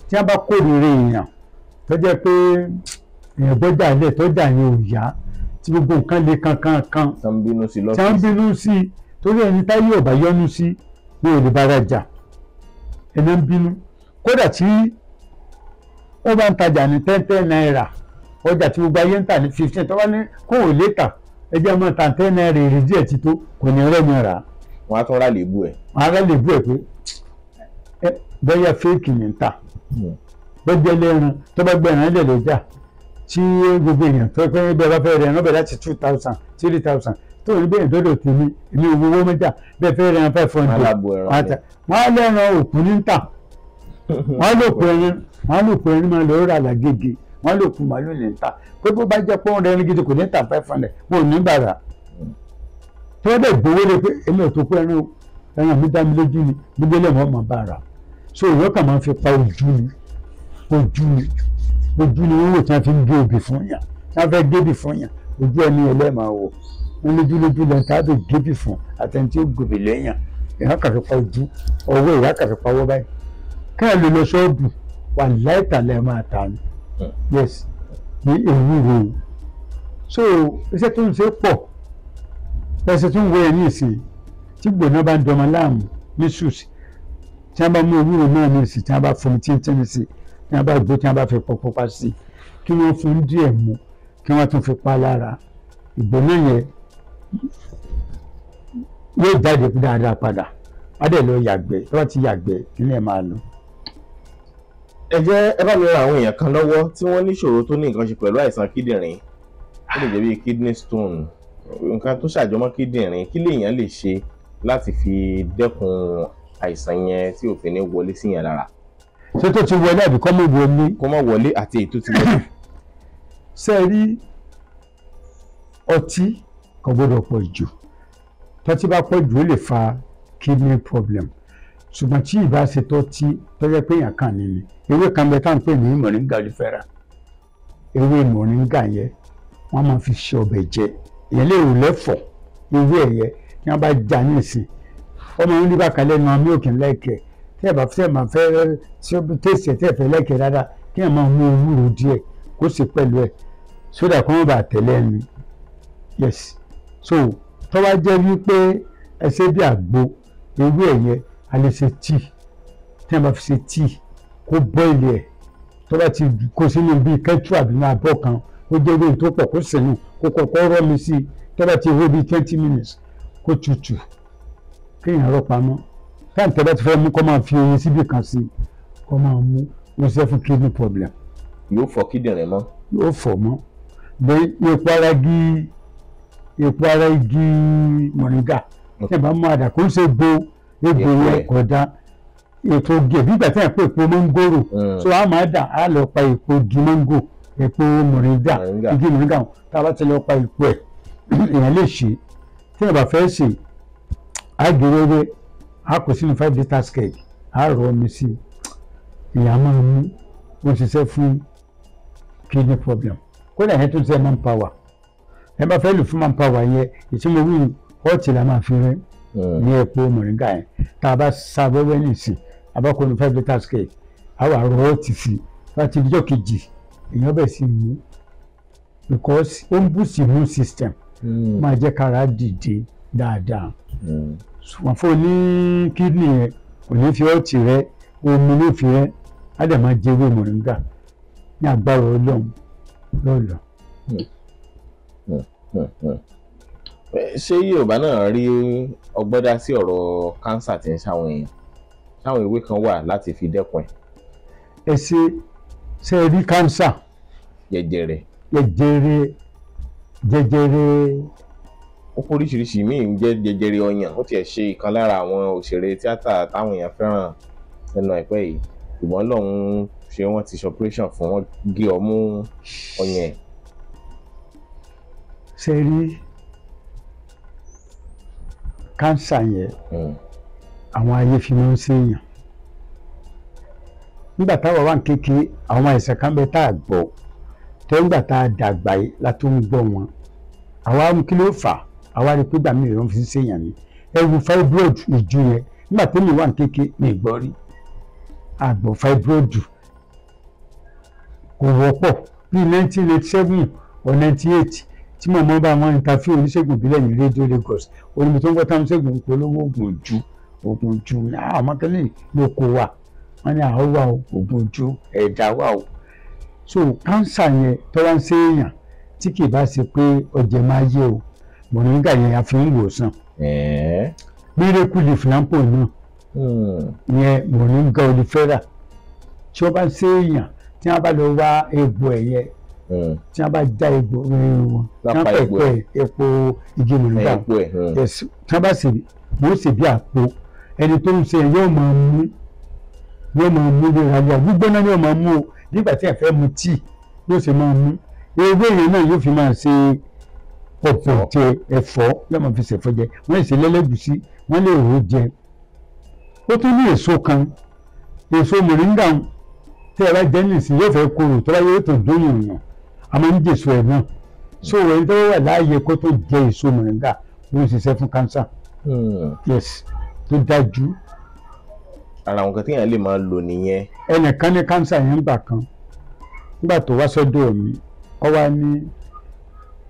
tí wọ́n bá kórìíra èèyàn tó jẹ́ pé èèyàn gbọ́dọ̀ àlẹ́ tó dà yẹn ò tí gbogbo nǹkan le kankan kan tí wọ́n bínú sí i torí ẹni táyé ọ̀bá yọ́nú sí pé ò lè bára jà ẹni ń bínú kódà tí wọ́n bá ń tajà ní ten ten náírà ọjà tí gbogbo ayé ń tà ní fifteen tó bá ní kó ò lè tà ẹjẹ́ ọmọ tà ten náírà èrè díẹ̀ ti tó kò ní rẹ́mi rà. wọn á tún rà lébù ẹ. wọn á rà lébù ẹ pé bẹ́ẹ̀ yẹ fẹ́ẹ̀kì ní ta bẹ́ẹ̀ jẹ́ lẹ́ran tó bá gbẹ̀rán lẹ̀ lọ́jà tí gbogbo èèyàn tó pé bẹ́ẹ̀ bá fẹ́ rẹ̀ ẹ̀ràn bẹ̀rẹ̀ láti two thousand three thousand tó ní bẹ́ẹ̀ dọ́dọ̀ tèmi èmi owó owó mẹ́ta bẹ́ẹ̀ fẹ́ rẹ̀ ẹ̀ràn five hundred àtà wọ́n á lẹ́ran òkú ní tà wọ́n á lòkù ẹyin wọ́n á lòkù ẹyin máa lọ rà lágége wọ́n á lòkù màálù ní tà pé bó bá jẹ́ pọ́n rẹ̀ ẹni gidi kò ní tà five hundred wọn ò ní bàrà tí wọ́n dẹ̀ gbowó lé pé èmi ò tó pé ẹran ẹran mi dá mi lójú ni gbogbo ẹlẹ́wọ̀n ojú ni wọ́n wò tí wọ́n fi ń gbé obì fún yàn tí wọ́n fẹ́ gbébì fún yàn ojú ẹni ẹlẹ́màá wò wọ́n lójú lójú lẹ́yìn tí wọ́n fi gbébì fún àtẹni tí ó gbòbì lẹ́yìn ìyá kàfi pa ojú ọwọ́ ìyá kàfi pa ọwọ́ báyìí kí ẹ lọ ṣọ́ọ̀bù wà láìta lẹ́ máa tà ní yes ní èyí rè é so iṣẹ́ tó ń ṣe pọ̀ pẹ̀sẹ̀ tó ń wọ ẹni ìsìn tí gbòòná bá ń dọmọ láàmú ní ṣùṣì tí wọ́n bá mú ewúro náà ní ìsìn tí wọ́n bá fún mi tí ń tẹ́ni tí wọ́n bá jó tí wọ́n bá fi pọpọ pa sí i kí wọ́n fún díẹ̀ mu kí wọ́n tún fi pa lára ìgbóná yẹn yóò jáde dáadáa padà wọ́n dẹ̀ lọ yàgbẹ́ tí wọ́n ti yàgbẹ́ nílẹ̀ máa lọ. ẹ jẹ́ ẹ bá mi ra àwọn èèyàn kan lọ́wọ́ tí wọ́n níṣòro tó ní nǹkan ṣe pẹ̀lú àìsàn kíndìnrín ó lè jẹ́ bí kidney stone nǹkan tó ṣàjọmọ́ kíndìnrín kí lèèyàn lè ṣe láti fi dẹ́kun àìsàn yẹn tí ó fi ní wọlé síyàn lára ṣé tó ti wọlé àbí kọ́ mọ̀ wọlé. kọ́ mọ̀ wọlé àti èyí tó ti wọlé. ṣe rí ọtí kò gbọ́dọ̀ pọ̀ jù tọ́tí bá pọ̀ jù ó lè fa kidney problem ṣùgbọ́n tí ìbá ṣe tọ́tí tọ́jẹ́ pé èèyàn kàn ní ni ewé kan bẹ táwọn pè ní mọ̀ríngà olífẹ́ra ewé mọ̀ríngà yẹn wọ́n máa fi ṣe ọbẹ̀ jẹ èèyàn lè rò lẹ́fọ̀ ewé ẹ̀yẹ tí wọ́n bá já ní ìsìn ọmọ yín ní bàkálẹ̀ nu àmì òkè ńlá ìkẹ́ẹ̀ tí ẹ bá fẹ́ máa fẹ́ tẹ̀sí ẹ̀ tí ẹ fẹ́ lẹ́kẹ̀ẹ́ dáadáa kí ẹ máa mú ewúro díẹ̀ kó sì pẹ̀lú ẹ̀ sódà kó má bàa tẹ̀lé ẹnu yes so tó bá jẹ́ wípé ẹ ṣe bí àgbo ewé ẹ̀yẹ a lè ṣe tíì tí ẹ bá fi ṣe tíì kó bọ́ìlì ẹ̀ tó bá ti kó sínú bíi kẹ́tù àbí máa bọ́ kan ó jẹ́ ewé tó pọ̀ kó sínú kó kọ́kọ́ rọ́ mi sí i tó bá ti hó bíi twenty minutes kó tutù kéèyàn rọ́ pamọ́ táǹtì ẹ bá ti fẹ́ mú kọ́ máa fi oyin síbì kan si, kọ́ máa mú ó ṣe fún kidney problem. yóò fọ kíndìnrín mọ́. yóò fọ mọ́ bẹ epo ara igi epo ara igi mọ̀nìgà tí ẹ bá mú àdà kó ń ṣe bo egbò rẹ kọjá ètò gè bígbà tí ẹ pé epo mọ́ngòrò hmm. so a máa dà á lọ pa epo igi mọ́ngò epo mọ̀nìgà igi mọ̀nìgà tá a bá ti lọ pa epo ẹ̀ èèyàn lè ṣe tí ẹ bá fẹ́ ṣe àgbèrè rẹ a kò sínú five litres keg a rọ omi sí i ìyá máa mú ó ṣiṣẹ́ fún kidney problem kódà yẹn tó ṣe man power ẹ bá fẹ́ lù fún man power yẹn ìṣẹ́lẹ̀ ọ̀tí la máa fi rẹ́ ní hmm. epo mọ̀ríngà yẹn tá a bá sa wẹ́wẹ́ nìsín a bá kó ní five litres keg a wà rọ ọ̀tí sí i láti ìjọ́ kejì èèyàn bẹ̀ sí mú because ó ń boost immune system hmm. máa jẹ́ kára dìde dáadáa. Hmm ṣùgbọ́n fún ní kídìnì rẹ kò ní fi ọtí rẹ omi ló fi rẹ á dẹ̀ máa jẹ ewé mọ̀ríngà ní agbára ọlọ́run lọ́lọ́. ṣé yorùbá náà rí ọgbọ́n dá sí ọ̀rọ̀ kánsà tí ń ṣàwọn èèyàn ṣáwọn ewé kan wà láti fi dẹ́kun ẹ̀. ẹ ṣe ṣe rí kánsà. jẹjẹrẹ. jẹjẹrẹ jẹjẹrẹ ó póríṣiríṣi míì ń jẹ́ jẹjẹrẹ ọyàn ó tiẹ̀ ṣe ìkan lára àwọn òṣèré tíátà táwọn èèyàn fẹ́ràn lẹ́nu àìpẹ́ yìí ṣùgbọ́n lọ́hún ṣe wọ́n ti ṣọpẹ́rẹ́ṣàn fún wọn gé ọmú ọyàn ẹ̀. ṣe rí kánsà yẹn hmm. àwọn ayé fi mú sí èèyàn nígbà táwọn wà kékeré àwọn àìsàn kan bẹ tá a gbọ́ tẹ́gbà tá a dàgbà yìí la tó ń gbọ́ wọn àwa kí ló fà á àwa rí i pé gbà mí lèrò fi ń ṣèyàn ni ẹrù fibroid ìjú yẹn nígbà tí mi wà ní kéke mi gbọ́ rí àgbọ̀ fibroid kò wọ́pọ̀ bíi nineteen eighty seven or ninety eight tí mo mọ bá wọn interview oníṣègùn ìbílẹ̀ ní radio Lagos oníbi tó ń gbọ́ táwọn ṣègùn polówó oògùn ojú oògùn ojú ni àwọn ah, akẹ́lẹ́ ló kó wa wọ́n ní àwọn wà oògùn ojú ẹ̀dá wà o so cancer yẹn tọ́lá ń ṣe èèyàn tí kì í bá ṣe pé ọ̀jẹ̀ máa yé o mọ̀nìkà yẹn a fi ń wòsàn mírèkù lè filampo náà hmm. yẹn mọ̀nìkà olùfẹ́rà tí wọ́n bá ṣe èèyàn tí wọ́n bá lọ wá egbò ẹ̀yẹ hmm. tí wọ́n bá já egbò ẹ̀yẹ eh, wọn hmm. tí wọ́n pẹ̀ epo igi mọ̀nìkà tí wọ́n bá ṣe wọ́n ṣe bí àpò ẹni tó ń ṣe yóò máa mú yóò máa mú léra léra gbígbóná yóò máa mú o nígbà tí ẹ fẹ́ mu tíì yóò ṣe máa mú ewé yẹn náà yóò fi máa ṣe ọ̀pọ̀tẹ̀ ẹ̀fọ́ yóò máa fi ṣẹ̀fọ́ jẹ wọ́n lè ṣe lẹ́lẹ́gùsí wọ́n lè rò jẹ ó tún ní èso kan èso mòríngà tẹ́ ẹ bá jẹ́ nìsín yóò fẹ́ korò tó bá yóò tó dóyìn yàn a máa ń jèso ẹ̀ náà so ẹni tó wà láàyè kó tó jẹ èso mòríngà ó ń ṣiṣẹ́ fún cancer hmm. yes tó dájú. ara àwọn kan téèyàn lè máa lò nìyẹn. ẹnìkan ní cancer yẹn ń bà kan nígbà tó wá sọ́dọ̀ mi ọ wá ní. Ni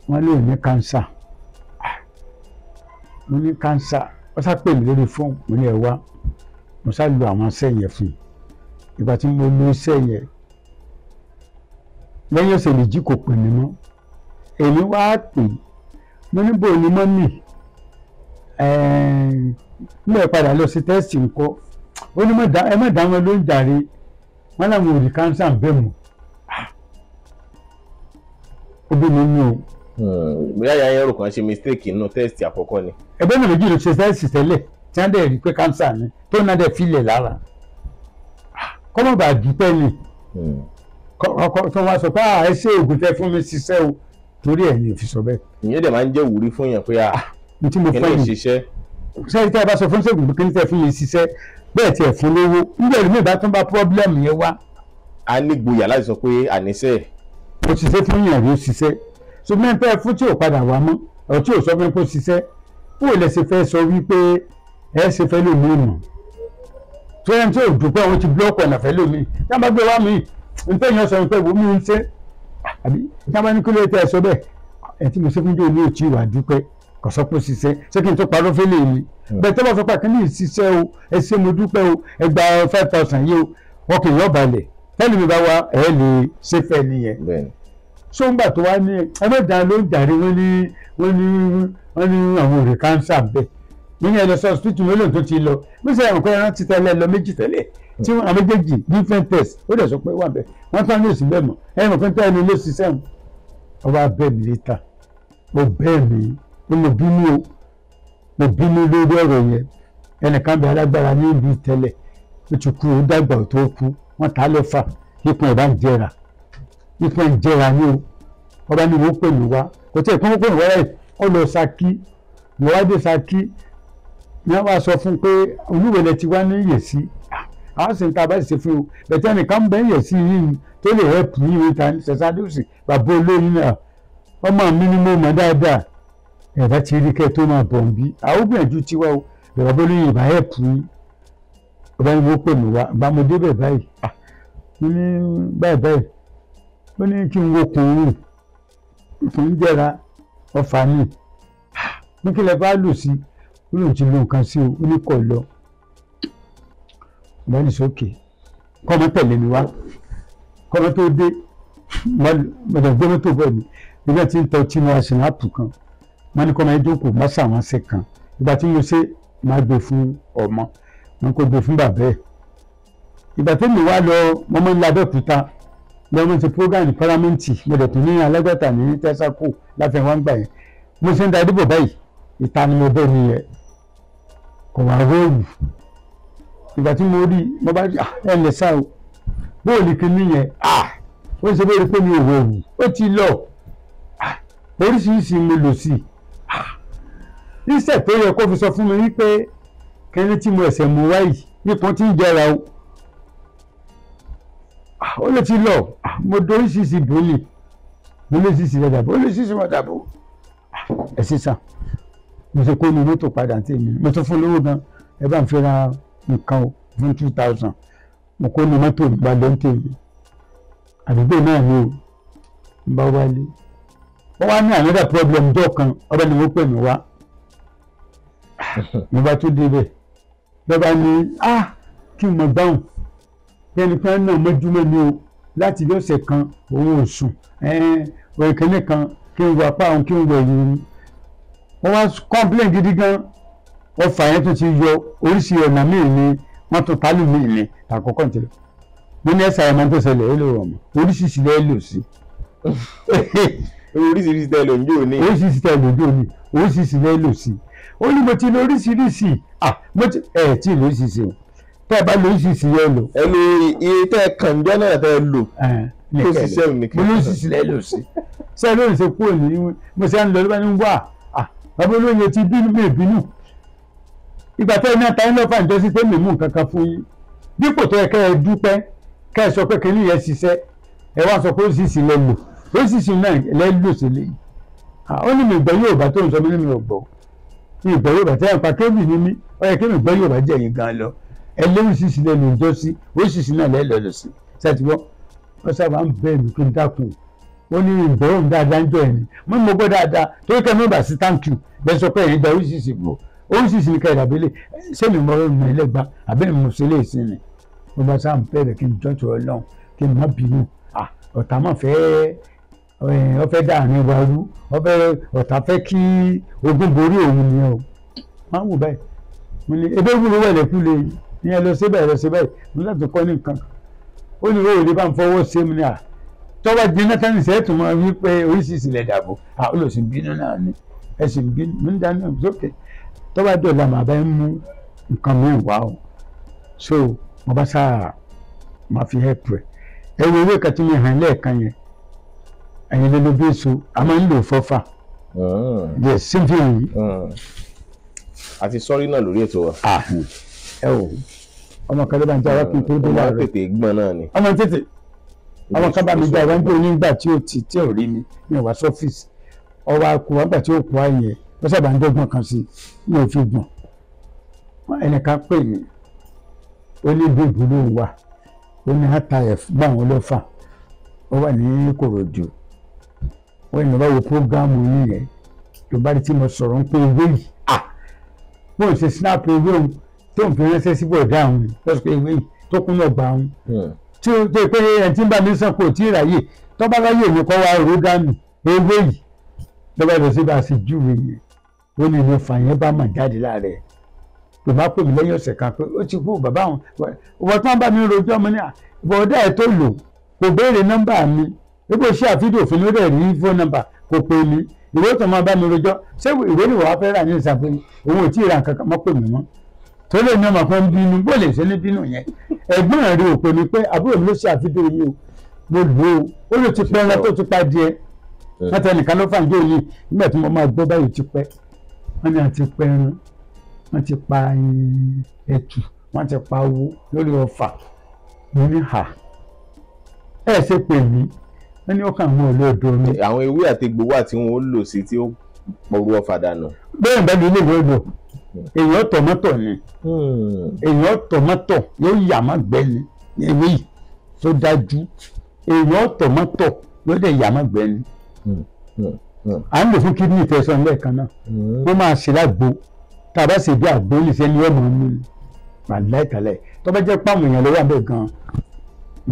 wọ́n lè ní kánsà ah, mo ní kánsà wọ́n sá pè mí lórí fóònù mo ní ẹ̀ wá mo sá lu àwọn iṣẹ́ yẹn fún un ìgbà tí mo lu iṣẹ́ yẹn lẹ́yìn ọ̀sẹ̀ méjì kò pè mí mọ́ èmi wá pè mo ní bò ní mọ́mì mo ẹ̀ padà lọ sí tẹ́sì ńkọ́ ó ní ẹ má dá wọn ló ń jàre wọn làwọn ò rí kánsà ń bẹ̀ mọ́ ah, obìnrin mi ò. Hmm. bóyá yàrá yẹn rò kàn ṣe mistake nínú test àkọ́kọ́ ni. ẹgbẹ́ mi méjì ló ṣe tẹ́sì tẹ́lẹ̀ tí wọ́n dẹ̀ rí pé cancer ni tó náà dẹ̀ filẹ̀ lára kọ́mọ̀ bá dúpẹ́ ni hmm. tó wá sọ pé ah, ẹ ṣe oògùn tẹ fún mi ṣiṣẹ́ o torí ẹ̀ ni ò fi sọ bẹ́ẹ̀. ìyẹn dẹ̀ máa ń jẹ́ ìwúrí fún yẹn pé ah, ah, kíní ò ṣiṣẹ́. sẹ́yìn tí a bá sọ fún ṣègùn pé kíní tẹ fún mi ṣiṣẹ́ bẹ́ẹ̀ tiẹ̀ fún lówó nígbà tí mi bá tún bá a ní gboyà láti sọ pé àníṣe. ó ṣiṣẹ́ fún yàn ló ṣùgbọ́n pẹ́ fún tí ò padà wá mọ́ ọ̀ tí ò sọ fún pé ó ṣiṣẹ́ ó lè ṣe fẹ́ sọ wípé ẹ ṣe fẹ́ lómi ìmọ̀ tó yẹn tí ò dúpẹ́ wọn ti búlọ́ọ̀kù ọ̀nà fẹ́ lómi tí wọ́n bá gbé wá mi nípa èèyàn sọ pé wọ́n mi ń ṣe àbí tí wọ́n bá ní kí ló tẹ́ ẹ sọ bẹ́ẹ̀ ẹ tí mo ṣe fún jóni òtí ìwà dúpẹ́ kò sọ pé ṣiṣẹ́ ṣé kí n tó parọ́ fẹ́lẹ̀ mi hmm. bẹ́ẹ̀ tó bá fẹ́ pàkínní ìṣiṣẹ́ o ẹ ṣe mo dúpẹ́ o ẹ gba five thousand yìí o ọkàn yóò balẹ̀ fẹ́ẹ́ lè mi bá wa ẹ̀ lè ṣe fẹ́ nìyẹn sóńgbà tó wá ní ẹgbẹ́ta ló ń jàre wọ́n ní wọ́n ní wọ́n ní àwọn òrè káńsà bẹ́ẹ̀ níyẹn lọ sí ọsibítù yóò lò tó ti lọ bí sẹ́yìn ọ̀kọ́ ẹran ti tẹ́lẹ̀ lọ méjì tẹ́lẹ̀ tí wọ́n àwọn méjèèjì different test ó dẹ̀ sọ pé wà bẹ́ẹ̀ wọ́n tán ní òsì bẹ́ẹ̀ mọ̀ ẹ̀rọ pé tẹ́lẹ̀ ni ló ṣiṣẹ́ wọn. ọba bẹ́ẹ̀ mi létà mo bẹ́ẹ̀ mi mo bínú o mo bínú lórí ọ̀rọ̀ yẹn ẹnìkan bẹ alágbára ní ibi tẹ́lẹ̀ ó ti kú ó dàgbà tó kú wọ́n ta lẹ́fà ikùn ẹ̀ bá ń jẹrà ìfẹ́ ìjẹra ni o ọba ni wọ́n pè mí wá kò tí ì pọ́n pè mí wá rẹ̀ ọ lọ Ṣakí ìwádìí Ṣakí ni wọ́n wá sọ fún pé olúwẹ̀lẹ̀ ti wá ní yèsí àwọn sì ń ta báyìí ṣe fún o bẹ̀tẹ́ nìkan ń bẹ́ yèsí yìí tó lè help ní ìwé ta ṣẹ̀ṣadúsì bàbá olóyún náà ọmọ mi ni mo mọ̀ dáadáa ẹ̀dá ti rí kẹ́ tó máa bọ̀ ń bí àwọn obìnrin ju o bàbá olóyún ìbá help yín ọba ni wọ́n pè mí wá bá mo débẹ̀ báyìí ní báyìí báyìí ó ní kí n wo kùnrin kì í jẹra ọfà ni bí kílẹ̀ bá lù sí ó lòun ti lo nǹkan sí o ó ní kọ̀ lọ mọ́ni sókè kọ́mọ tẹ̀lé mi wá kọ́mọ tó dé mọ́ni gbọ́mọ tó bọ̀ mí nígbà tí ń tọ́ tí mo àṣìláàpù kan wọ́n ní kọ́mọ ẹjọ́ kò má ṣàwọn ṣe kan ìgbà tí mo ṣe máa gbé fún ọmọ wọn kò gbé fún bàbá ẹ̀ ìgbà tí mi wá lọ mọ́mọ́ ńlá Abẹ́òkúta bẹ́ẹ̀ mo ti program ní paramountì mo dẹ̀ tún ní alágbàtà ní tẹ́sàkó láfihàn wá ń gbà yẹn mo ṣe ń da ìdìbò báyìí ìta ni mo bẹ́ẹ̀ nìyẹn kò wá róòlù ìgbà tí mo rí mo bá rí ẹ lẹ sá o bóòlù kìíní yẹn ó ṣe bó rí pé mi ò wọ̀wù ó ti lọ oríṣiríṣi mo lò sí i ìṣẹ̀ tó yẹ kó fi sọ fún mi wípé kẹ́ni tí mo ẹ̀sẹ̀ mú wáyìí nípọn tí ń jẹra o ó lè ti lọ mo dorí sísì bòlì mo lè sísì rẹ̀ dàbò ó lè sísì wọn dàbò ẹ̀ sísan mo ṣe kó inú mọ́tò padà ní tèmi mo tún fún lówó gan ẹ bá ń fi ra nǹkan o fún two thousand mo kó inú mọ́tò gbàgbé ní tèmi àdúgbò náà ni o ń bá wálé wọ́n wá ní another problem jọ kan ọba ni wọ́n pè mí wá mo bá tún débẹ̀ lọ́ba ni ah kí n mọ̀ gbáhùn kẹ́nìkan náà mọ́júmọ́ ni o láti ilé ọ̀sẹ̀ kan òun ò sùn òyìnkẹ́ni kan kí n wọ apá òun kí n wọ ẹ̀yìn rí wọ́n wá complain gidi gan ọfà yẹn tún ti yọ oríṣi ọ̀nà míì ni wọ́n tún pálí míì ni àkọ́kọ́ nítorí mo ní ẹ̀sà ẹ̀mọ́ tó ṣẹlẹ̀ ó lè rọ̀ mọ́ oríṣiríṣi lẹ́ lò sí. oríṣiríṣi tẹ lò ní òní. oríṣiríṣi tẹ lò ní òní oríṣiríṣi lẹ́ lò sí. ó ní mo ti lo oríṣiríṣi ẹ̀ tí ì lóríṣiríṣi o tẹ́ ẹ bá lo ìṣìṣì yẹn lò. ẹ lo iye tẹ́ ẹ kàn jọ náà tẹ́ ẹ lò tó ṣiṣẹ́ òní kí. mo ló ṣìṣì lẹ́ lò sí. sẹ́ẹ̀ ló ń ṣe kúrò ní mo ṣe à ń lọ lọ́wọ́ ní wà bàbá olóye ti bínú mi bínú. ìgbà tẹ́ ẹ náà ta ẹ lọ́fà ìjọ sí pé mi mú nǹkan kan fún yín dípò tó yẹ kẹ́ ẹ dúpẹ́ kẹ́ ẹ sọ pé kínní yẹn ṣiṣẹ́ ẹ wá sọ pé ó ṣìṣì lẹ́ lò ó ṣìṣì náà lẹ́ lò sí lẹ́yìn. ó ní mi ìgbẹ́ yóò bá tó ń sọ mí ní mi ò gbọ́ ìgbẹ́ yóò bá tẹ́ ẹ̀ pa kébì ní mi ìgbẹ́ ẹlẹ́rìí sì sílẹ̀ ló ń jọ sí ó sì sílẹ̀ lẹ́lọ́dọ̀ sí ṣàtìwọ́ wọ́n sábà ń bẹ́ẹ̀ mi kí n dákun ó ní ìbọ̀wọ̀ mi dáadáa ń jọ ẹ̀ ni mo mọ gbọ́ dáadáa torí kẹ́ mi bà sí thank you bẹ́ẹ̀ sọ pé ẹ̀yin gba oríṣiríṣi bò oríṣiríṣi ní kẹ́ẹ̀dà bílẹ̀ ṣé mi mọ ọ̀rọ̀ mi ẹlẹ́gba àbẹ́rẹ́ mo ṣe léèṣì ni mo bá sáà ń bẹ̀rẹ̀ kí n jọ́jọ́ ọlọ́run kí n má bínú ọ̀tá mọ̀ fẹ́ẹ́ ó fẹ́ dàrin wa rú ó fẹ́ ọ̀tá fẹ́ kí ogun borí òun ni o máa wù báyìí mo ní ebéwúrú wẹ̀lẹ̀kú lè yìí ìyẹn lọ síbẹ̀ lọ síbẹ̀ mo láti kọ́ ní nǹkan ó ní owó ìdí bá ń fọwọ́ sí mi ní à tọ́wọ́ di nátàní sẹ́ẹ̀ tó máa wí pé oríṣiríṣi ilẹ̀ dàbò à ó lọ sí bínú náà ni ẹ sì bínú mi ń dáná sókè tọ́wọ́ dé ọ̀la màá bá ń mú nǹkan mi wá o so mo bá sáà máa fi help rẹ ẹ wo ewé kan tí mi hàn lẹ́ẹ̀kan yẹn ẹ̀yin ló ló bí èso a máa ń lò fọ́fà hmm. yẹ sífì yìí. àti hmm. sọ́rí náà lórí ètò ah, ẹ wò ọmọ kan ló bá ń já wá kí n tó dé láàárọ̀ ọmọ tètè ni. ọmọ tètè ọmọ kan bá mi já ìwà ń gbé onígbà tí ò ti tí ò rí mi ní ọwà sọfíìsì ọwà kù wá gbà tí ó kù àyè ó sábà ń dọ́gbọ́n kan sí ní òfin gbọ̀n ẹnìkan pè mí ó ní bíbù wà ó ní atayef báwọn ló fà ó wà ní Ìkòròdú wọ́n ní báwo prógámù yìí yẹn ló bá rí tí mo sọ̀rọ̀ ń pé ewé yìí ah bóun ṣe snap ewé òun tó ń fi ránṣẹ́ sí bọ̀dá àwọn lọ́sọ̀kọ̀ ìwé tó kún náà gbà àwọn. Hmm. tí o tó pé ẹni tí ń bá mi sàn kò tí ì ráyè tọ́ba láyè mi kọ́ wa ró dànù ewé yìí lọ́ba ìlú sí bá a sì júwe yẹn ó ní ní fà yẹn bá mà jáde láàrẹ̀ ló bá pè mí lẹ́yìn ọ̀sẹ̀ kan pé ó ti kú bàbá àwọn ọ̀bọ̀ tí wọ́n bá mi rojọ́ ọmọ ní bọ̀dá ẹ̀ tó lò kò béèrè nọ́mbà mi ebi ṣe àfídì òfin ló dẹ̀ ní fóònù nọ́mbà kò pè mí ìwé tó máa bá mi rojọ́ ṣé ìwé ni wàá fẹ́ rà ní ìsàpè òun ò tí ì ra nǹkan kan mọ́ pè mí mọ́ torí èmi ọmọ kan bínú bó lè ṣe ní bínú yẹn ẹ̀gbọ́n rí òpè mi pé àbúrò mi ló ṣe àfihàn yìí o mo lò ó ó lè ti pẹ́ ẹran tó ti pa díẹ̀ láti ẹnìkan ló fàǹjẹ́ òní nígbà tí mo máa gbọ́ báyìí ti pẹ́ wọ́n ní àti pẹ́ ẹran wọ́n ti pa ẹ̀tù wọ́n ti pa owó lórí ọfà mo ní hà ẹ̀ ṣe pè mí wọ́n ní ó kàn mọ́ olóòdó mi. àwọn ewé àtegbò wà tí wọ́n lò sí tí ó pọ̀rọ̀ ọfà bẹ́ẹ̀ bẹ́ẹ̀ ni ilé ìwé lò èèyàn tọmọtọ ni èèyàn hmm. tọmọtọ yóò yà má gbẹ ni ewé yìí tó dájú èèyàn tọmọtọ yóò dẹ̀ yà má gbẹ ni hmm. à ń lò fún kidney tẹ̀sán lẹ́ẹ̀kan náà hmm. wọ́n máa ṣe lágbo tá a bá ṣe bí àgbo nìṣẹ́ ni ọmọ mi ni màláìkàlẹ̀ tó bá jẹ́ pàmò yẹn lọ́wọ́ àbẹ̀ gan-an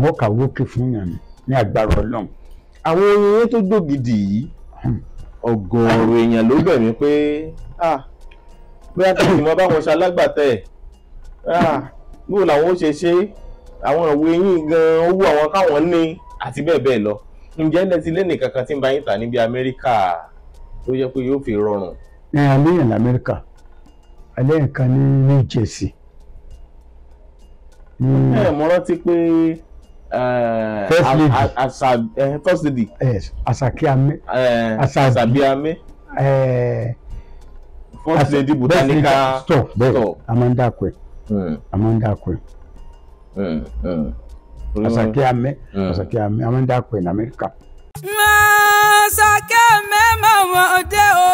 wọ́n kà wókè fún yàn ni ní agbára Ọlọ́run. àwọn oyin tó gbògidì yìí ọ̀gọ̀ọ̀rọ̀ èèyàn ló bẹ̀ mí pé ah bóyá kí ìmọ̀ báwọn ṣe alágbàtẹ́ ẹ̀ ah, bóyá làwọn ó ṣe ṣe àwọn ìwé yín gan-an ó wú àwọn káwọn ní àti bẹ́ẹ̀ bẹ́ẹ̀ lọ ǹjẹ́ lẹ́tí lẹ́nì kankan tí ń bá yín tà níbi Amẹ́ríkà tó yẹ pé yóò fi rọrùn. ẹ alẹ́ yẹn lamẹ́ríkà alẹ́ yẹn kan ní New Jersey. ẹ mo rántí pé first lady asake ame asabi ame wọ́n ti lè di botanical stop. bẹ́ẹ̀ a máa ń dàkọ ẹ hmm. a máa ń dàkọ ẹ hmm, hmm. Àṣàkẹ́ amẹ Àṣàkẹ́ amẹ a máa ń dàkọ ẹ ní Amẹ́ríkà. mẹ́mọ̀ wọ́n dé o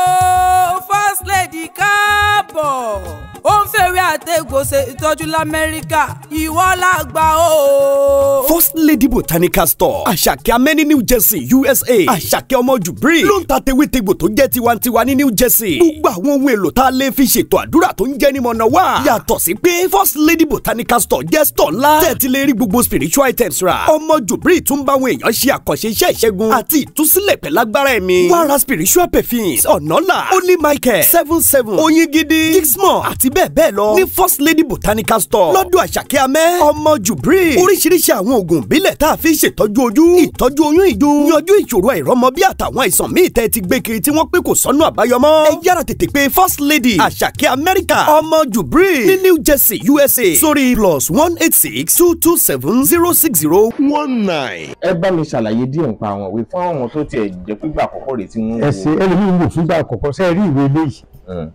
first lady káàbọ̀ ó ń fèrè àtẹ̀gbò ìtọ́jú lamẹ́ríkà ìwọ làgbà o. first lady botanical store àṣàkẹ́ amẹ́ni new jersey usa àṣàkẹ́ ọmọ jùbírì ló ń ta tewétegbò tó jẹ́ tiwantiwa ní new jersey gbogbo àwọn ohun èlò tá a lè fi ṣètò àdúrà tó ń jẹ́ ní mọ̀nà wá yàtọ̀ sí pé first lady botanical store jẹ́ store ńlá tẹ̀tí lè rí gbogbo spiritual items ra. ọmọ jùbírì tún bá àwọn èèyàn ṣe àkànṣe iṣẹ́ ìṣẹ́gun àti ìtúsílẹ̀ pẹ̀lágbára ẹ̀mí Wara spiritual perfumes ọ̀nọ́là only michael seven seven oyin gidi gixmore àti bẹ́ẹ̀ bẹ́ẹ̀ lọ ní first lady botanical store lọ́dọ̀ àṣàkẹ́ amẹ́ ọmọ jubril oríṣiríṣi àwọn oògùn ìbílẹ̀ tá a fi ṣètọ́jú ojú ìtọ́jú oyún ìju yanjú ìṣòro àìrọ́mọ bí àtàwọn àìsàn míì tẹ́ ti gbé kiri tí wọ́n pé kò sọ́nà àbáyọmọ́ ẹ yára tètè pé first lady àṣàkẹ́ amẹ́ríkà ọmọ jubril ní new jersey usa sórí plus one eight six two two seven zero six zero one nine. ẹ bá mi ṣàlàyé díẹ̀ nípa àwọn ìwé fún àwọn tó tiẹ̀ jẹ́ pípa àkọ́kọ́ rẹ̀ tí wọ́n ń wò. ẹ̀sìn ẹlòmíì ń wò fúngbà àkọ́kọ́ sẹ́ẹ̀rí ìwé eléyìí mm.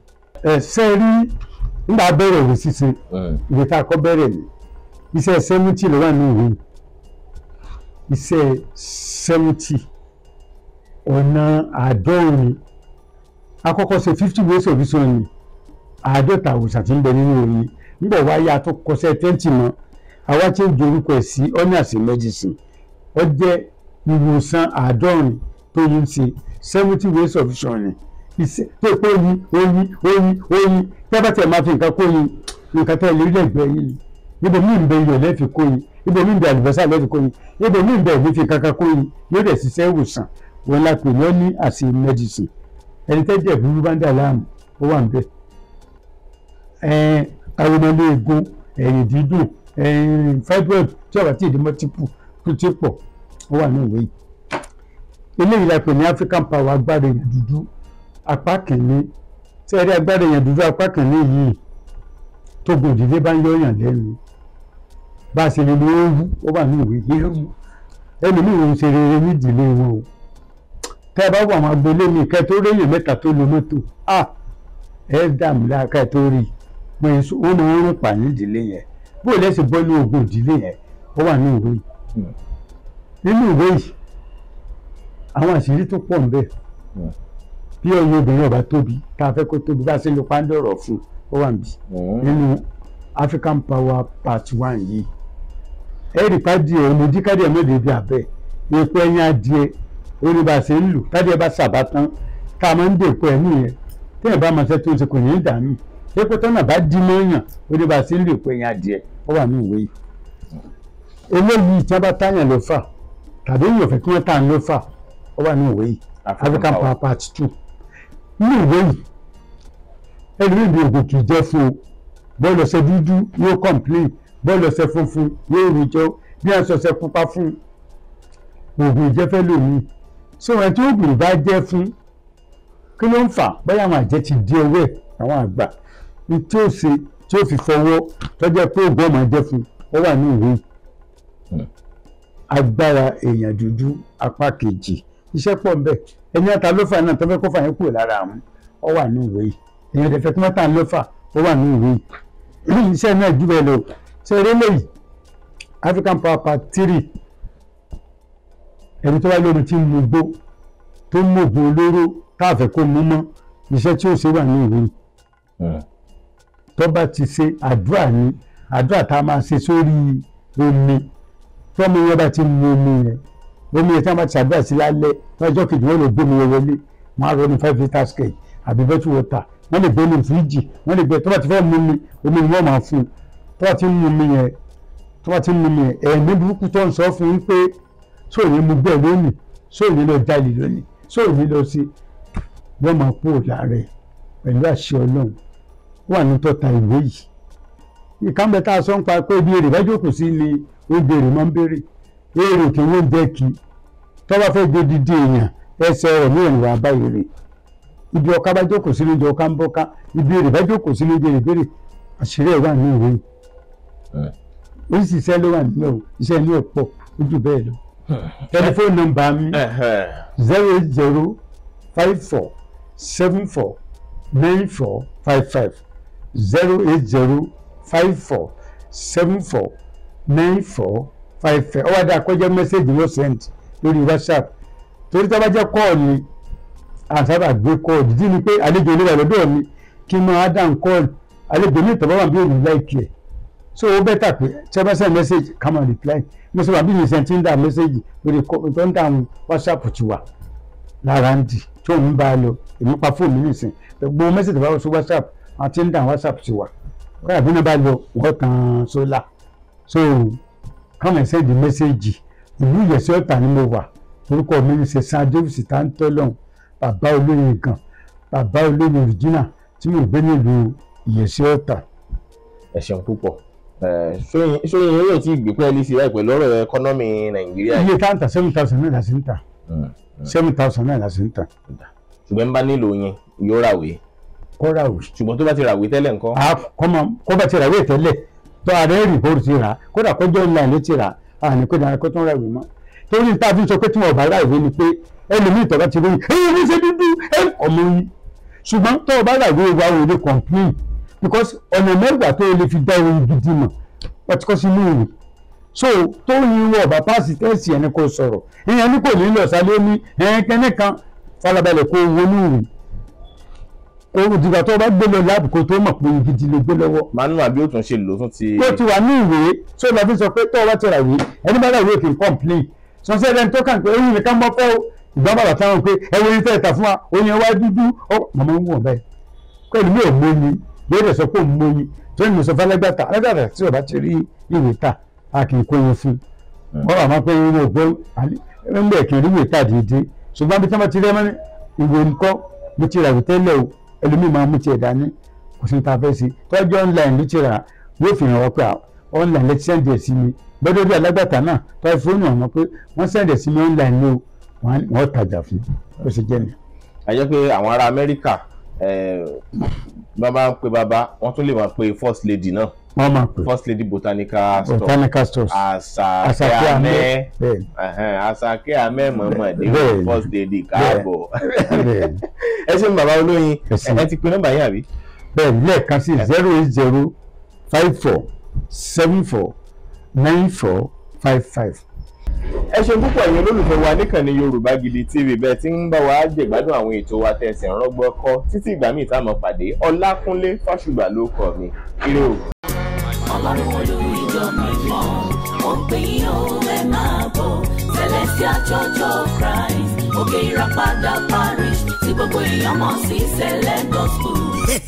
ẹ̀sẹ̀ rí nígbà bẹ̀rẹ̀ ìwé ṣíṣe ìwé tá a kọ́ bẹ̀rẹ̀ ni iṣẹ́ sẹ́mútì ló wà ní ìwé iṣẹ́ sẹ́mútì ọ̀nà àádọ́rin akọ́kọ́ ṣe fifty ways of vision ni àádọ́ta àwòsàn ti ń bẹ nínú orin nígbà wáyé atọ́kọsẹ́ tẹ́ǹtì mọ́ àwa tí ó di orúkọ ẹ̀ sí ọ́nàṣì medicine ó jẹ́ ìwòsàn àádọ́rin tó yí ń ṣe seventy ways of vision ni ìṣe tó pé oyin oyin oyin oyin tẹ́ bá tẹ̀ máa fi nǹkan kó yin nǹkan tẹ́ lórí ẹ̀gbẹ́ yín ni ibo mi ń bẹ iyọ̀ lẹ́ẹ̀fi kó yin ibo mi ń bẹ àlùbọ́sà lẹ́ẹ̀fi kó yin ibo mi ń bẹ ìwé fi kankan kó yin yóò dẹ̀ ṣiṣẹ́ ìwòsàn wọn la pè ní ọ́ní àti mẹ́dísìn ẹni tẹ́ jẹ̀ burú bá ń dà láàmú ó wà ń bẹ̀ ẹ̀ẹ́n awomọ́lé egun ẹ̀yìn dídùn ẹ̀ẹ́n fibroid tí ọ̀rọ̀ tí ìdímọ́ tó ti pọ̀ ó wà ní ìwé yìí eléyìí la pè ní African power agbára èèyàn apá kìíní tí ẹ̀rí agbára èèyàn dúdú apá kìíní yìí tó gbòdìdé bá ń yọ̀yàn lẹ́nu bá a ṣe lè lo ewu ó wà nínú ìwé gbé ewu ẹlòmíì òun ṣe rere nídìílé wọn o tẹ́ ẹ bá wọ àwọn agboolé mi kẹ́ tó réyìn mẹ́ta tó lo mọ́tò a ẹ dààmú láàká ẹ tó rí pé wọ́n máa ń rún pa nídìílé yẹn bó lẹ́sìn bọ́ ní ogun ìdílé yẹn ó wà nínú ìwé hmm. nínú ìwé yìí àwọn àṣírí tó pọ̀ ń bẹ. Hmm bí ọyọ obìnrin ọba tóbi tá a fẹ́ kó tóbi bá a ṣe lo pandoro fún ó wà níbí mm. nínú African Power Part One yìí ẹ̀rì pàdìẹ ọmọdé kádìẹ mẹ́rin bíi abẹ́ epo ẹ̀yìn adìẹ oníbàṣẹ ń lò kádìẹ bá ṣàbátan tá a máa ń dèpo ẹ̀ nìyẹn téèyàn bá máa ṣe tó ń ṣe kò ní í dànù epo tọ́nà bá dì mọ́ èèyàn oníbàṣẹ ń lò epo ẹ̀yìn adìẹ ó wà ní ìwé yìí eléyìí tí wọ́n bá táyàn ló fà tàbí èèyàn fẹ́ wọ́n tà ń ló fà ó wà ní ìwé yìí African Power Part Two ní ìwé yìí ẹlòmíì bí ògùn kì í jẹ́ fún o bọ́ọ̀lù ọ̀sẹ̀ dúdú yóò complain bọ́ọ̀lù ọ̀sẹ̀ funfun yóò rojọ́ bí àṣọ ọ̀sẹ̀ pupa fún ògùn ìjẹ́fẹ́ lòmíì so ẹni tí ògùn bá jẹ́ fún kí ló ń fà báyà àwọn àjẹ́ ti di ọwọ́ ẹ̀ àwọn àgbà ní tí ó ṣe tí ó fi fọwọ́ tọ́jọ́ pé ògùn ọmọ jẹ́ fún ó wà ní ìwé hmm. agbára èèyàn dúdú apá kejì iṣẹ́ pọ̀ ń bẹ ẹni àtà lọ́fà náà tó fẹ́ kó fà yẹn kúrò lára àwọn ọ wà ní ìwé yìí èèyàn tẹ̀fẹ́ tí wọ́n tà lọ́fà ó wà ní ìwé yìí iṣẹ́ náà jù bẹ́ẹ̀ lọ ṣe eré lẹ́yìn African Power Pact three ẹni tó wá lórí tí ń mu gbó tó ń mògùn olóró táàfẹ́ kó mú mọ́ iṣẹ́ tí ó ṣe wà ní ìwé yìí hmm. tó ti ṣe àdúrà ni àdúrà tá a máa ṣe sórí omi tọ́mọ yẹn bá ti mu omi yẹn omi yẹn tí wọ́n bá ti ṣàdúrà sí lálẹ́ lọ́jọ́ kejì wọ́n lè gbómi yẹn wọlé wọ́n á rọ ní five litres keg àbí bottle water wọ́n lè gbé ní fíríjì wọ́n lè gbé tó bá ti fẹ́ mú mi omi ni wọ́n máa fún un tó bá ti ń mú mi yẹn tó bá ti ń mú mi yẹn ẹ̀ẹ́mí burúkú tó ń sọ fún un pé sóò ní mu bẹ́ẹ̀ lónìí sóò ní lọ jalè lónìí sóò ní lọ sí wọ́n máa kú òlàrẹ pẹ̀lú àṣẹ ọlọ́run wà ní tọ́ta ìwé yìí ìkànnì tá a sọ ń pa pé ibi èrè bá jókòó sí ni ó bèrè máa ń bèrè èrò kì í jẹ́ kí tó bá fẹ́ gbé dídí èèyàn ẹsẹ̀ ọ̀rọ̀ ní ìrìn wà báyìí rè ibi ọ̀ka bá jókòó sí lóúnjẹ ọ̀ka ń bọ́ká ibi èrè bá jókòó sí lóúnjẹ ìbéèrè àṣírí ẹ̀ wà ní ìwé yìí iṣẹ́ ló wà nílẹ̀ o iṣẹ́ ní ọ̀pọ̀ ó jù bẹ́ẹ̀ lọ tẹlifóònù nọ́mbà mi zero zero five four seven four nine four five five zero eight zero five four seven four nine four five fẹ́ ọwọ́ àdá kọjá mẹ́sẹ̀gì ló send lórí whatsapp torí tí a bá jẹ́ kọ́ọ̀lù àtàbà gbé kọ́ọ̀lù dídí ni pé àlejò olúwa lọ́dọ̀ mi kí n máa dá kọ́ọ̀lù àlejò mi tọ́ba wà bí òní láìkí ẹ̀ so ó bẹ́tà pé tí a bá send message ká máa reply mo sọ wà bí mi send ti ń dá message lórí tó ń dá whatsapp ti wà lára ń dì tí òun bá a lọ èmi pa fóònù mi nìsín gbogbo message tó bá wọ sí whatsapp àti ń dá whatsapp ti wà káyà bí wọ́n bá lọ wọ́n kan sólà so come and send the message ìlú ìyẹ̀sẹ̀ ọ̀tà ni mo wà orúkọ mi ń ṣe san adéwùsì tá ń tọ́ lọ́hùn bàbá olóyin nǹkan bàbá olóyin original tí mo gbé nílùú ìyẹ̀sẹ̀ ọ̀tà. ẹ ṣeun púpọ̀ sóyin eré tí ìgbìpẹ́ lè ṣe láìpẹ́ lọ́rọ̀ ẹkọ́nọ́mì nàìjíríà. iye tá ń ta seven thousand náírà sí ń ta hmm, hmm. seven thousand náírà sí ń ta. ṣùgbọ́n bá nílò yẹn yóò ràwé. kó ràwé. ṣùgbọ́n tó bá ti ràwé tẹ́lẹ̀ nǹkan. kó bá ti ràwé tẹ́lẹ̀ tó ààrẹ rìpọ́ọ̀tù ti rà á kódà kọjọ́ ńlá ló ti rà á àní kó dára kó tó ń ra ìwé mọ́ torí tá a fi sọ pé tí wọn bá ra ìwé ni pé ẹlòmíì tọ́ba ti ròyìn ẹ̀yìn ẹ̀mí ṣe dúdú ẹ̀ ọmọ yìí ṣùgbọ́n tó o bá ra ìwé wa ò lè complain because ọ̀nà mẹ́gbà tó o lè fi dá orin gidi mọ̀ ọtí kọ́ sí inú ìwé so tó ní ìwọ ọba páàsì tẹ́sì ẹni kò sọ̀rọ̀ ìyẹn ní kò ní lọ sálé ní ẹ̀ẹ́kẹ́ nìkan ohun ìdìgbà tó bá gbé lọ láàbù kó tó mọ̀ pé gidi ló gbé lọ́wọ́. manual bí ó tún ṣe lò tún ti. tó ti wà ní ìwé tó lọ fi sọ pé tó ọba ti rà wí ẹni bá rà wí òkè complain sọ sí ẹni tó kàn pé eyín nìkan mọ́ fẹ́ ìgbà bàbà táwọn pé ẹ wo ife ẹ̀ta fún wa oyin wa dúdú ọ màmá ń wọ̀ báyìí pé èmi ò mọyin bí ó sọ pé òun mọyin tó ní mo sọ fálágbàtà alágbàtà tí ọba ti rí ìwé ta a kì í kó yin fún wọn hmm. bàbá pé ìwé ògbó ń bẹ̀ ẹlòmíì máa mú tiẹ̀ dání kò sí ta fẹ́ ṣe tọ́jú online ló ti rà yóò fi hàn wọ́n pé online lè sẹ́ǹdì ẹ̀ sí mi gbọ́dọ̀ bí alágbàtà náà tọ́jú fóònù àwọn pé wọ́n sẹ́ǹdì ẹ̀ sí mi online ló wọ́n tajà fún ó sì jẹ́ ni. a jẹ́ pé àwọn ará Amẹ́ríkà bàbá eh, ń pe bàbá wọ́n tún lè máa pe first lady náà wọ́n máa pè first lady botanical store botanical stores asake amẹ asake amẹ mọ̀mọ́dé first lady káàbọ̀ ẹ ṣe ń bàbá olóyin ẹ ti pe nọ́mbà yín àbí. bẹ́ẹ̀ lẹ́ẹ̀kan sí zero eight zero five four seven four nine four five five ẹ ṣeun púpọ̀ ẹ̀yin olólùfẹ́ wa níkànnì Yorùbá Gidi TV bẹ́ẹ̀ tí ń bá wa jẹ̀gbádùn àwọn ètò wa tẹ̀sẹ̀ ń rọ́gbọ́ kọ́ títí ìgbà míì tá a máa pàdé Ọlákúnlé Fásùgbà ló kọ mi ire o ọlọ́run olú ìjọ mímọ́ ó pè yín ó ẹ máa bọ̀ Celestial Church of Christ òkè ìràpadà parish tí gbogbo èèyàn mọ̀ sí Celestial Gospel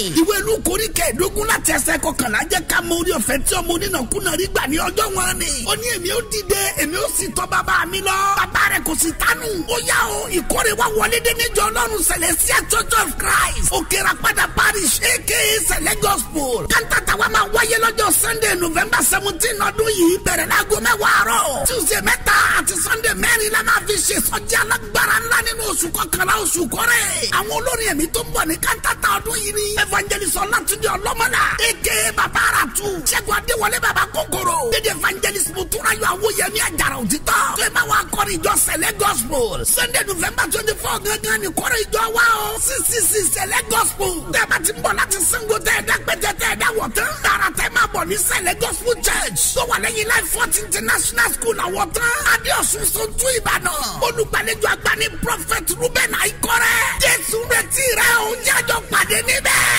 báyìí. ìwé lukú orí kẹẹ̀dógún láti ẹsẹ̀ kọkànlá jẹ́ ká mọ orí ọ̀fẹ́ tí ọmọ onínàkúnà rí gbà ní ọjọ́ wọn ni. ó ní èmi ó dìde èmi ó sì tọ́ bàbá mi lọ. bàbá rẹ̀ kò sì tánù. ó yá o ìkórè wa wọlé dé níjọ ọlọ́run Celestial Church of Christ. òkèèrà parish aka sẹ̀lẹ̀ gospel. kántàtà wa máa wáyé lọ́jọ́ Sunday November seventeen ọdún yìí bẹ̀rẹ̀ láago mẹ́wàá àárọ̀. Tuesday mẹ́ta àti evangelist ọlátúndé ọlọ́mọlá aka bàbá àràtú ṣẹ́gun adéwọlé bàbá kòkòrò dédé evangelist muturayọ awóyẹmí àjàrà òtítọ́ tó ẹ bá wa kọrin ìjọ sẹ̀lẹ̀ gospel sunday november twenty four gangan ni kọrin ìjọ wa o ccc sẹ̀lẹ̀ gospel tẹ́ ti ń bọ̀ láti sango tẹ́ ẹ dá pẹ́tẹ́ tẹ́ wọ̀tán tààrà tẹ́ máa bọ̀ ní sẹ̀lẹ̀ gospel church tó wà lẹ́yìn life fort international school àwọ̀tán adéọ̀sùn sọ̀tú ìbàdàn olùgbàlejò àgbà ní prophet ruben àìkọ́rẹ́ jésù retí rẹ̀ òun jájọ pàdé níbẹ̀.